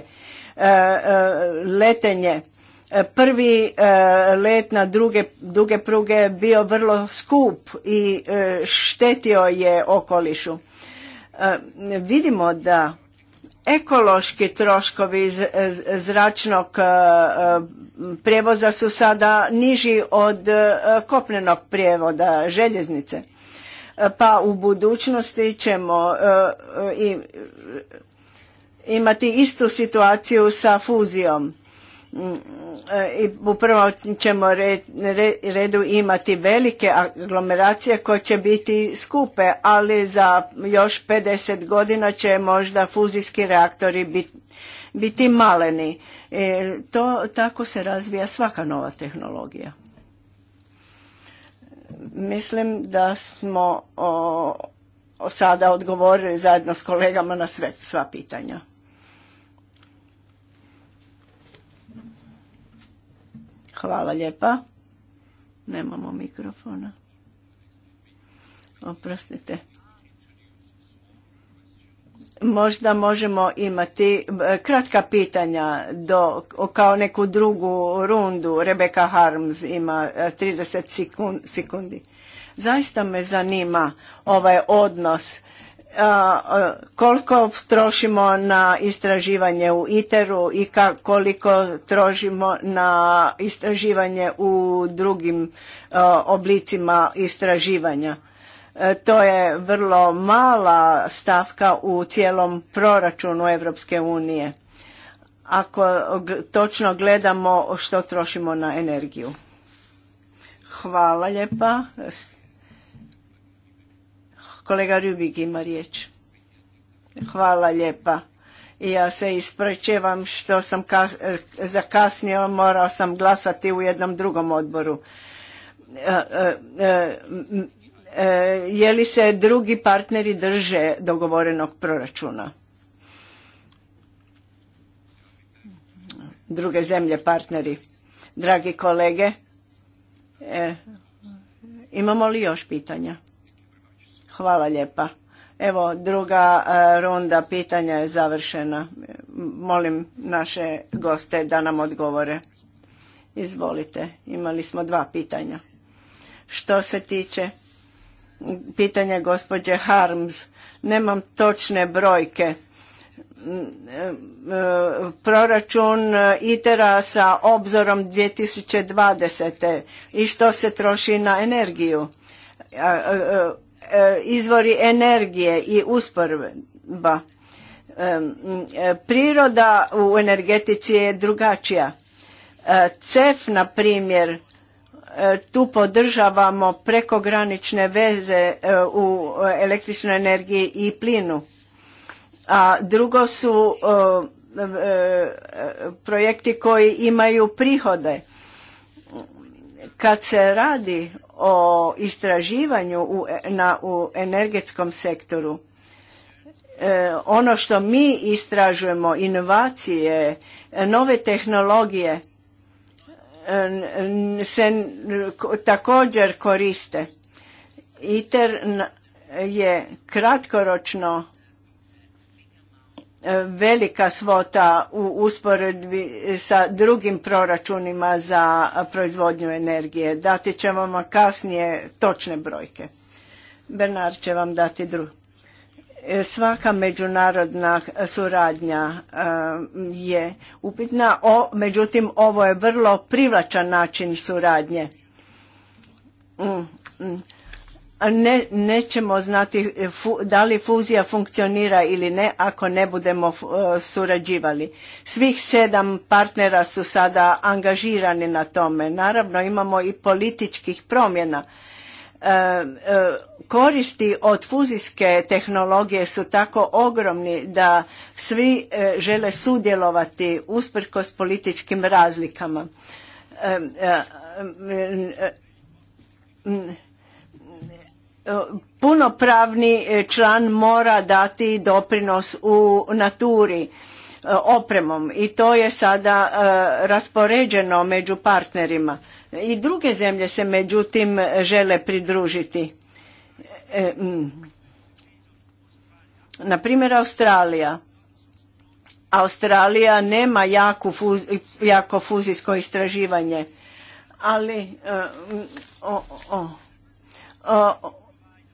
B: e, e, letenje prvi let na druge, duge pruge je bio vrlo skup i štetio je okolišu vidimo da Ekološki troškovi zračnog e, e, prijevoza su sada niži od e, kopnenog prijevoda željeznice. Pa u budućnosti ćemo imati istu situaciju sa fuzijom i u prvom ćemo redu imati velike aglomeracije koje će biti skupe, ali za još 50 godina će možda fuzijski reaktori biti, maleni. E, to tako se razvija svaka nova tehnologija. Mislim da smo sada odgovorili zajedno s kolegama na sve, sva pitanja. Hvala lijepa. Nemamo mikrofona. Oprostite. Možda možemo imati e, kratka pitanja do, kao neku drugu rundu. Rebeka Harms ima 30 e, sekundi. Zaista me zanima ovaj odnos koliko trošimo na istraživanje u ITER-u i koliko trošimo na istraživanje u drugim oblicima istraživanja. E, to je vrlo mala stavka u cijelom proračunu Europske unije. Ako točno gledamo što trošimo na energiju. Hvala lijepa. Kolega Rubik ima riječ. Hvala lijepa. Ja se ispričavam što sam eh, zakasnio, morao sam glasati u jednom drugom odboru. E, je li se drugi partneri drže dogovorenog proračuna? Druge zemlje partneri. Dragi kolege, imamo li još pitanja? Hvala lijepa. Evo, druga e, runda pitanja je završena. Molim naše goste da nam odgovore. Izvolite, imali smo dva pitanja. Što se tiče pitanja gospođe Harms, nemam točne brojke. Mm, e, e, proračun ITERA sa obzorom 2020. i što se troši na energiju E, izvori energije i usporba. E, e, priroda u energetici je drugačija. CEF, na primjer, tu podržavamo prekogranične veze u električnoj energiji i plinu. A drugo su projekti koji imaju prihode. Kad se radi o istraživanju u, na, u energetskom sektoru, e, ono što mi istražujemo, inovacije, nove tehnologije, e, se također koriste. ITER je kratkoročno velika svota u usporedbi sa drugim proračunima za proizvodnju energije. Dati ćemo vam kasnije točne brojke. Bernard će vam dati drugu. E, svaka međunarodna suradnja e, je upitna, o, međutim ovo je vrlo privlačan način suradnje. Mm, mm ne, nećemo znati da li fuzija funkcionira ili ne ako ne budemo uh, surađivali. Svih sedam partnera su sada angažirani na tome. Naravno imamo i političkih promjena. Uh, uh, koristi od fuzijske tehnologije su tako ogromni da svi žele sudjelovati usprkos političkim razlikama. Um, um, E, punopravni e, član mora dati doprinos u naturi e, opremom i to je sada raspoređeno među partnerima. I druge zemlje se međutim žele pridružiti. Mm. Na primjer Australija. Australija nema jako, jako fuzijsko istraživanje, ali mm, o,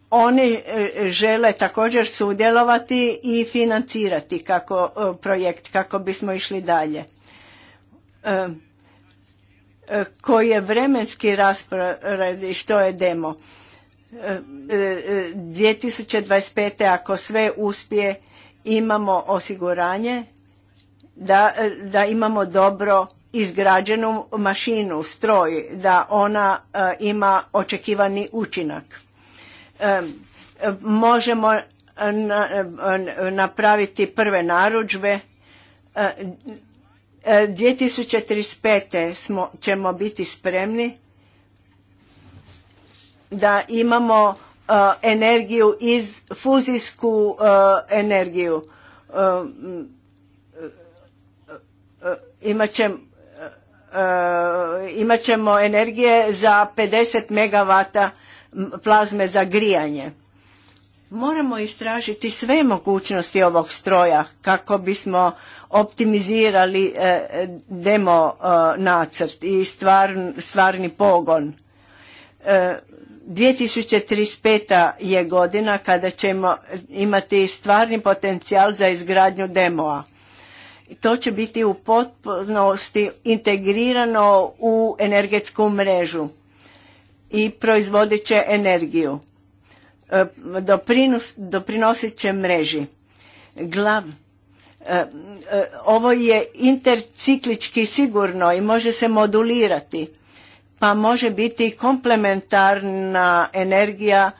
B: oni e, žele također sudjelovati i financirati kako e, projekt kako bismo išli dalje. E, koji je vremenski raspored i što je demo? 2025. ako sve uspije imamo osiguranje da, da imamo dobro izgrađenu mašinu, stroj, da ona ima očekivani učinak. Možemo eh, napraviti prve narudžbe. 2035. Eh, eh, ćemo biti spremni da imamo energiju iz fuzijsku energiju. imat, ćemo, energije za 50 megavata plazme za grijanje. Moramo istražiti sve mogućnosti ovog stroja kako bismo optimizirali e, demo e, nacrt i stvarni pogon. 2035. E, je godina kada ćemo imati stvarni potencijal za izgradnju demoa. To će biti u potpunosti integrirano u energetsku mrežu i proizvodit će energiju. E, doprinosit će mreži. Glav, e, e, ovo je interciklički sigurno i može se modulirati, pa može biti komplementarna energija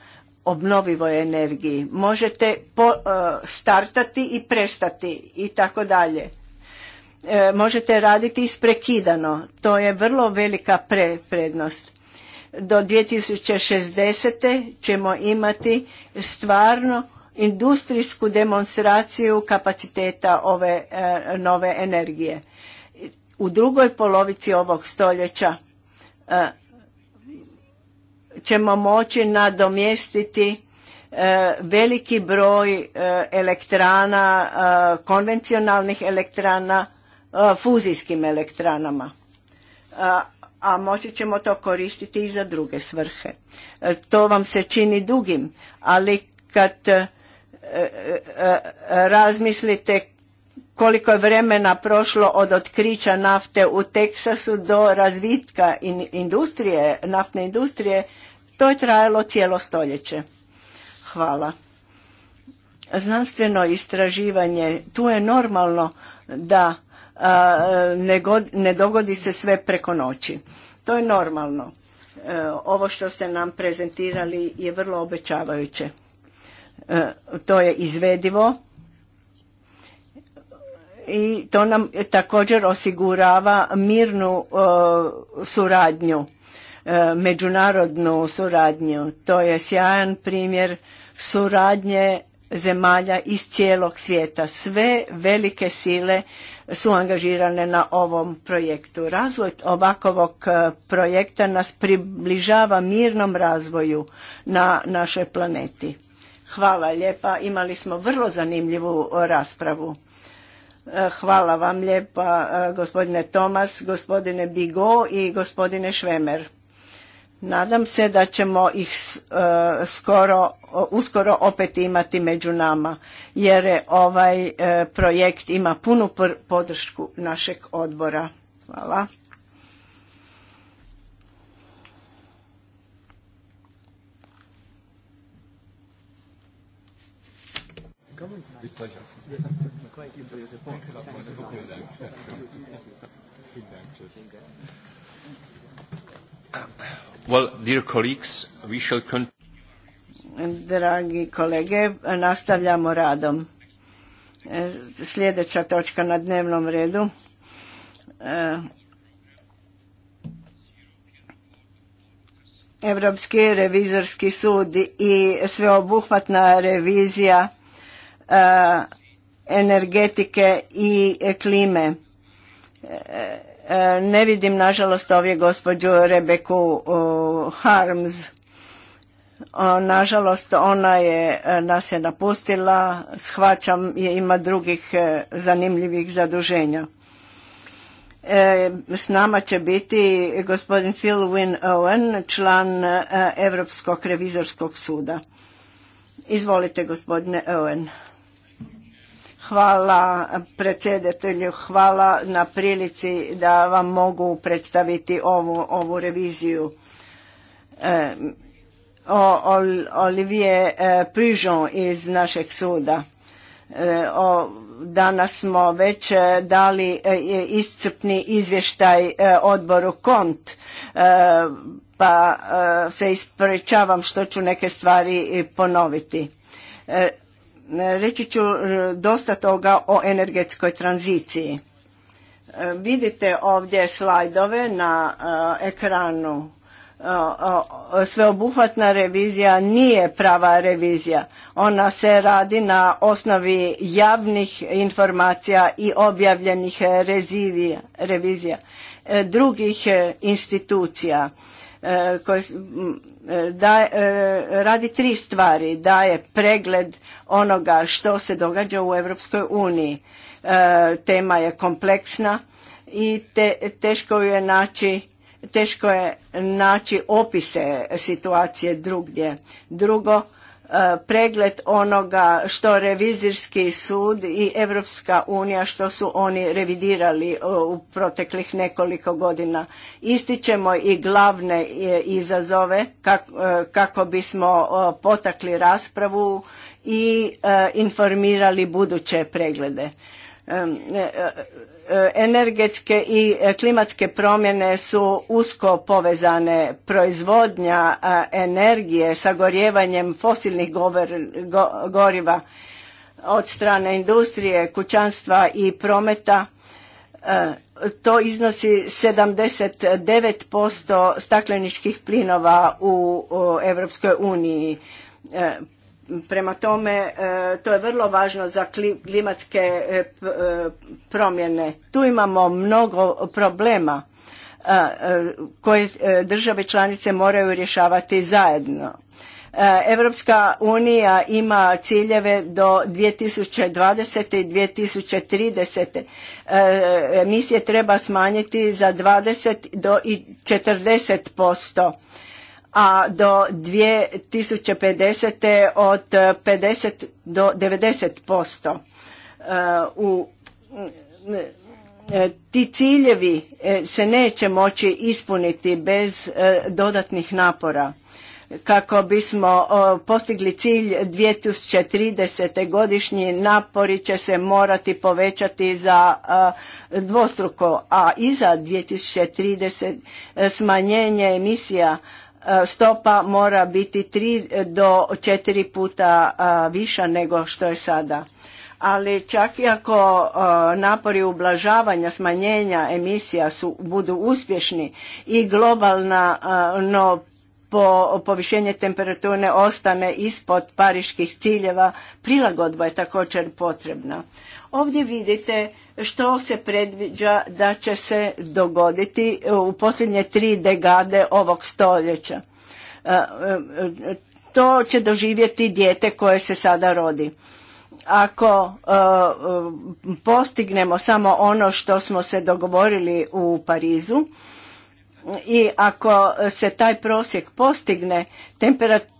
B: obnovivoj energiji. Možete startati i prestati i tako dalje. Možete raditi isprekidano. To je vrlo velika prednost do 2060. ćemo imati stvarno industrijsku demonstraciju kapaciteta ove e, nove energije. U drugoj polovici ovog stoljeća e, ćemo moći nadomjestiti e, veliki broj elektrana, konvencionalnih elektrana, fuzijskim elektranama a moći ćemo to koristiti i za druge svrhe. E, to vam se čini dugim, ali kad e, e, razmislite koliko je vremena prošlo od otkrića nafte u Teksasu do razvitka industrije, naftne industrije, to je trajalo cijelo stoljeće. Hvala. Znanstveno istraživanje, tu je normalno da ne, ne dogodi se sve preko noći. To je normalno. E, ovo što ste nam prezentirali je vrlo obećavajuće. E, to je izvedivo i to nam također osigurava mirnu e, suradnju, međunarodnu suradnju. To je sjajan primjer suradnje zemalja iz cijelog svijeta. Sve velike sile su angažirane na ovom projektu. Razvoj ovakvog e, projekta nas približava mirnom razvoju na našoj planeti. Hvala lijepa, imali smo vrlo zanimljivu raspravu. E, hvala vam lijepa e, gospodine Tomas, gospodine Bigo i gospodine Švemer. Nadam se da ćemo ih e, skoro, uskoro opet imati među nama, jer ovaj e, projekt ima punu podršku našeg odbora. Hvala. Dragi kolege, nastavljamo radom. E, sljedeća točka na dnevnom redu. Europski revizorski sud i sveobuhvatna revizija e, energetike i klime e, ne vidim, nažalost, ovdje gospođu Rebeku Harms. Nažalost, ona je, e, nas je napustila, shvaćam, ima drugih e, zanimljivih zaduženja. E, s nama će biti gospodin Phil Win Owen, član Europskog revizorskog suda. Izvolite, gospodine Owen. Hvala predsjedatelju, hvala na prilici da vam mogu predstaviti ovu, ovu reviziju. E, o, Olivier e, Prižon iz našeg suda. E, o, danas smo već e, dali e, iscrpni izvještaj odboru KONT, pa se ispričavam što ću neke stvari ponoviti. Reći ću e, dosta toga o energetskoj tranziciji. E, vidite ovdje slajdove na e, ekranu. Sveobuhvatna revizija nije prava revizija. Ona se radi na osnovi javnih informacija i objavljenih revizija drugih institucija E, koji e, e, radi tri stvari. Daje pregled onoga što se događa u Europskoj uniji. Tema je kompleksna i te, teško je naći teško je naći opise situacije drugdje. Drugo, E, pregled onoga što revizirski sud i Europska unija što su oni revidirali e, u proteklih nekoliko godina. Ističemo i glavne e, izazove kako bismo potakli raspravu i informirali buduće preglede E, energetske i e, klimatske promjene su usko povezane. Proizvodnja energije sagorijevanjem fosilnih goriva od strane industrije, kućanstva i prometa e, to iznosi 79% stakleničkih plinova u Europskoj uniji. Prema tome, e, to je vrlo važno za klimatske e, e, promjene. Tu imamo mnogo problema koje države članice moraju rješavati zajedno. Europska unija ima ciljeve do 2020. i 2030. Emisije treba smanjiti za 20 do 40 a do 2050. od 50 do 90%. Uh, u, mm, e, ti ciljevi e, se neće moći ispuniti bez e, dodatnih napora. Kako bismo postigli cilj 2030. godišnji napori će se morati povećati za dvostruko, a iza 2030. smanjenje emisija E, stopa mora biti tri do četiri puta e, viša nego što je sada. Ali čak i ako e, napori ublažavanja, smanjenja emisija su, budu uspješni i globalna no, po povišenje temperature ostane ispod pariških ciljeva, prilagodba je također potrebna. Ovdje vidite što se predviđa da će se dogoditi u posljednje tri degade ovog stoljeća. E, e, to će doživjeti dijete koje se sada rodi. Ako e, postignemo samo ono što smo se dogovorili u Parizu i ako se taj prosjek postigne, temperatura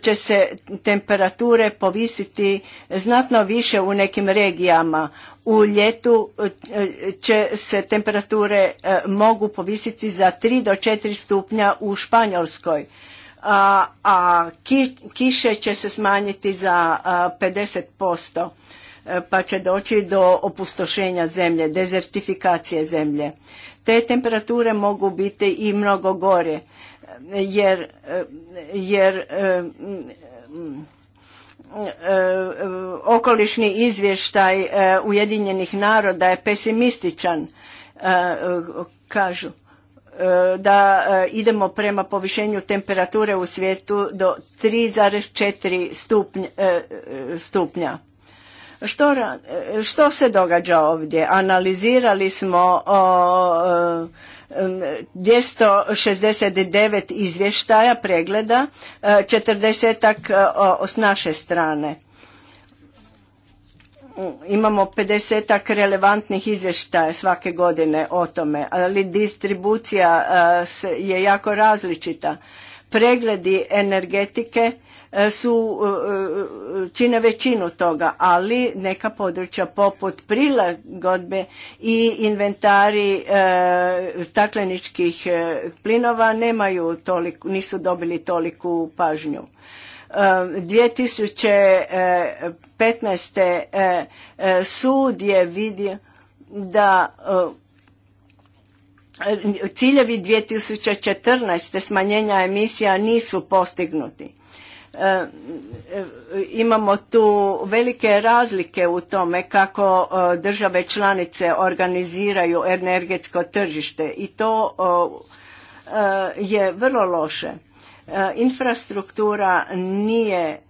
B: će se temperature povisiti znatno više u nekim regijama. U ljetu e, će se temperature e, mogu povisiti za 3 do 4 stupnja u Španjolskoj, a, a kiše će se smanjiti za 50% e, pa će doći do opustošenja zemlje, dezertifikacije zemlje. Te temperature mogu biti i mnogo gore jer, jer okolišni izvještaj e, Ujedinjenih naroda je pesimističan, e, kažu e, da idemo prema povišenju temperature u svijetu do 3,4 stupnja. Što, što se događa ovdje? Analizirali smo o, e, o, 269 izvještaja pregleda, 40 e, e, s naše strane. Imamo 50 relevantnih izvještaja svake godine o tome, ali distribucija je jako različita. Pregledi energetike E, su, e, e, čine većinu toga, ali neka područja poput prilagodbe i inventari stakleničkih plinova nemaju nisu dobili toliku pažnju. 2015. sud je vidio da ciljevi 2014. smanjenja emisija nisu postignuti E, e, imamo tu velike razlike u tome kako e, države članice organiziraju energetsko tržište i to je vrlo loše. Infrastruktura nije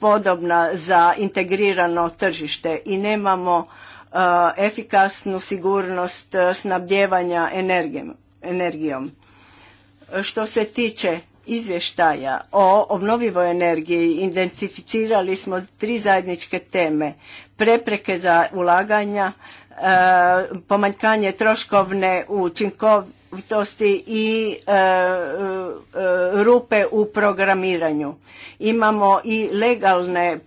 B: podobna za integrirano tržište i nemamo efikasnu sigurnost snabdjevanja energijom. Što se tiče izvještaja o obnovivoj energiji identificirali smo tri zajedničke teme. Prepreke za ulaganja, e, pomanjkanje troškovne učinkovitosti i e, e, rupe u programiranju. Imamo i legalne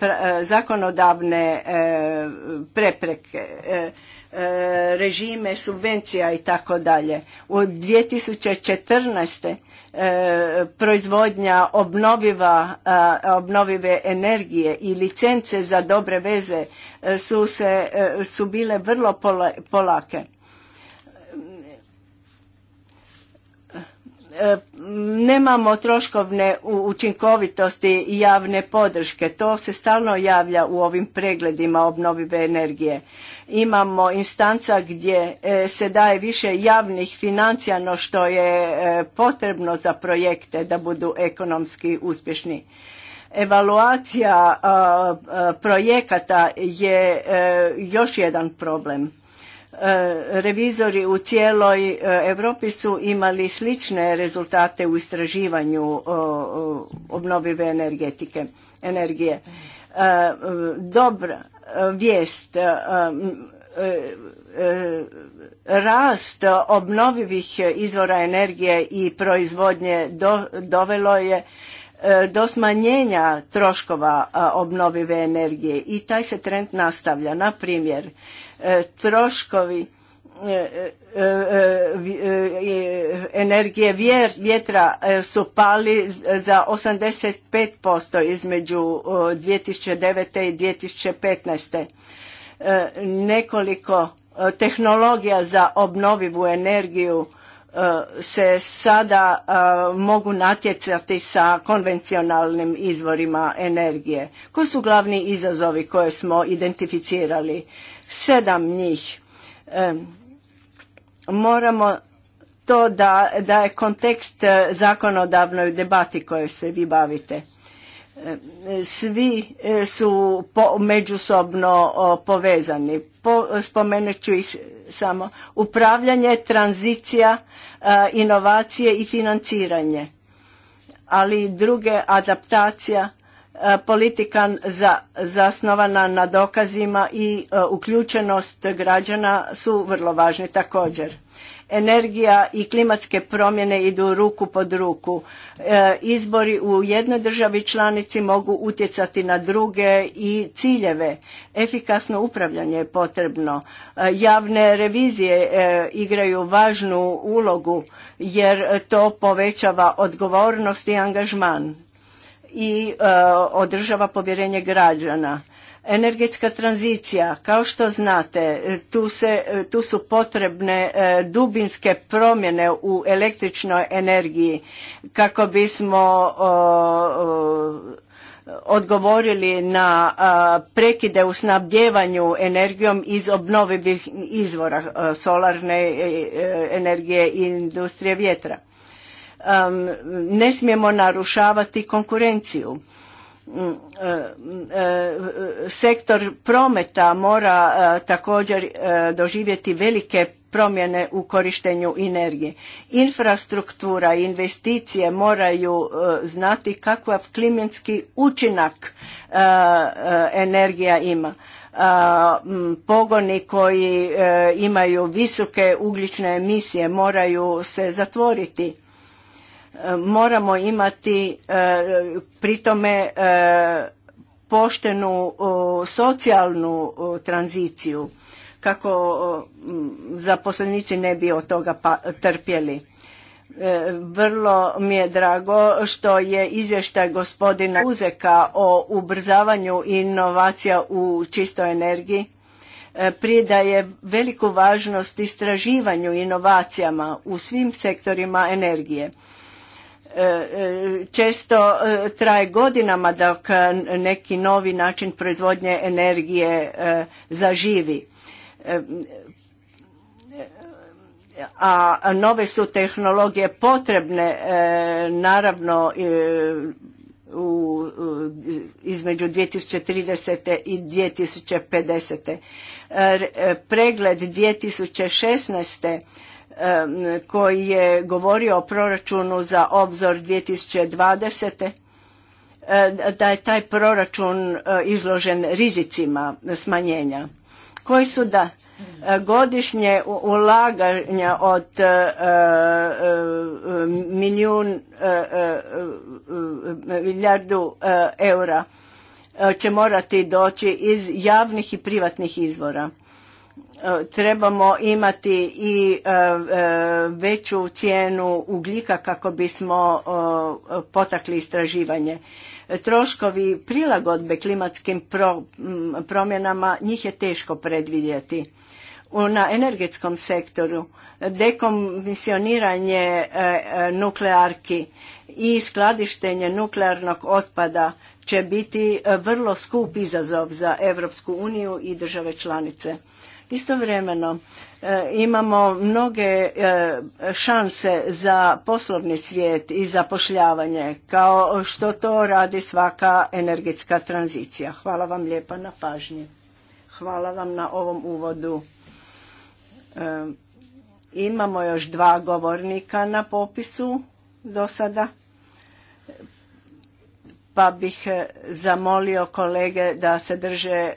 B: zakonodavne prepreke režime subvencija i tako dalje. U 2014. E, proizvodnja obnoviva, e, obnovive energije i licence za dobre veze e, su, se, su bile vrlo polake. nemamo troškovne učinkovitosti i javne podrške. To se stalno javlja u ovim pregledima obnovive energije. Imamo instanca gdje e, se daje više javnih financija no što je e, potrebno za projekte da budu ekonomski uspješni. Evaluacija projekata je e, još jedan problem E, revizori u cijeloj e, Europi su imali slične rezultate u istraživanju obnovive energetike, energije. E, dobra vijest rast obnovivih izvora energije i proizvodnje dovelo je E, do smanjenja troškova e, obnovive energije i taj se trend nastavlja. Na primjer, e, troškovi energije vjetra su pali za 85% između 2009. i 2015. Nekoliko tehnologija za obnovivu energiju se sada mogu natjecati sa konvencionalnim izvorima energije. Koji su glavni izazovi koje smo identificirali? Sedam njih. E, moramo to da, je kontekst e, zakonodavnoj debati kojoj se vi bavite svi e, su međusobno povezani. Po, spomenut ću ih samo. Upravljanje, tranzicija, e, inovacije i financiranje, ali i druge adaptacija, e, politika za, zasnovana na dokazima i uključenost građana su vrlo važni također. Energija i klimatske promjene idu ruku pod ruku. E, izbori u jednoj državi članici mogu utjecati na druge i ciljeve. Efikasno upravljanje je potrebno. E, javne revizije e, igraju važnu ulogu jer to povećava odgovornost i angažman i održava povjerenje građana energetska tranzicija kao što znate tu, se, tu su potrebne e, dubinske promjene u električnoj energiji kako bismo odgovorili na prekide u snabdjevanju energijom iz obnovivih izvora e, solarne e, energije i industrije vjetra. ne smijemo narušavati konkurenciju sektor prometa mora e, također e, doživjeti velike promjene u korištenju energije. Infrastruktura i investicije moraju e, znati kakav klimatski učinak energija ima. Pogoni koji imaju visoke ugljične emisije moraju se zatvoriti moramo imati e, pritome e, poštenu socijalnu tranziciju kako zaposlenici ne bi od toga pa, trpjeli. E, vrlo mi je drago što je izvještaj gospodina Uzeka o ubrzavanju inovacija u čistoj energiji pridaje veliku važnost istraživanju inovacijama u svim sektorima energije često e, traje godinama dok e, neki novi način proizvodnje energije e, zaživi a nove su tehnologije potrebne naravno u, između 2030. i 2050. Pregled 2016 koji je govorio o proračunu za obzor 2020. da je taj proračun izložen rizicima smanjenja. Koji su da godišnje ulaganja od milijun milijardu eura će morati doći iz javnih i privatnih izvora E, trebamo imati i e, e, veću cijenu ugljika kako bismo potakli istraživanje. Troškovi prilagodbe klimatskim promjenama njih je teško predvidjeti. Na energetskom sektoru dekomisioniranje nuklearki i skladištenje nuklearnog otpada će biti vrlo skup izazov za Europsku uniju i države članice Istovremeno e, imamo mnoge e, šanse za poslovni svijet i zapošljavanje kao što to radi svaka energetska tranzicija. Hvala vam lijepa na pažnji. Hvala vam na ovom uvodu. E, imamo još dva govornika na popisu do sada pa bih e, zamolio kolege da se drže e,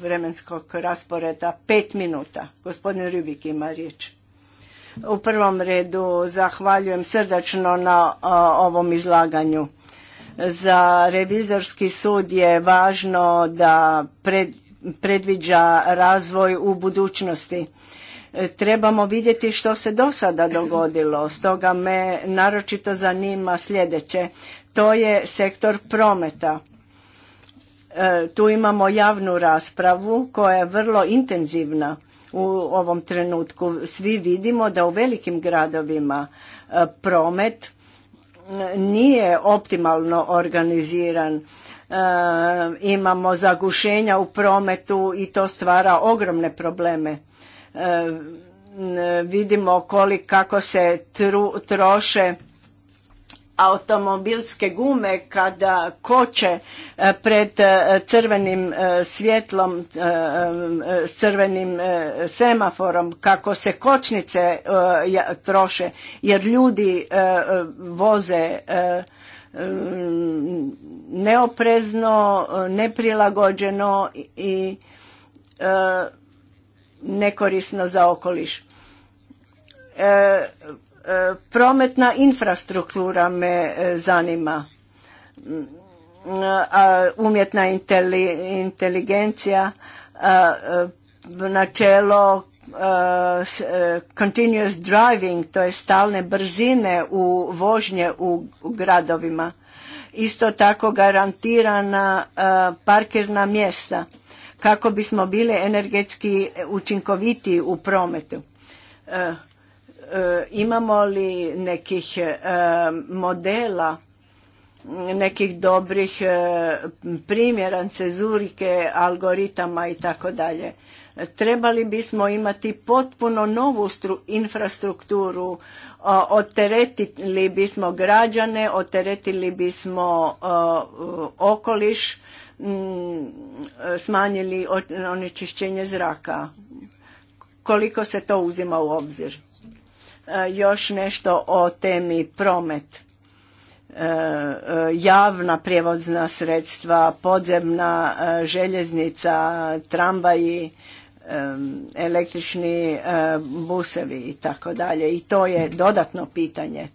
B: vremenskog rasporeda pet minuta. Gospodin Rubik ima riječ. U prvom redu zahvaljujem srdačno na e, ovom izlaganju. Za revizorski sud je važno da predviđa razvoj u budućnosti trebamo vidjeti što se do sada dogodilo. Stoga me naročito zanima sljedeće to je sektor prometa. E, tu imamo javnu raspravu koja je vrlo intenzivna u ovom trenutku. Svi vidimo da u velikim gradovima e, promet nije optimalno organiziran. E, imamo zagušenja u prometu i to stvara ogromne probleme. Vidimo koliko kako se troše automobilske gume kada koče e, pred e, crvenim e, svjetlom, s crvenim semaforom, kako se kočnice troše jer ljudi voze neoprezno, neprilagođeno i nekorisno za okoliš E, prometna infrastruktura me e, zanima. Mm, umjetna inteligencija, e, načelo continuous driving, to je stalne brzine u vožnje u gradovima. Isto tako garantirana parkirna mjesta kako bismo bili energetski učinkoviti u prometu. E, imamo li nekih e, modela nekih dobrih e, primjera cezurike, algoritama i tako dalje. Trebali bismo imati potpuno novu infrastrukturu, oteretili bismo građane, oteretili bismo okoliš, smanjili onečišćenje zraka. Koliko se to uzima u obzir? E, još nešto o temi promet. E, e, javna prijevozna sredstva, podzemna željeznica, tramvaji, električni busevi i tako dalje. I to je dodatno pitanje.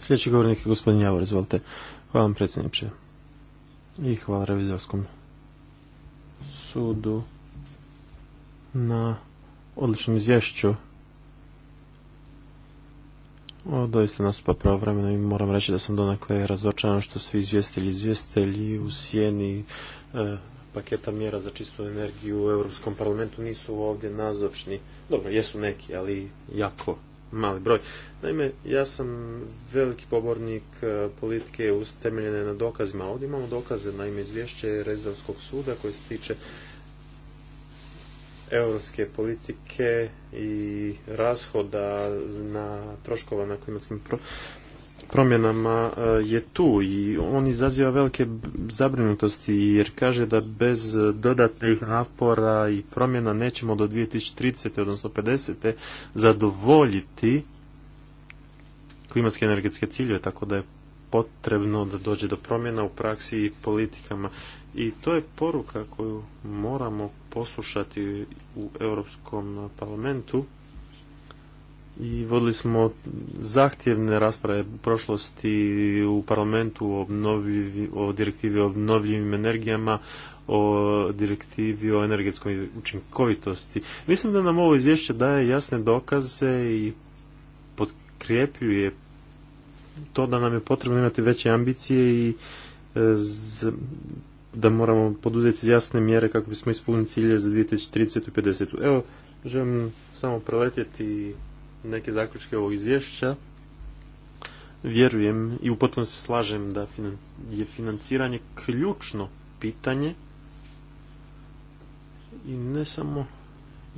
A: Sljedeći govornik je gospodin Javor, izvolite. Hvala predsjedniče i hvala revizorskom sudu na odličnom izvješću. O, doista nas pa pravovremeno i moram reći da sam donakle razočaran što svi izvjestelji izvjestelji u sjeni e, paketa mjera za čistu energiju u Europskom parlamentu nisu ovdje nazočni. Dobro, jesu neki, ali jako mali broj. Naime, ja sam veliki pobornik e, politike ustemeljene na dokazima. Ovdje imamo dokaze, naime, izvješće Rezorskog suda koje se tiče europske politike i rashoda na troškova na klimatskim promjenama e, je tu i on izaziva velike zabrinutosti jer kaže da bez dodatnih napora i promjena nećemo do 2030. odnosno 50. zadovoljiti klimatske energetske ciljeve, tako da je potrebno da dođe do promjena u praksi i politikama. I to je poruka koju moramo poslušati u Europskom parlamentu i vodili smo zahtjevne rasprave u prošlosti u parlamentu o, direktivi o obnovljivim energijama, o direktivi o energetskoj učinkovitosti. Mislim da nam ovo izvješće daje jasne dokaze i potkrepljuje to da nam je potrebno imati veće ambicije i e, da moramo poduzeti jasne mjere kako bismo ispunili cilje za 2030. i 2050 Evo, želim samo preletjeti neke zaključke ovog izvješća, vjerujem i u potpunosti se slažem da je financiranje ključno pitanje i ne samo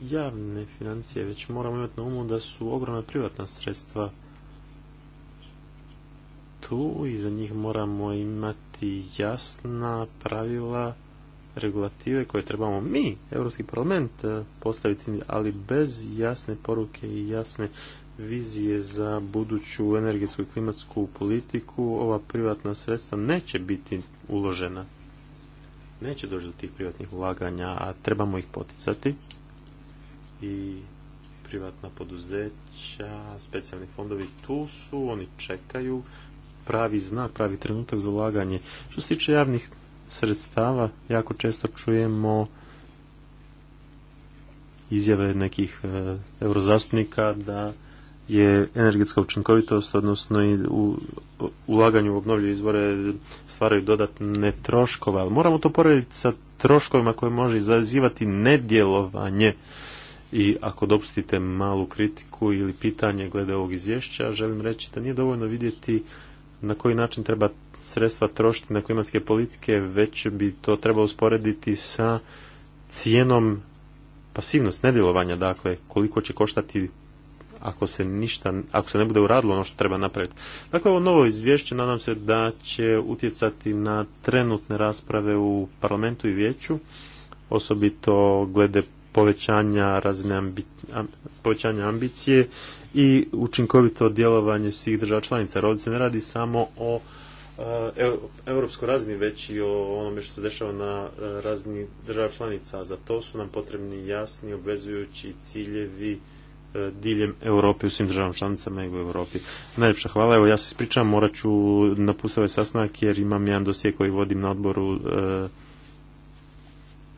A: javne financije, već moramo imati na umu da su ogromna privatna sredstva tu i za njih moramo imati jasna pravila regulative koje trebamo mi, Europski parlament, e, postaviti, ali bez jasne poruke i jasne vizije za buduću energetsku i klimatsku politiku, ova privatna sredstva neće biti uložena. Neće doći do tih privatnih ulaganja, a trebamo ih poticati. I privatna poduzeća, specijalni fondovi tu su, oni čekaju pravi znak, pravi trenutak za ulaganje. Što se tiče javnih sredstava jako često čujemo izjave nekih e, eurozastupnika da je energetska učinkovitost, odnosno i u ulaganju u obnovljive izvore stvaraju dodatne troškova, ali moramo to porediti sa troškovima koje može izazivati nedjelovanje. I ako dopustite malu kritiku ili pitanje glede ovog izvješća, želim reći da nije dovoljno vidjeti na koji način treba sredstva trošiti na klimatske politike, već bi to trebalo usporediti sa cijenom pasivnost nedjelovanja, dakle koliko će koštati ako se ništa, ako se ne bude uradilo ono što treba napraviti. Dakle, ovo novo izvješće nadam se da će utjecati na trenutne rasprave u parlamentu i vijeću, osobito glede povećanja razine povećanja ambicije i učinkovito djelovanje svih država članica. Jer se ne radi samo o E, europskoj razini, već i o onome što se dešava na e, razini država članica. Za to su nam potrebni jasni, obvezujući ciljevi e, diljem Europe u svim državama članicama i u Europi. Najljepša hvala. Evo ja se ispričavam, morat ću napustiti ovaj sastanak jer imam jedan dosije koji vodim na odboru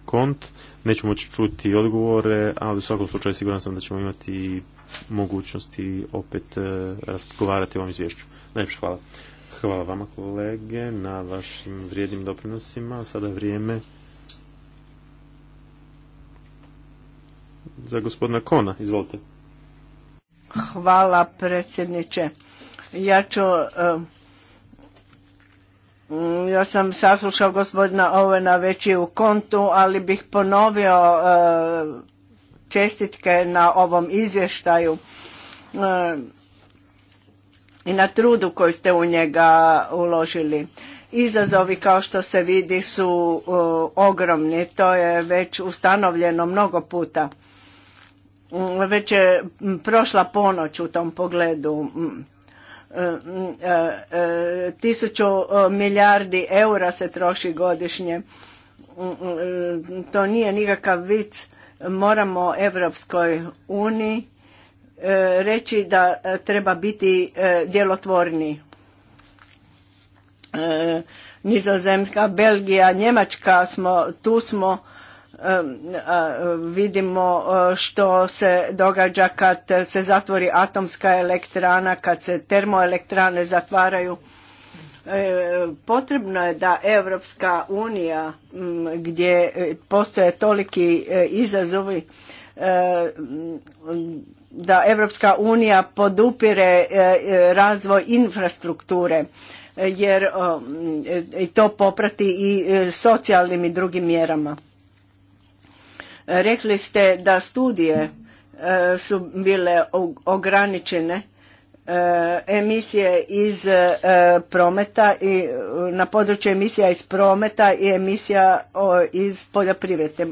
A: kont. Neću moći čuti odgovore, ali u svakom slučaju siguran sam da ćemo imati mogućnosti opet razgovarati o ovom izvješću. Najljepša hvala. Hvala vama kolege na vašim vrijednim doprinosima. Sada vrijeme za gospodina Kona. Izvolite.
B: Hvala predsjedniče. Ja ću... Ja sam saslušao gospodina Ovena već i u kontu, ali bih ponovio čestitke na ovom izvještaju i na trudu koji ste u njega uložili. Izazovi kao što se vidi su uh, ogromni, to je već ustanovljeno mnogo puta. Mm, već je mm, prošla ponoć u tom pogledu. Mm, e, e, tisuću e, milijardi eura se troši godišnje. To nije nikakav vic. Moramo Evropskoj uniji E, reći da e, treba biti e, djelotvorni. Nizozemska, Belgija, Njemačka smo, tu smo, vidimo što se događa kad se zatvori atomska elektrana, kad se termoelektrane zatvaraju. Potrebno je da Europska unija gdje postoje toliki izazovi da Europska unija podupire e, e, razvoj infrastrukture e, jer to poprati i socijalnim i drugim mjerama. Rekli ste da studije su bile ograničene emisije iz prometa i na području emisija iz prometa i emisija iz poljoprivrede.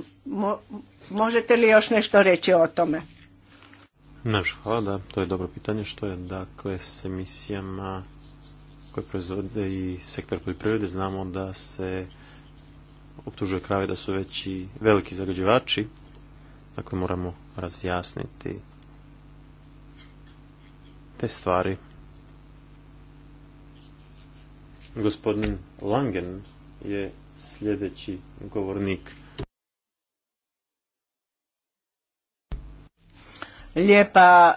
B: Možete li još nešto reći o tome?
A: Najviše hvala, da, to je dobro pitanje. Što je, dakle, s emisijama koje proizvode i sektor poljoprivrede? Znamo da se optužuje krave da su veći veliki zagađivači, dakle moramo razjasniti te stvari. Gospodin Langen je sljedeći govornik. lijepa, e,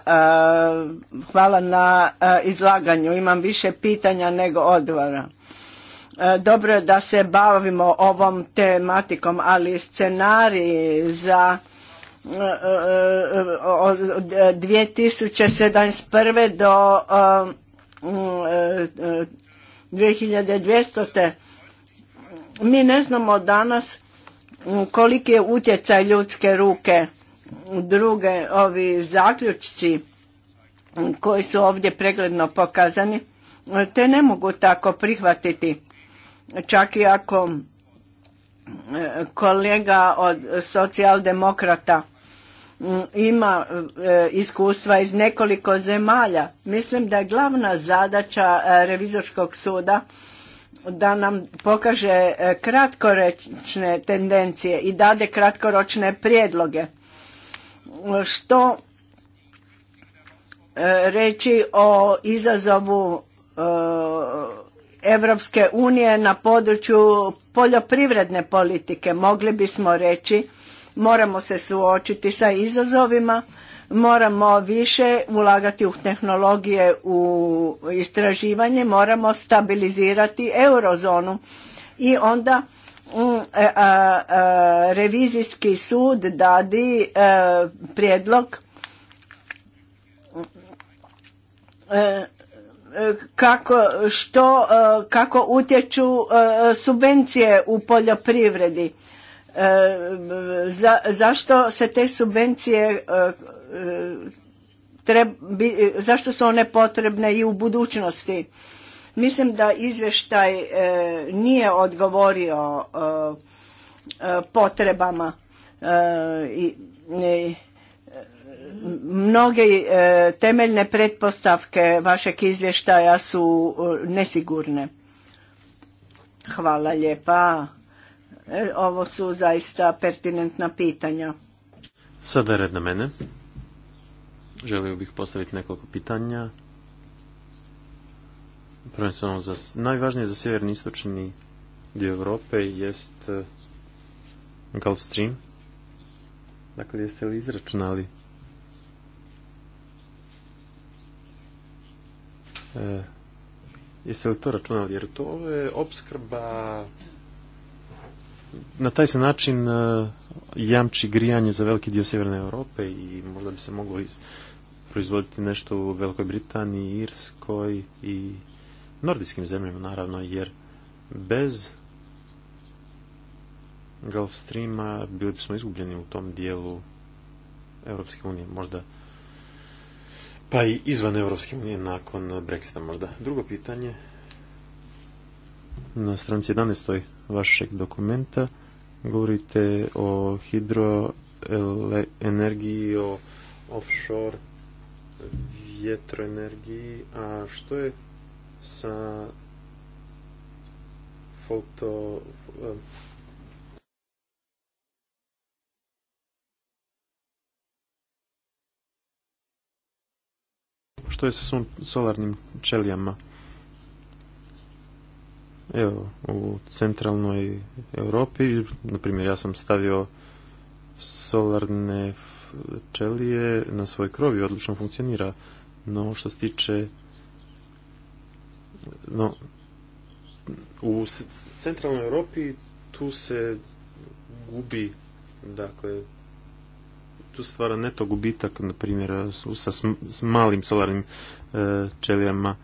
B: hvala na e, izlaganju. Imam više pitanja nego odvora. E, dobro je da se bavimo ovom tematikom, ali scenariji za od 2071. do 2200. Mi ne znamo danas koliki je utjecaj ljudske ruke druge ovi zaključci koji su ovdje pregledno pokazani, te ne mogu tako prihvatiti. Čak i ako e, kolega od socijaldemokrata ima e, iskustva iz nekoliko zemalja. Mislim da je glavna zadaća e, revizorskog suda da nam pokaže kratkoročne tendencije i dade kratkoročne prijedloge što e, reći o izazovu e, Evropske unije na području poljoprivredne politike. Mogli bismo reći, moramo se suočiti sa izazovima, moramo više ulagati u tehnologije, u istraživanje, moramo stabilizirati eurozonu i onda Mm, e, revizijski sud dadi e, prijedlog e, kako, što, kako utječu subvencije u poljoprivredi. Za, zašto se te subvencije zašto su one potrebne i u budućnosti? Mislim da izvještaj e, nije odgovorio e, e, potrebama i mnoge temeljne pretpostavke vašeg izvještaja su nesigurne. Hvala lijepa. Ovo su zaista pertinentna pitanja.
A: Sada red na mene. Želio bih postaviti nekoliko pitanja najvažnije za sjeverni istočni dio Europe jest e, Gulf Stream. Dakle, jeste li izračunali e, jeste li to računali? Jer to je opskrba na taj se način e, jamči grijanje za veliki dio sjeverne Europe i možda bi se moglo proizvoditi nešto u Velikoj Britaniji, Irskoj i nordijskim zemljama, naravno, jer bez Gulf Streama bili bismo izgubljeni u tom dijelu Europske unije, možda pa i izvan Europske unije nakon Brexita možda. Drugo pitanje na stranici 11. vašeg dokumenta govorite o hidroenergiji, o offshore vjetroenergiji, a što je sa foto eh, što je sa solarnim čelijama evo u centralnoj Europi na primjer ja sam stavio solarne čelije na svoj krov i odlično funkcionira no što se tiče no, u centralnoj Europi tu se gubi, dakle, tu stvara neto gubitak, na primjer, sa s malim solarnim e, čelijama.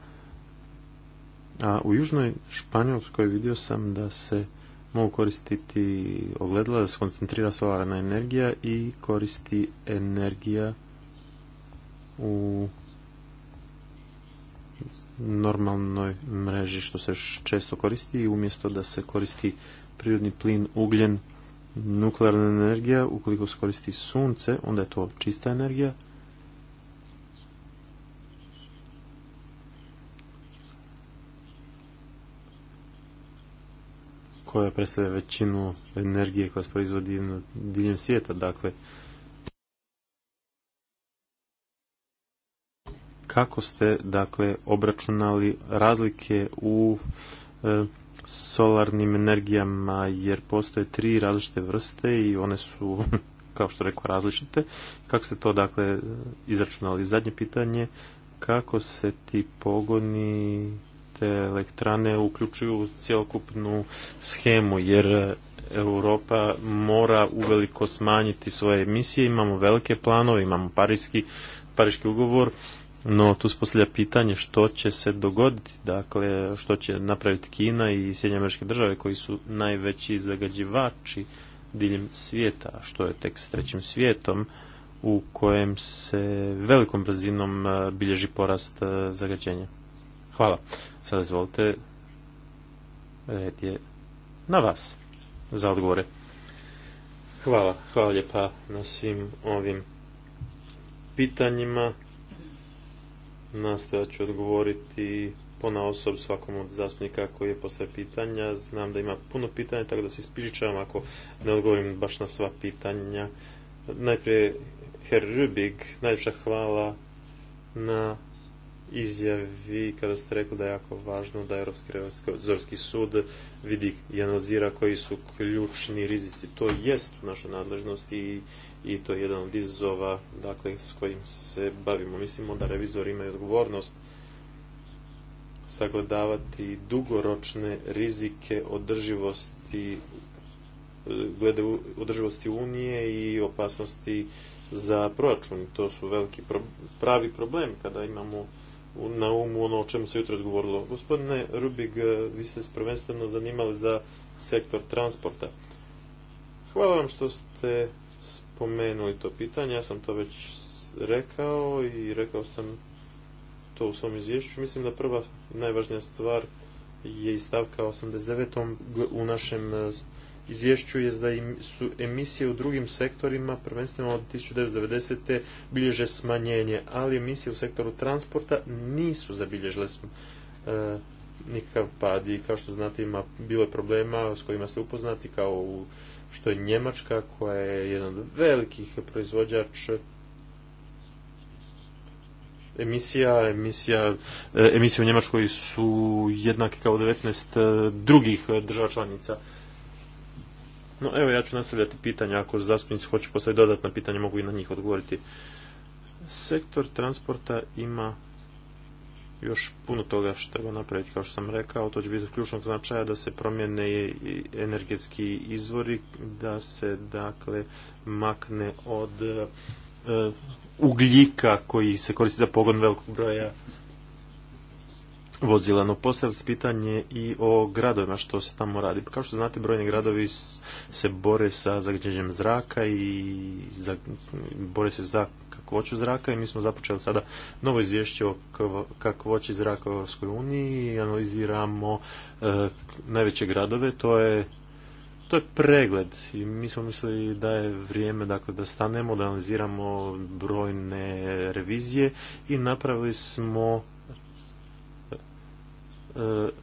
A: A u južnoj Španjolskoj vidio sam da se mogu koristiti ogledala, da se koncentrira solarna energija i koristi energija u normalnoj mreži što se često koristi i umjesto da se koristi prirodni plin, ugljen, nuklearna energija, ukoliko se koristi sunce, onda je to čista energija. koja predstavlja većinu energije koja se proizvodi diljem svijeta. Dakle, kako ste dakle obračunali razlike u e, solarnim energijama jer postoje tri različite vrste i one su kao što rekao različite. Kako ste to dakle izračunali? Zadnje pitanje, kako se ti pogoni te elektrane uključuju u cjelokupnu schemu jer e, Europa mora uveliko smanjiti svoje emisije, imamo velike planove, imamo parijski, pariški ugovor no, tu se postavlja pitanje što će se dogoditi, dakle, što će napraviti Kina i Sjedinje američke države koji su najveći zagađivači diljem svijeta, što je tek s trećim svijetom u kojem se velikom brzinom e, bilježi porast e, zagađenja. Hvala. Sada izvolite, red je na vas za odgovore. Hvala, hvala lijepa na svim ovim pitanjima nastojat ću odgovoriti pona osob svakom od zastupnika koji je postavio pitanja. Znam da ima puno pitanja, tako da se ispričavam ako ne odgovorim baš na sva pitanja. Najprije Herr Rubik, najljepša hvala na izjavi kada ste rekli da je jako važno da Europski revizorski sud vidi i analizira koji su ključni rizici. To jest u našoj nadležnosti i, i to je jedan od izazova dakle, s kojim se bavimo. Mislimo da revizori imaju odgovornost sagledavati dugoročne rizike održivosti glede održivosti Unije i opasnosti za proračun. To su veliki pravi problem kada imamo na umu ono o čemu se jutro govorilo. Gospodine Rubig, e, vi ste se prvenstveno zanimali za sektor transporta. Hvala vam što ste spomenuli to pitanje, ja sam to već rekao i rekao sam to u svom izvješću. Mislim da prva najvažnija stvar je i stavka 89. u našem izvješću je da su emisije u drugim sektorima, prvenstveno od 1990. bilježe smanjenje, ali emisije u sektoru transporta nisu zabilježile e, nikakav pad i kao što znate ima bilo je problema s kojima ste upoznati kao u, što je Njemačka koja je jedan od velikih proizvođač e, emisija, emisija, e, emisije u Njemačkoj su jednake kao 19 e, drugih država članica. No evo ja ću nastavljati pitanja, ako zastupnici hoće postaviti dodatna pitanja, mogu i na njih odgovoriti. Sektor transporta ima još puno toga što treba napraviti, kao što sam rekao, to će biti od ključnog značaja da se promjene energetski izvori, da se dakle makne od e, ugljika koji se koristi za pogon velikog broja vozila. No postavlja se pitanje i o gradovima što se tamo radi. Kao što znate, brojni gradovi se bore sa zagađenjem zraka i bore se za kakvoću zraka i mi smo započeli sada novo izvješće o kakvoći zraka u Europskoj uniji i analiziramo e, najveće gradove. To je to je pregled i mi smo mislili da je vrijeme dakle, da stanemo, da analiziramo brojne revizije i napravili smo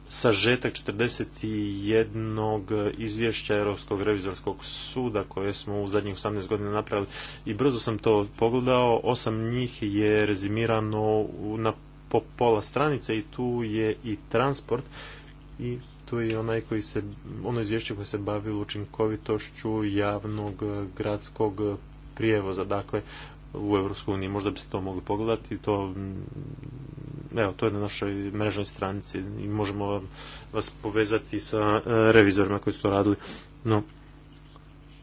A: sažetak 41. izvješća Europskog revizorskog suda koje smo u zadnjih 18 godina napravili i brzo sam to pogledao. Osam njih je rezimirano na pola stranice i tu je i transport i tu je onaj koji se, ono izvješće koje se bavilo učinkovitošću javnog gradskog prijevoza. Dakle, u EU, Možda biste to mogli pogledati. To, mm, evo, to je na našoj mrežnoj stranici i možemo vas povezati sa e, revizorima koji su to radili. No,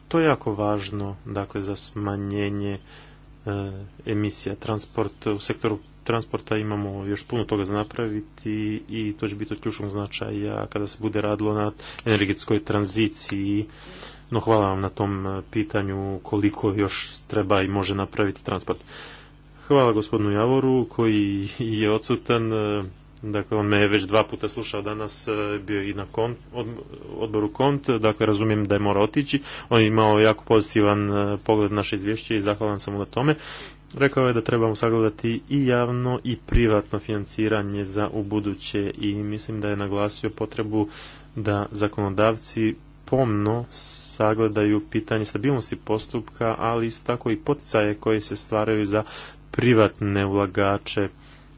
A: to je jako važno dakle, za smanjenje e, emisija. Transport, u sektoru transporta imamo još puno toga za napraviti i to će biti od ključnog značaja kada se bude radilo na energetskoj tranziciji no hvala vam na tom e, pitanju koliko još treba i može napraviti transport. Hvala gospodinu Javoru koji je odsutan. E, dakle, on me je već dva puta slušao danas, e, bio i na odboru kont, dakle razumijem da je morao otići. On je imao jako pozitivan pogled naše izvješće i zahvalan sam mu na tome. Rekao je da trebamo sagledati i javno i privatno financiranje za ubuduće i mislim da je naglasio potrebu da zakonodavci pomno sagledaju pitanje stabilnosti postupka, ali isto tako i poticaje koje se stvaraju za privatne ulagače.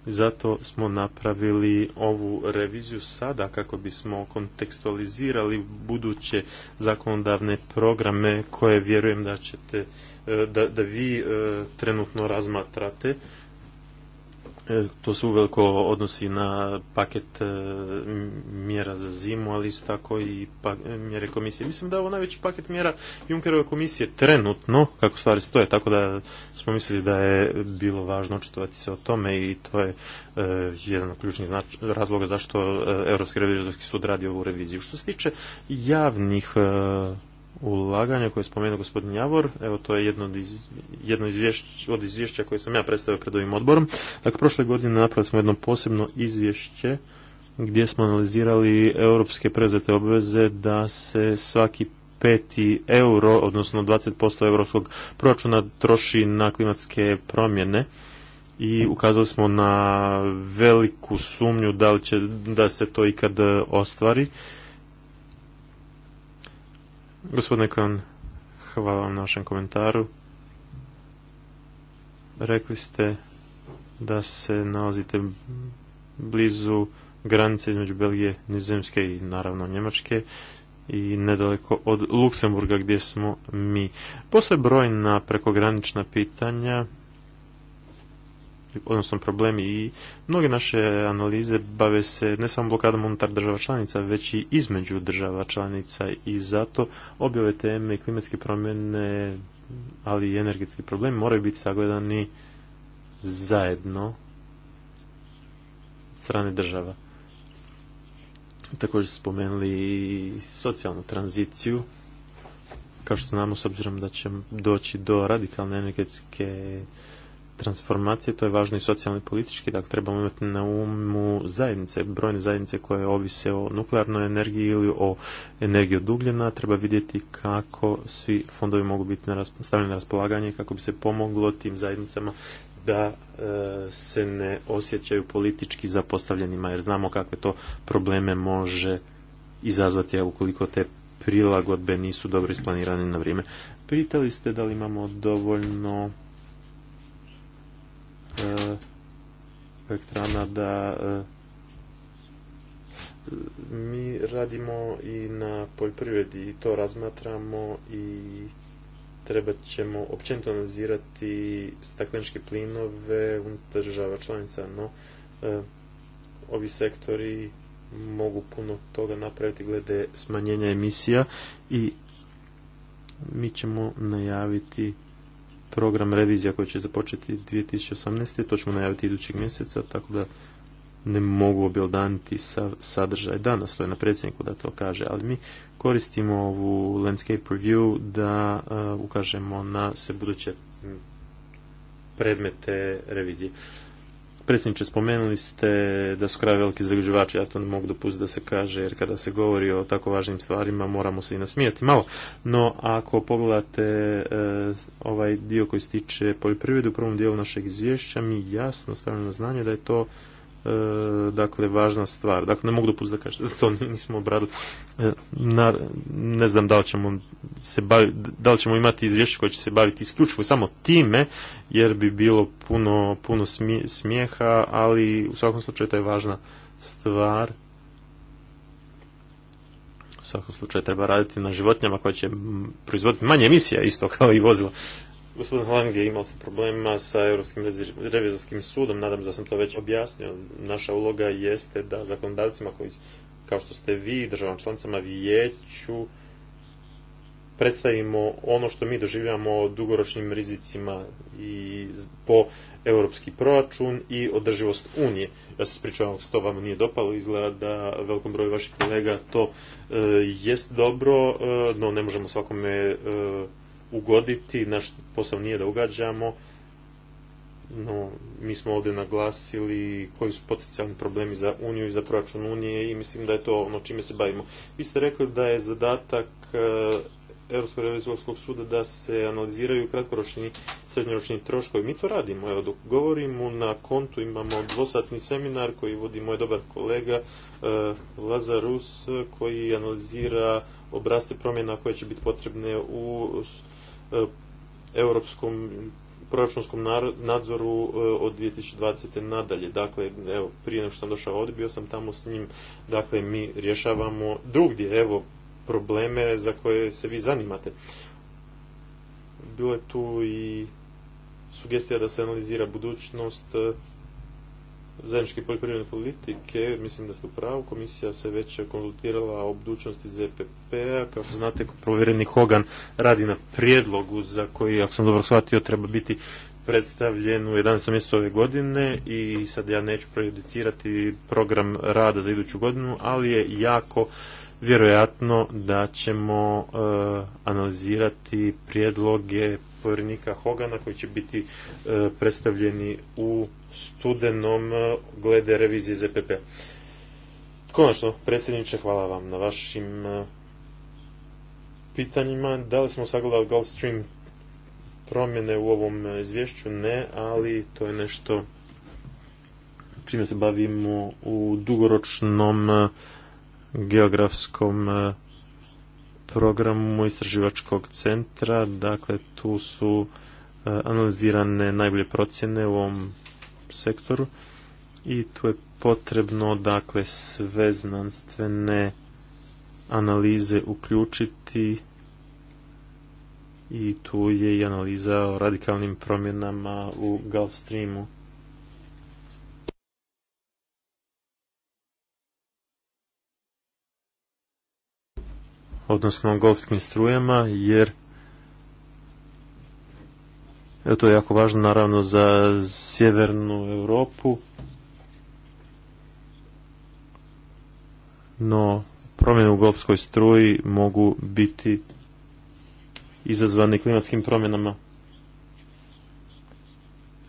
A: Zato smo napravili ovu reviziju sada kako bismo kontekstualizirali buduće zakonodavne programe koje vjerujem da ćete e, da, da vi e, trenutno razmatrate E, to se uveliko odnosi na paket e, mjera za zimu, ali isto tako i pa, e, mjere komisije. Mislim da je ovo najveći paket mjera Junkerove komisije trenutno, kako stvari stoje, tako da smo mislili da je bilo važno očitovati se o tome i to je jedan od ključnih razloga zašto Europski revizorski sud radi ovu reviziju. Što se tiče javnih ulaganja koje je spomenuo gospodin Javor, evo to je jedno od, jedno od izvješća koje sam ja predstavio pred ovim odborom. Dakle, prošle godine napravili smo jedno posebno izvješće gdje smo analizirali europske preuzete obveze da se svaki peti euro, odnosno 20% europskog proračuna troši na klimatske promjene i ukazali smo na veliku sumnju da li će da se to ikad ostvari Gospodine Kon, hvala vam na vašem komentaru. Rekli ste da se nalazite blizu granice između Belgije, Nizozemske i naravno Njemačke i nedaleko od Luksemburga gdje smo mi. Postoje brojna prekogranična pitanja odnosno problemi i mnoge naše analize bave se ne samo blokadom unutar država članica, već i između država članica i zato objave ove teme klimatske promjene, ali i energetski problemi moraju biti sagledani zajedno strane država. Također spomenuli i socijalnu tranziciju. Kao što znamo, s obzirom da će doći do radikalne energetske transformacije, to je važno i socijalno i politički, dakle trebamo imati na umu zajednice, brojne zajednice koje ovise o nuklearnoj energiji ili o energiji od ugljena, treba vidjeti kako svi fondovi mogu biti stavljeni na raspolaganje, kako bi se pomoglo tim zajednicama da e, se ne osjećaju politički zapostavljenima, jer znamo kakve to probleme može izazvati, a ukoliko te prilagodbe nisu dobro isplanirane na vrijeme. Pitali ste da li imamo dovoljno E, elektrana da e, mi radimo i na poljoprivredi i to razmatramo i trebati ćemo općenito analizirati stakleničke plinove unutar država članica, no e, ovi sektori mogu puno toga napraviti glede smanjenja emisija i mi ćemo najaviti program revizija koji će započeti 2018. To ćemo najaviti idućeg mjeseca, tako da ne mogu objeldaniti sadržaj danas, to je na predsjedniku da to kaže, ali mi koristimo ovu landscape review da e, ukažemo na sve buduće predmete revizije predsjedniče, spomenuli ste da su kraje veliki zagađivači, ja to ne mogu dopustiti da se kaže, jer kada se govori o tako važnim stvarima moramo se i nasmijati malo. No, ako pogledate eh, ovaj dio koji se tiče poljoprivrede u prvom dijelu našeg izvješća, mi jasno stavljamo na znanje da je to E, dakle važna stvar. Dakle, ne mogu dopustiti da kažem, to nismo obradili. E, na, ne znam da li ćemo se baviti, da li ćemo imati izvješće koje će se baviti isključivo samo time, jer bi bilo puno, puno smijeha, ali u svakom slučaju to je važna stvar. U svakom slučaju treba raditi na životinjama koje će proizvoditi manje emisija, isto kao i vozila. Gospodin Holang je imao problema sa Europskim revizorskim sudom, nadam da sam to već objasnio. Naša uloga jeste da zakonodavcima koji, kao što ste vi, državom članicama vijeću, predstavimo ono što mi doživljamo o dugoročnim rizicima i po europski proračun i održivost Unije. Ja se spričavam s to vam nije dopalo, izgleda da velikom broju vaših kolega to e, jest dobro, e, no ne možemo svakome e, ugoditi, naš posao nije da ugađamo, no, mi smo ovdje naglasili koji su potencijalni problemi za Uniju i za proračun Unije i mislim da je to ono čime se bavimo. Vi ste rekli da je zadatak eh, Europskog revizorskog suda da se analiziraju kratkoročni srednjoročni troškovi. Mi to radimo, evo govorimo na kontu imamo dvosatni seminar koji vodi moj dobar kolega eh, Lazarus koji analizira obraste promjena koje će biti potrebne u E, europskom proračunskom nadzoru e, od 2020. nadalje. Dakle, evo, prije nego što sam došao ovdje, bio sam tamo s njim. Dakle, mi rješavamo drugdje, evo, probleme za koje se vi zanimate. Bilo je tu i sugestija da se analizira budućnost e, zajedničke poljoprivredne politike, mislim da ste u pravu, komisija se već konzultirala o budućnosti ZPP-a, kao što znate, provjereni Hogan radi na prijedlogu za koji, ako sam dobro shvatio, treba biti predstavljen u 11. mjesecu ove godine i sad ja neću prejudicirati program rada za iduću godinu, ali je jako vjerojatno da ćemo eh, analizirati prijedloge povjerenika Hogana koji će biti eh, predstavljeni u studenom e, glede revizije ZPP. Konačno, predsjedniče, hvala vam na vašim e, pitanjima. Da li smo sagledali Gulf Stream promjene u ovom e, izvješću? Ne, ali to je nešto čime se bavimo u dugoročnom geografskom programu istraživačkog centra. Dakle, tu su analizirane najbolje procjene u ovom sektoru i tu je potrebno dakle sve znanstvene analize uključiti i tu je i analiza o radikalnim promjenama u Gulf Streamu. odnosno golfskim strujama, jer Evo to je jako važno naravno za sjevernu Europu. No promjene u golfskoj struji mogu biti izazvane klimatskim promjenama.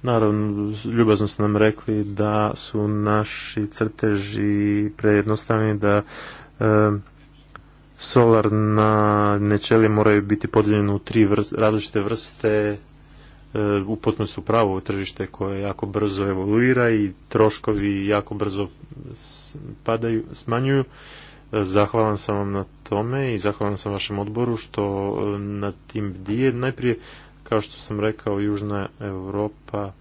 A: Naravno, ljubazno ste nam rekli da su naši crteži prejednostavni, da e, solar na nečeli moraju biti podijeljene u tri različite vrste E, u potpunosti pravo tržište koje jako brzo evoluira i troškovi jako brzo padaju, smanjuju. E, zahvalan sam vam na tome i zahvalan sam vašem odboru što e, na tim dije najprije, kao što sam rekao, Južna Europa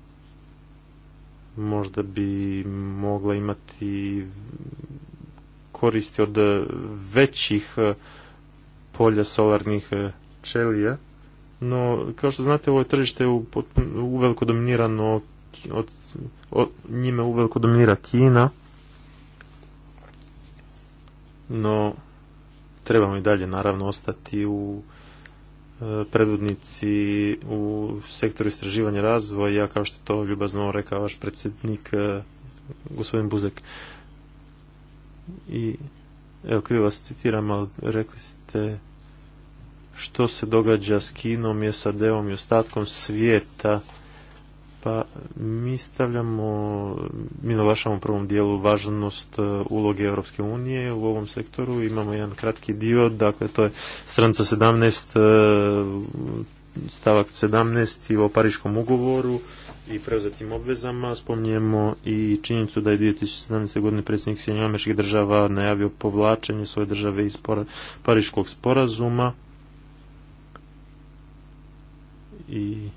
A: možda bi mogla imati koristi od većih polja solarnih čelija no kao što znate ovo je tržište uveliko dominirano od, njime uveliko dominira Kina no trebamo i dalje naravno ostati u e, predvodnici u sektoru istraživanja razvoja kao što to ljubazno rekao vaš predsjednik e, gospodin Buzek i evo krivo vas citiram ali rekli ste što se događa s Kinom, SAD-om i ostatkom svijeta. Pa mi stavljamo, mi naglašavamo u prvom dijelu važnost e, uloge Europske unije u ovom sektoru. Imamo jedan kratki dio, dakle to je stranca 17, e, stavak 17 o Pariškom ugovoru i preuzetim obvezama. Spominjemo i činjenicu da je 2017. godine predsjednik Sjedinjena država najavio povlačenje svoje države iz Pariškog sporazuma i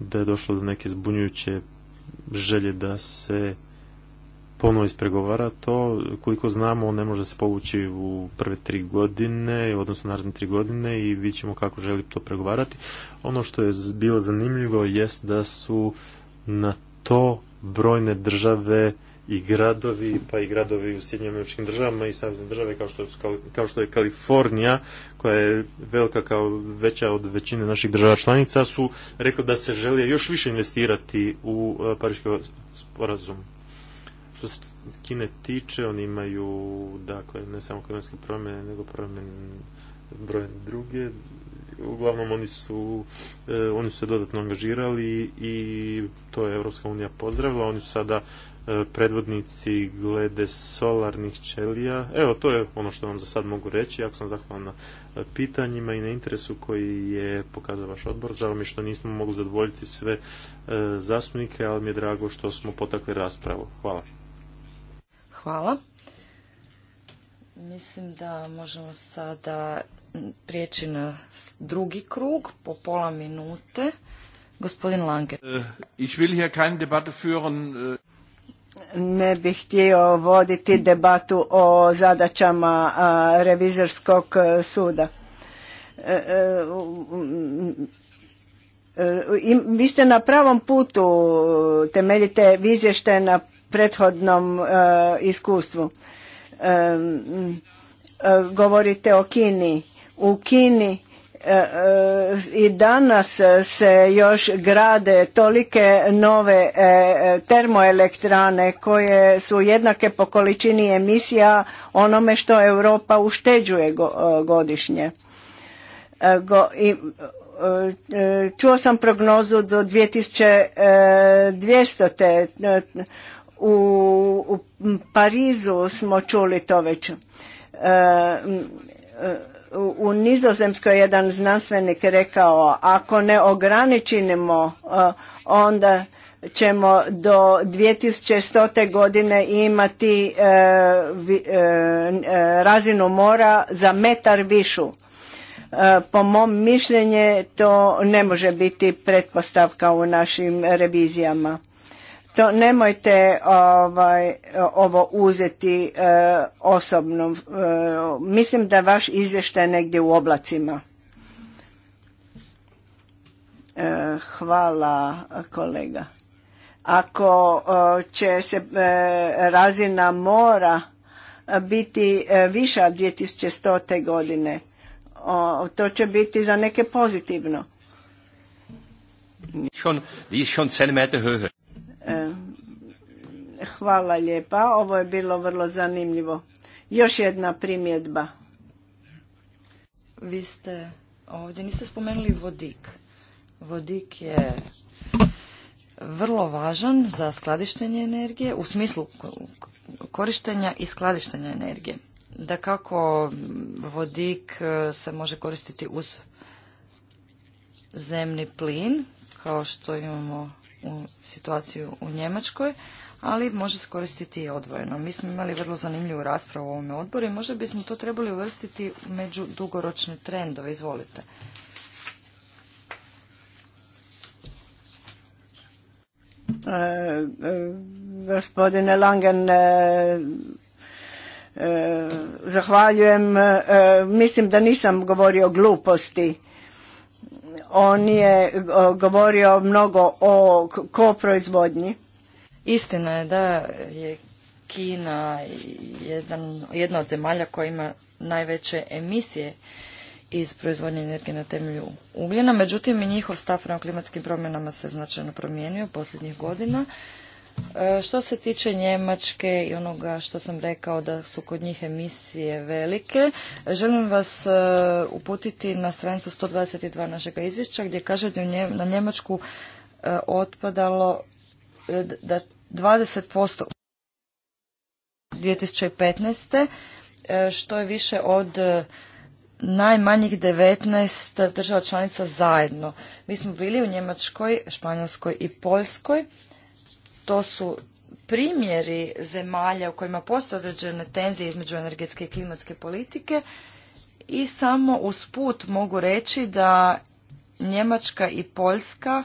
A: da je došlo do neke zbunjujuće želje da se ponovo ispregovara to. Koliko znamo, ne može se povući u prve tri godine, odnosno naredne tri godine i vidjet ćemo kako želi to pregovarati. Ono što je bilo zanimljivo jest da su na to brojne države i gradovi, pa i gradovi u Sjedinjenim državama i savezne države kao što, kao što je Kalifornija, koja je velika kao veća od većine naših država članica, su rekli da se želi još više investirati u e, Pariški sporazum. Što se Kine tiče, oni imaju dakle, ne samo klimatske promjene, nego promjene brojne druge. Uglavnom oni su, e, oni su se dodatno angažirali i to je Europska unija pozdravila. Oni su sada E, predvodnici glede solarnih ćelija. Evo, to je ono što vam za sad mogu reći. Jako sam zahvalan na e, pitanjima i na interesu koji je pokazao vaš odbor. Žao mi što nismo mogli zadovoljiti sve e, zastupnike, ali mi je drago što smo potakli raspravu. Hvala.
C: Hvala. Mislim da možemo sada prijeći na drugi krug
B: po pola minute. Gospodin Lange. Äh, ich will hier keine Debatte führen. Äh, ne bih htio voditi debatu o zadaćama revizorskog e, suda. E, e, vi ste na pravom putu, temeljite vizješte na prethodnom iskustvu. Govorite o Kini. U Kini i danas se još grade tolike nove e, e, termoelektrane koje su jednake po količini emisija onome što Europa ušteđuje e, godišnje. Čuo sam prognozu do 2200. u Parizu smo čuli to već u Nizozemskoj jedan znanstvenik rekao ako ne ograničimo e, onda ćemo do 2100. godine imati e, e, razinu mora za metar višu. Po mom mišljenju, to ne može biti pretpostavka u našim revizijama. To nemojte ovaj, ovo uzeti e, osobno. E, mislim da vaš izvještaj negdje u oblacima. E, hvala kolega. Ako će se razina mora biti viša 2100. godine, to će biti za neke pozitivno. Die schon Eh, hvala lijepa, ovo je bilo vrlo zanimljivo. Još jedna primjedba.
C: Vi ste ovdje, niste spomenuli vodik. Vodik je vrlo važan za skladištenje energije u smislu korištenja i skladištenja energije. Da kako vodik eh, se može koristiti uz zemni plin, kao što imamo u situaciju u Njemačkoj, ali može se koristiti i odvojeno. Mi smo imali vrlo zanimljivu raspravu u ovome odboru i možda bismo to trebali uvrstiti među dugoročne trendove. Izvolite.
B: E, e, gospodine Langen, e, zahvaljujem. mislim da nisam govorio gluposti. On je govorio mnogo o koproizvodnji.
C: Istina je da je Kina jedan, jedna od zemalja koja ima najveće emisije iz proizvodnje energije na temelju ugljena. Međutim, i njihov stav prema klimatskim promjenama se značajno promijenio posljednjih godina E, što se tiče Njemačke i onoga što sam rekao da su kod njih emisije velike, želim vas e, uputiti na stranicu 122 našega izvješća gdje kaže da na Njemačku e, otpadalo da 20% 2015. što je više od najmanjih 19 država članica zajedno. Mi smo bili u Njemačkoj, Španjolskoj i Poljskoj to su primjeri zemalja u kojima postoje određene tenzije između energetske i klimatske politike i samo usput mogu reći da Njemačka i Poljska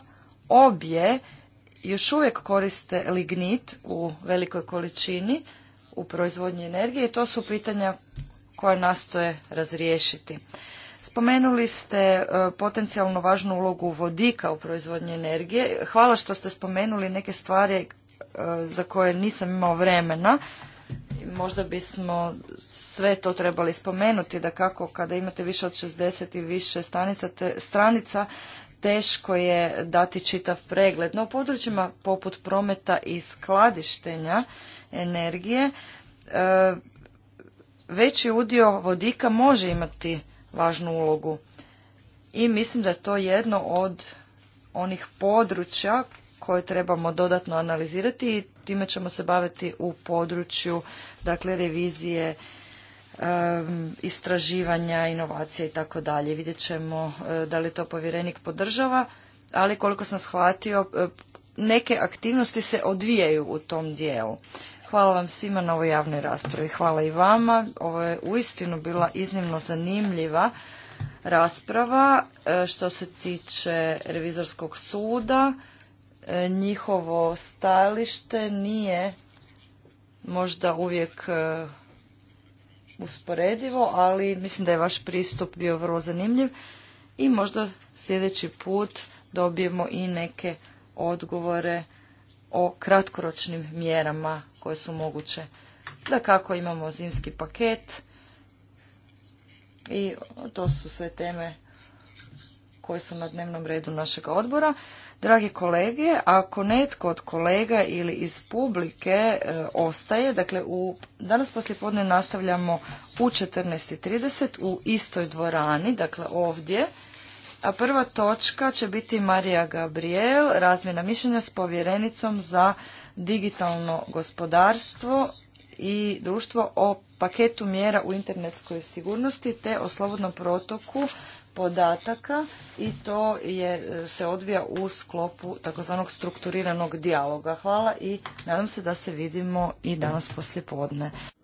C: obje još uvijek koriste lignit u velikoj količini u proizvodnji energije i to su pitanja koja nastoje razriješiti. Spomenuli ste e, potencijalno važnu ulogu vodika u proizvodnji energije. Hvala što ste spomenuli neke stvari e, za koje nisam imao vremena. Možda bismo sve to trebali spomenuti da kako kada imate više od 60 i više te, stranica teško je dati čitav pregled. No u područjima poput prometa i skladištenja energije e, veći udio vodika može imati važnu ulogu. I mislim da je to jedno od onih područja koje trebamo dodatno analizirati i time ćemo se baviti u području dakle revizije istraživanja, inovacija i tako dalje. Vidjet ćemo e, da li to povjerenik podržava, ali koliko sam shvatio, e, neke aktivnosti se odvijaju u tom dijelu. Hvala vam svima na ovoj javnoj raspravi. Hvala i vama. Ovo je uistinu bila iznimno zanimljiva rasprava e, što se tiče revizorskog suda. E, njihovo stajalište nije možda uvijek e, usporedivo, ali mislim da je vaš pristup bio vrlo zanimljiv i možda sljedeći put dobijemo i neke odgovore o kratkoročnim mjerama koje su moguće. Da kako imamo zimski paket i to su sve teme koje su na dnevnom redu našeg odbora. Dragi kolege, ako netko od kolega ili iz publike e, ostaje, dakle u, danas poslijepodne nastavljamo u 14.30 u istoj dvorani, dakle ovdje. A prva točka će biti Marija Gabriel, razmjena mišljenja s povjerenicom za digitalno gospodarstvo i društvo o paketu mjera u internetskoj sigurnosti te o slobodnom protoku podataka i to je, se odvija u sklopu takozvanog strukturiranog dijaloga. Hvala i nadam se da se vidimo i danas poslijepodne. podne.